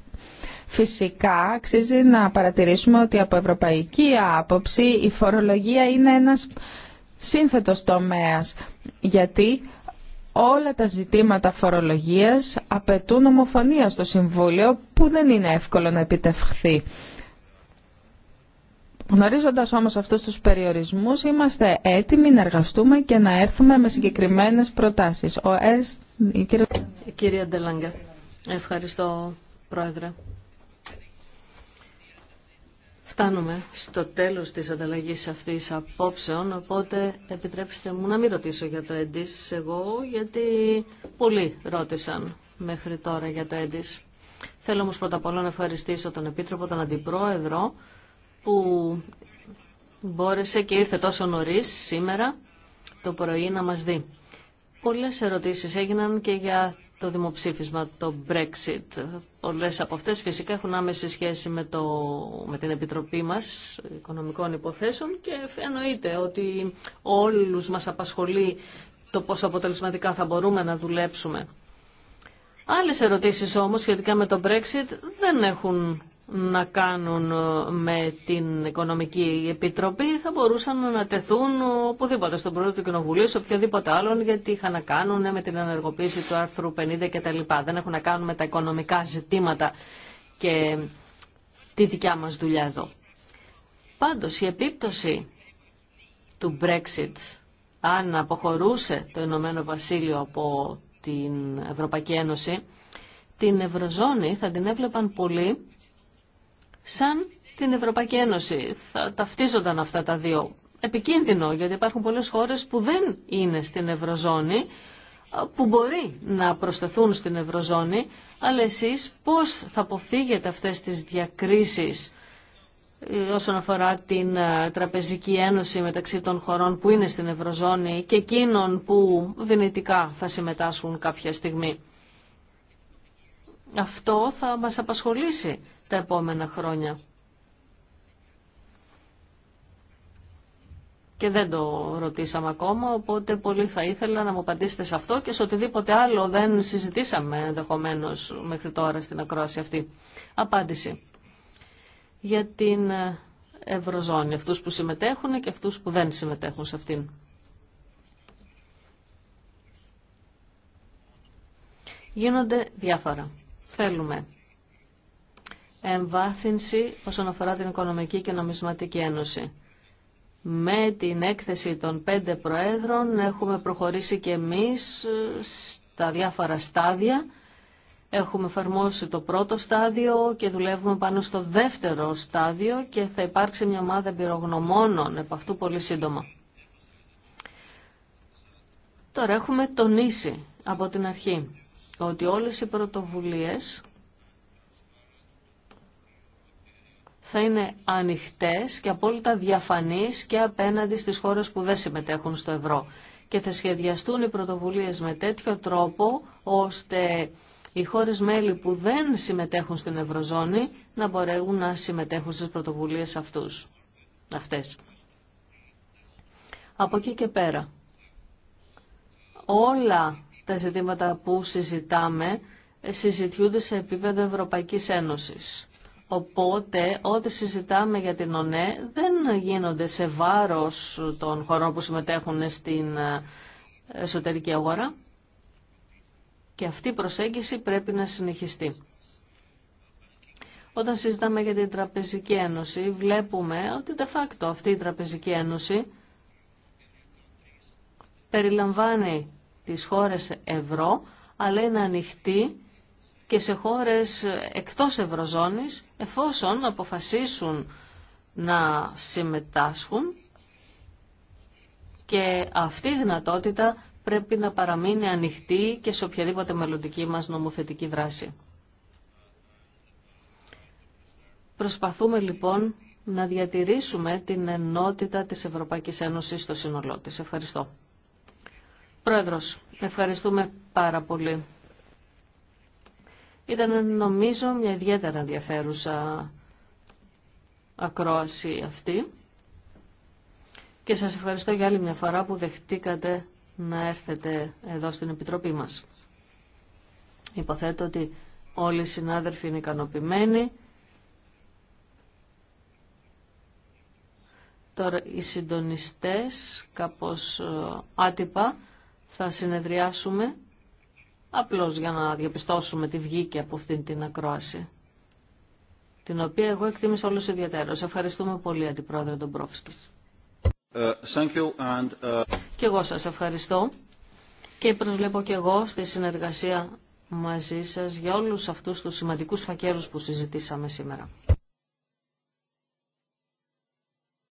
Φυσικά αξίζει να παρατηρήσουμε ότι από ευρωπαϊκή άποψη η φορολογία είναι ένας σύνθετος τομέας γιατί όλα τα ζητήματα φορολογίας απαιτούν ομοφωνία στο Συμβούλιο που δεν είναι εύκολο να επιτευχθεί. Γνωρίζοντας όμως αυτούς τους περιορισμούς, είμαστε έτοιμοι να εργαστούμε και να έρθουμε με συγκεκριμένες προτάσεις. Κύριε... ευχαριστώ Πρόεδρε. Φτάνουμε στο τέλος της ανταλλαγής αυτής απόψεων, οπότε επιτρέψτε μου να μην ρωτήσω για το έντις εγώ, γιατί πολλοί ρώτησαν μέχρι τώρα για το έντις. Θέλω όμως πρώτα απ' όλα να ευχαριστήσω τον Επίτροπο, τον Αντιπρόεδρο, που μπόρεσε και ήρθε τόσο νωρίς σήμερα το πρωί να μας δει. Πολλές ερωτήσεις έγιναν και για το δημοψήφισμα, το Brexit. Πολλές από αυτές φυσικά έχουν άμεση σχέση με, το, με την Επιτροπή μας Οικονομικών Υποθέσεων και εννοείται ότι όλους μας απασχολεί το πόσο αποτελεσματικά θα μπορούμε να δουλέψουμε. Άλλες ερωτήσεις όμως σχετικά με το Brexit δεν έχουν να κάνουν ε, με την Οικονομική Επιτροπή θα μπορούσαν να τεθούν οπουδήποτε στον πρόεδρο του Κοινοβουλίου, σε οποιοδήποτε άλλον, γιατί είχαν να κάνουν ε, με την ενεργοποίηση του άρθρου 50 κτλ. Δεν έχουν να κάνουν με τα οικονομικά ζητήματα και τη δικιά μας δουλειά εδώ. Πάντως η επίπτωση του Brexit, αν αποχωρούσε το Ηνωμένο Βασίλειο από την Ευρωπαϊκή Ένωση, την Ευρωζώνη θα την έβλεπαν πολύ σαν την Ευρωπαϊκή Ένωση. Θα ταυτίζονταν αυτά τα δύο. Επικίνδυνο, γιατί υπάρχουν πολλές χώρες που δεν είναι στην Ευρωζώνη, που μπορεί να προσθεθούν στην Ευρωζώνη, αλλά εσείς πώς θα αποφύγετε αυτές τις διακρίσεις ε, όσον αφορά την ε, Τραπεζική Ένωση μεταξύ των χωρών που είναι στην Ευρωζώνη και εκείνων που δυνητικά θα συμμετάσχουν κάποια στιγμή. Αυτό θα μας απασχολήσει τα επόμενα χρόνια. Και δεν το ρωτήσαμε ακόμα, οπότε πολύ θα ήθελα να μου απαντήσετε σε αυτό και σε οτιδήποτε άλλο δεν συζητήσαμε ενδεχομένω μέχρι τώρα στην ακρόαση αυτή. Απάντηση. Για την Ευρωζώνη, αυτούς που συμμετέχουν και αυτούς που δεν συμμετέχουν σε αυτήν. Γίνονται διάφορα θέλουμε. Εμβάθυνση όσον αφορά την Οικονομική και Νομισματική Ένωση. Με την έκθεση των πέντε προέδρων έχουμε προχωρήσει και εμείς ε, στα διάφορα στάδια. Έχουμε εφαρμόσει το πρώτο στάδιο και δουλεύουμε πάνω στο δεύτερο στάδιο και θα υπάρξει μια ομάδα εμπειρογνωμόνων από αυτού πολύ σύντομα. Τώρα έχουμε τονίσει από την αρχή ότι όλες οι πρωτοβουλίες θα είναι ανοιχτές και απόλυτα διαφανείς και απέναντι στις χώρες που δεν συμμετέχουν στο ευρώ. Και θα σχεδιαστούν οι πρωτοβουλίες με τέτοιο τρόπο ώστε οι χώρες μέλη που δεν συμμετέχουν στην Ευρωζώνη να μπορέσουν να συμμετέχουν στις πρωτοβουλίες αυτούς, αυτές. Από εκεί και πέρα. Όλα τα ζητήματα που συζητάμε ε, συζητιούνται σε επίπεδο Ευρωπαϊκής Ένωσης. Οπότε, ό,τι συζητάμε για την ΟΝΕ δεν γίνονται σε βάρος των χωρών που συμμετέχουν στην ε, εσωτερική αγορά. Και αυτή η προσέγγιση πρέπει να συνεχιστεί. Όταν συζητάμε για την Τραπεζική Ένωση, βλέπουμε ότι de facto αυτή η Τραπεζική Ένωση περιλαμβάνει τις χώρες ευρώ, αλλά είναι ανοιχτή και σε χώρες εκτός ευρωζώνης, εφόσον αποφασίσουν να συμμετάσχουν και αυτή η δυνατότητα πρέπει να παραμείνει ανοιχτή και σε οποιαδήποτε μελλοντική μας νομοθετική δράση. Προσπαθούμε λοιπόν να διατηρήσουμε την ενότητα της Ευρωπαϊκής Ένωσης στο σύνολό της. Ευχαριστώ. Πρόεδρος, ευχαριστούμε πάρα πολύ. Ήταν νομίζω μια ιδιαίτερα ενδιαφέρουσα ακρόαση αυτή και σας ευχαριστώ για άλλη μια φορά που δεχτήκατε να έρθετε εδώ στην Επιτροπή μας. Υποθέτω ότι όλοι οι συνάδελφοι είναι ικανοποιημένοι. Τώρα οι συντονιστές κάπως ε, άτυπα θα συνεδριάσουμε απλώς για να διαπιστώσουμε τι βγήκε από αυτήν την ακρόαση την οποία εγώ εκτίμησα όλους Σε Ευχαριστούμε πολύ, Αντιπρόεδρε Ντομπρόφσκης. Ε, ε, και εγώ σας ευχαριστώ και προσβλέπω και εγώ στη συνεργασία μαζί σας για όλους αυτούς τους σημαντικούς φακέρους που συζητήσαμε σήμερα.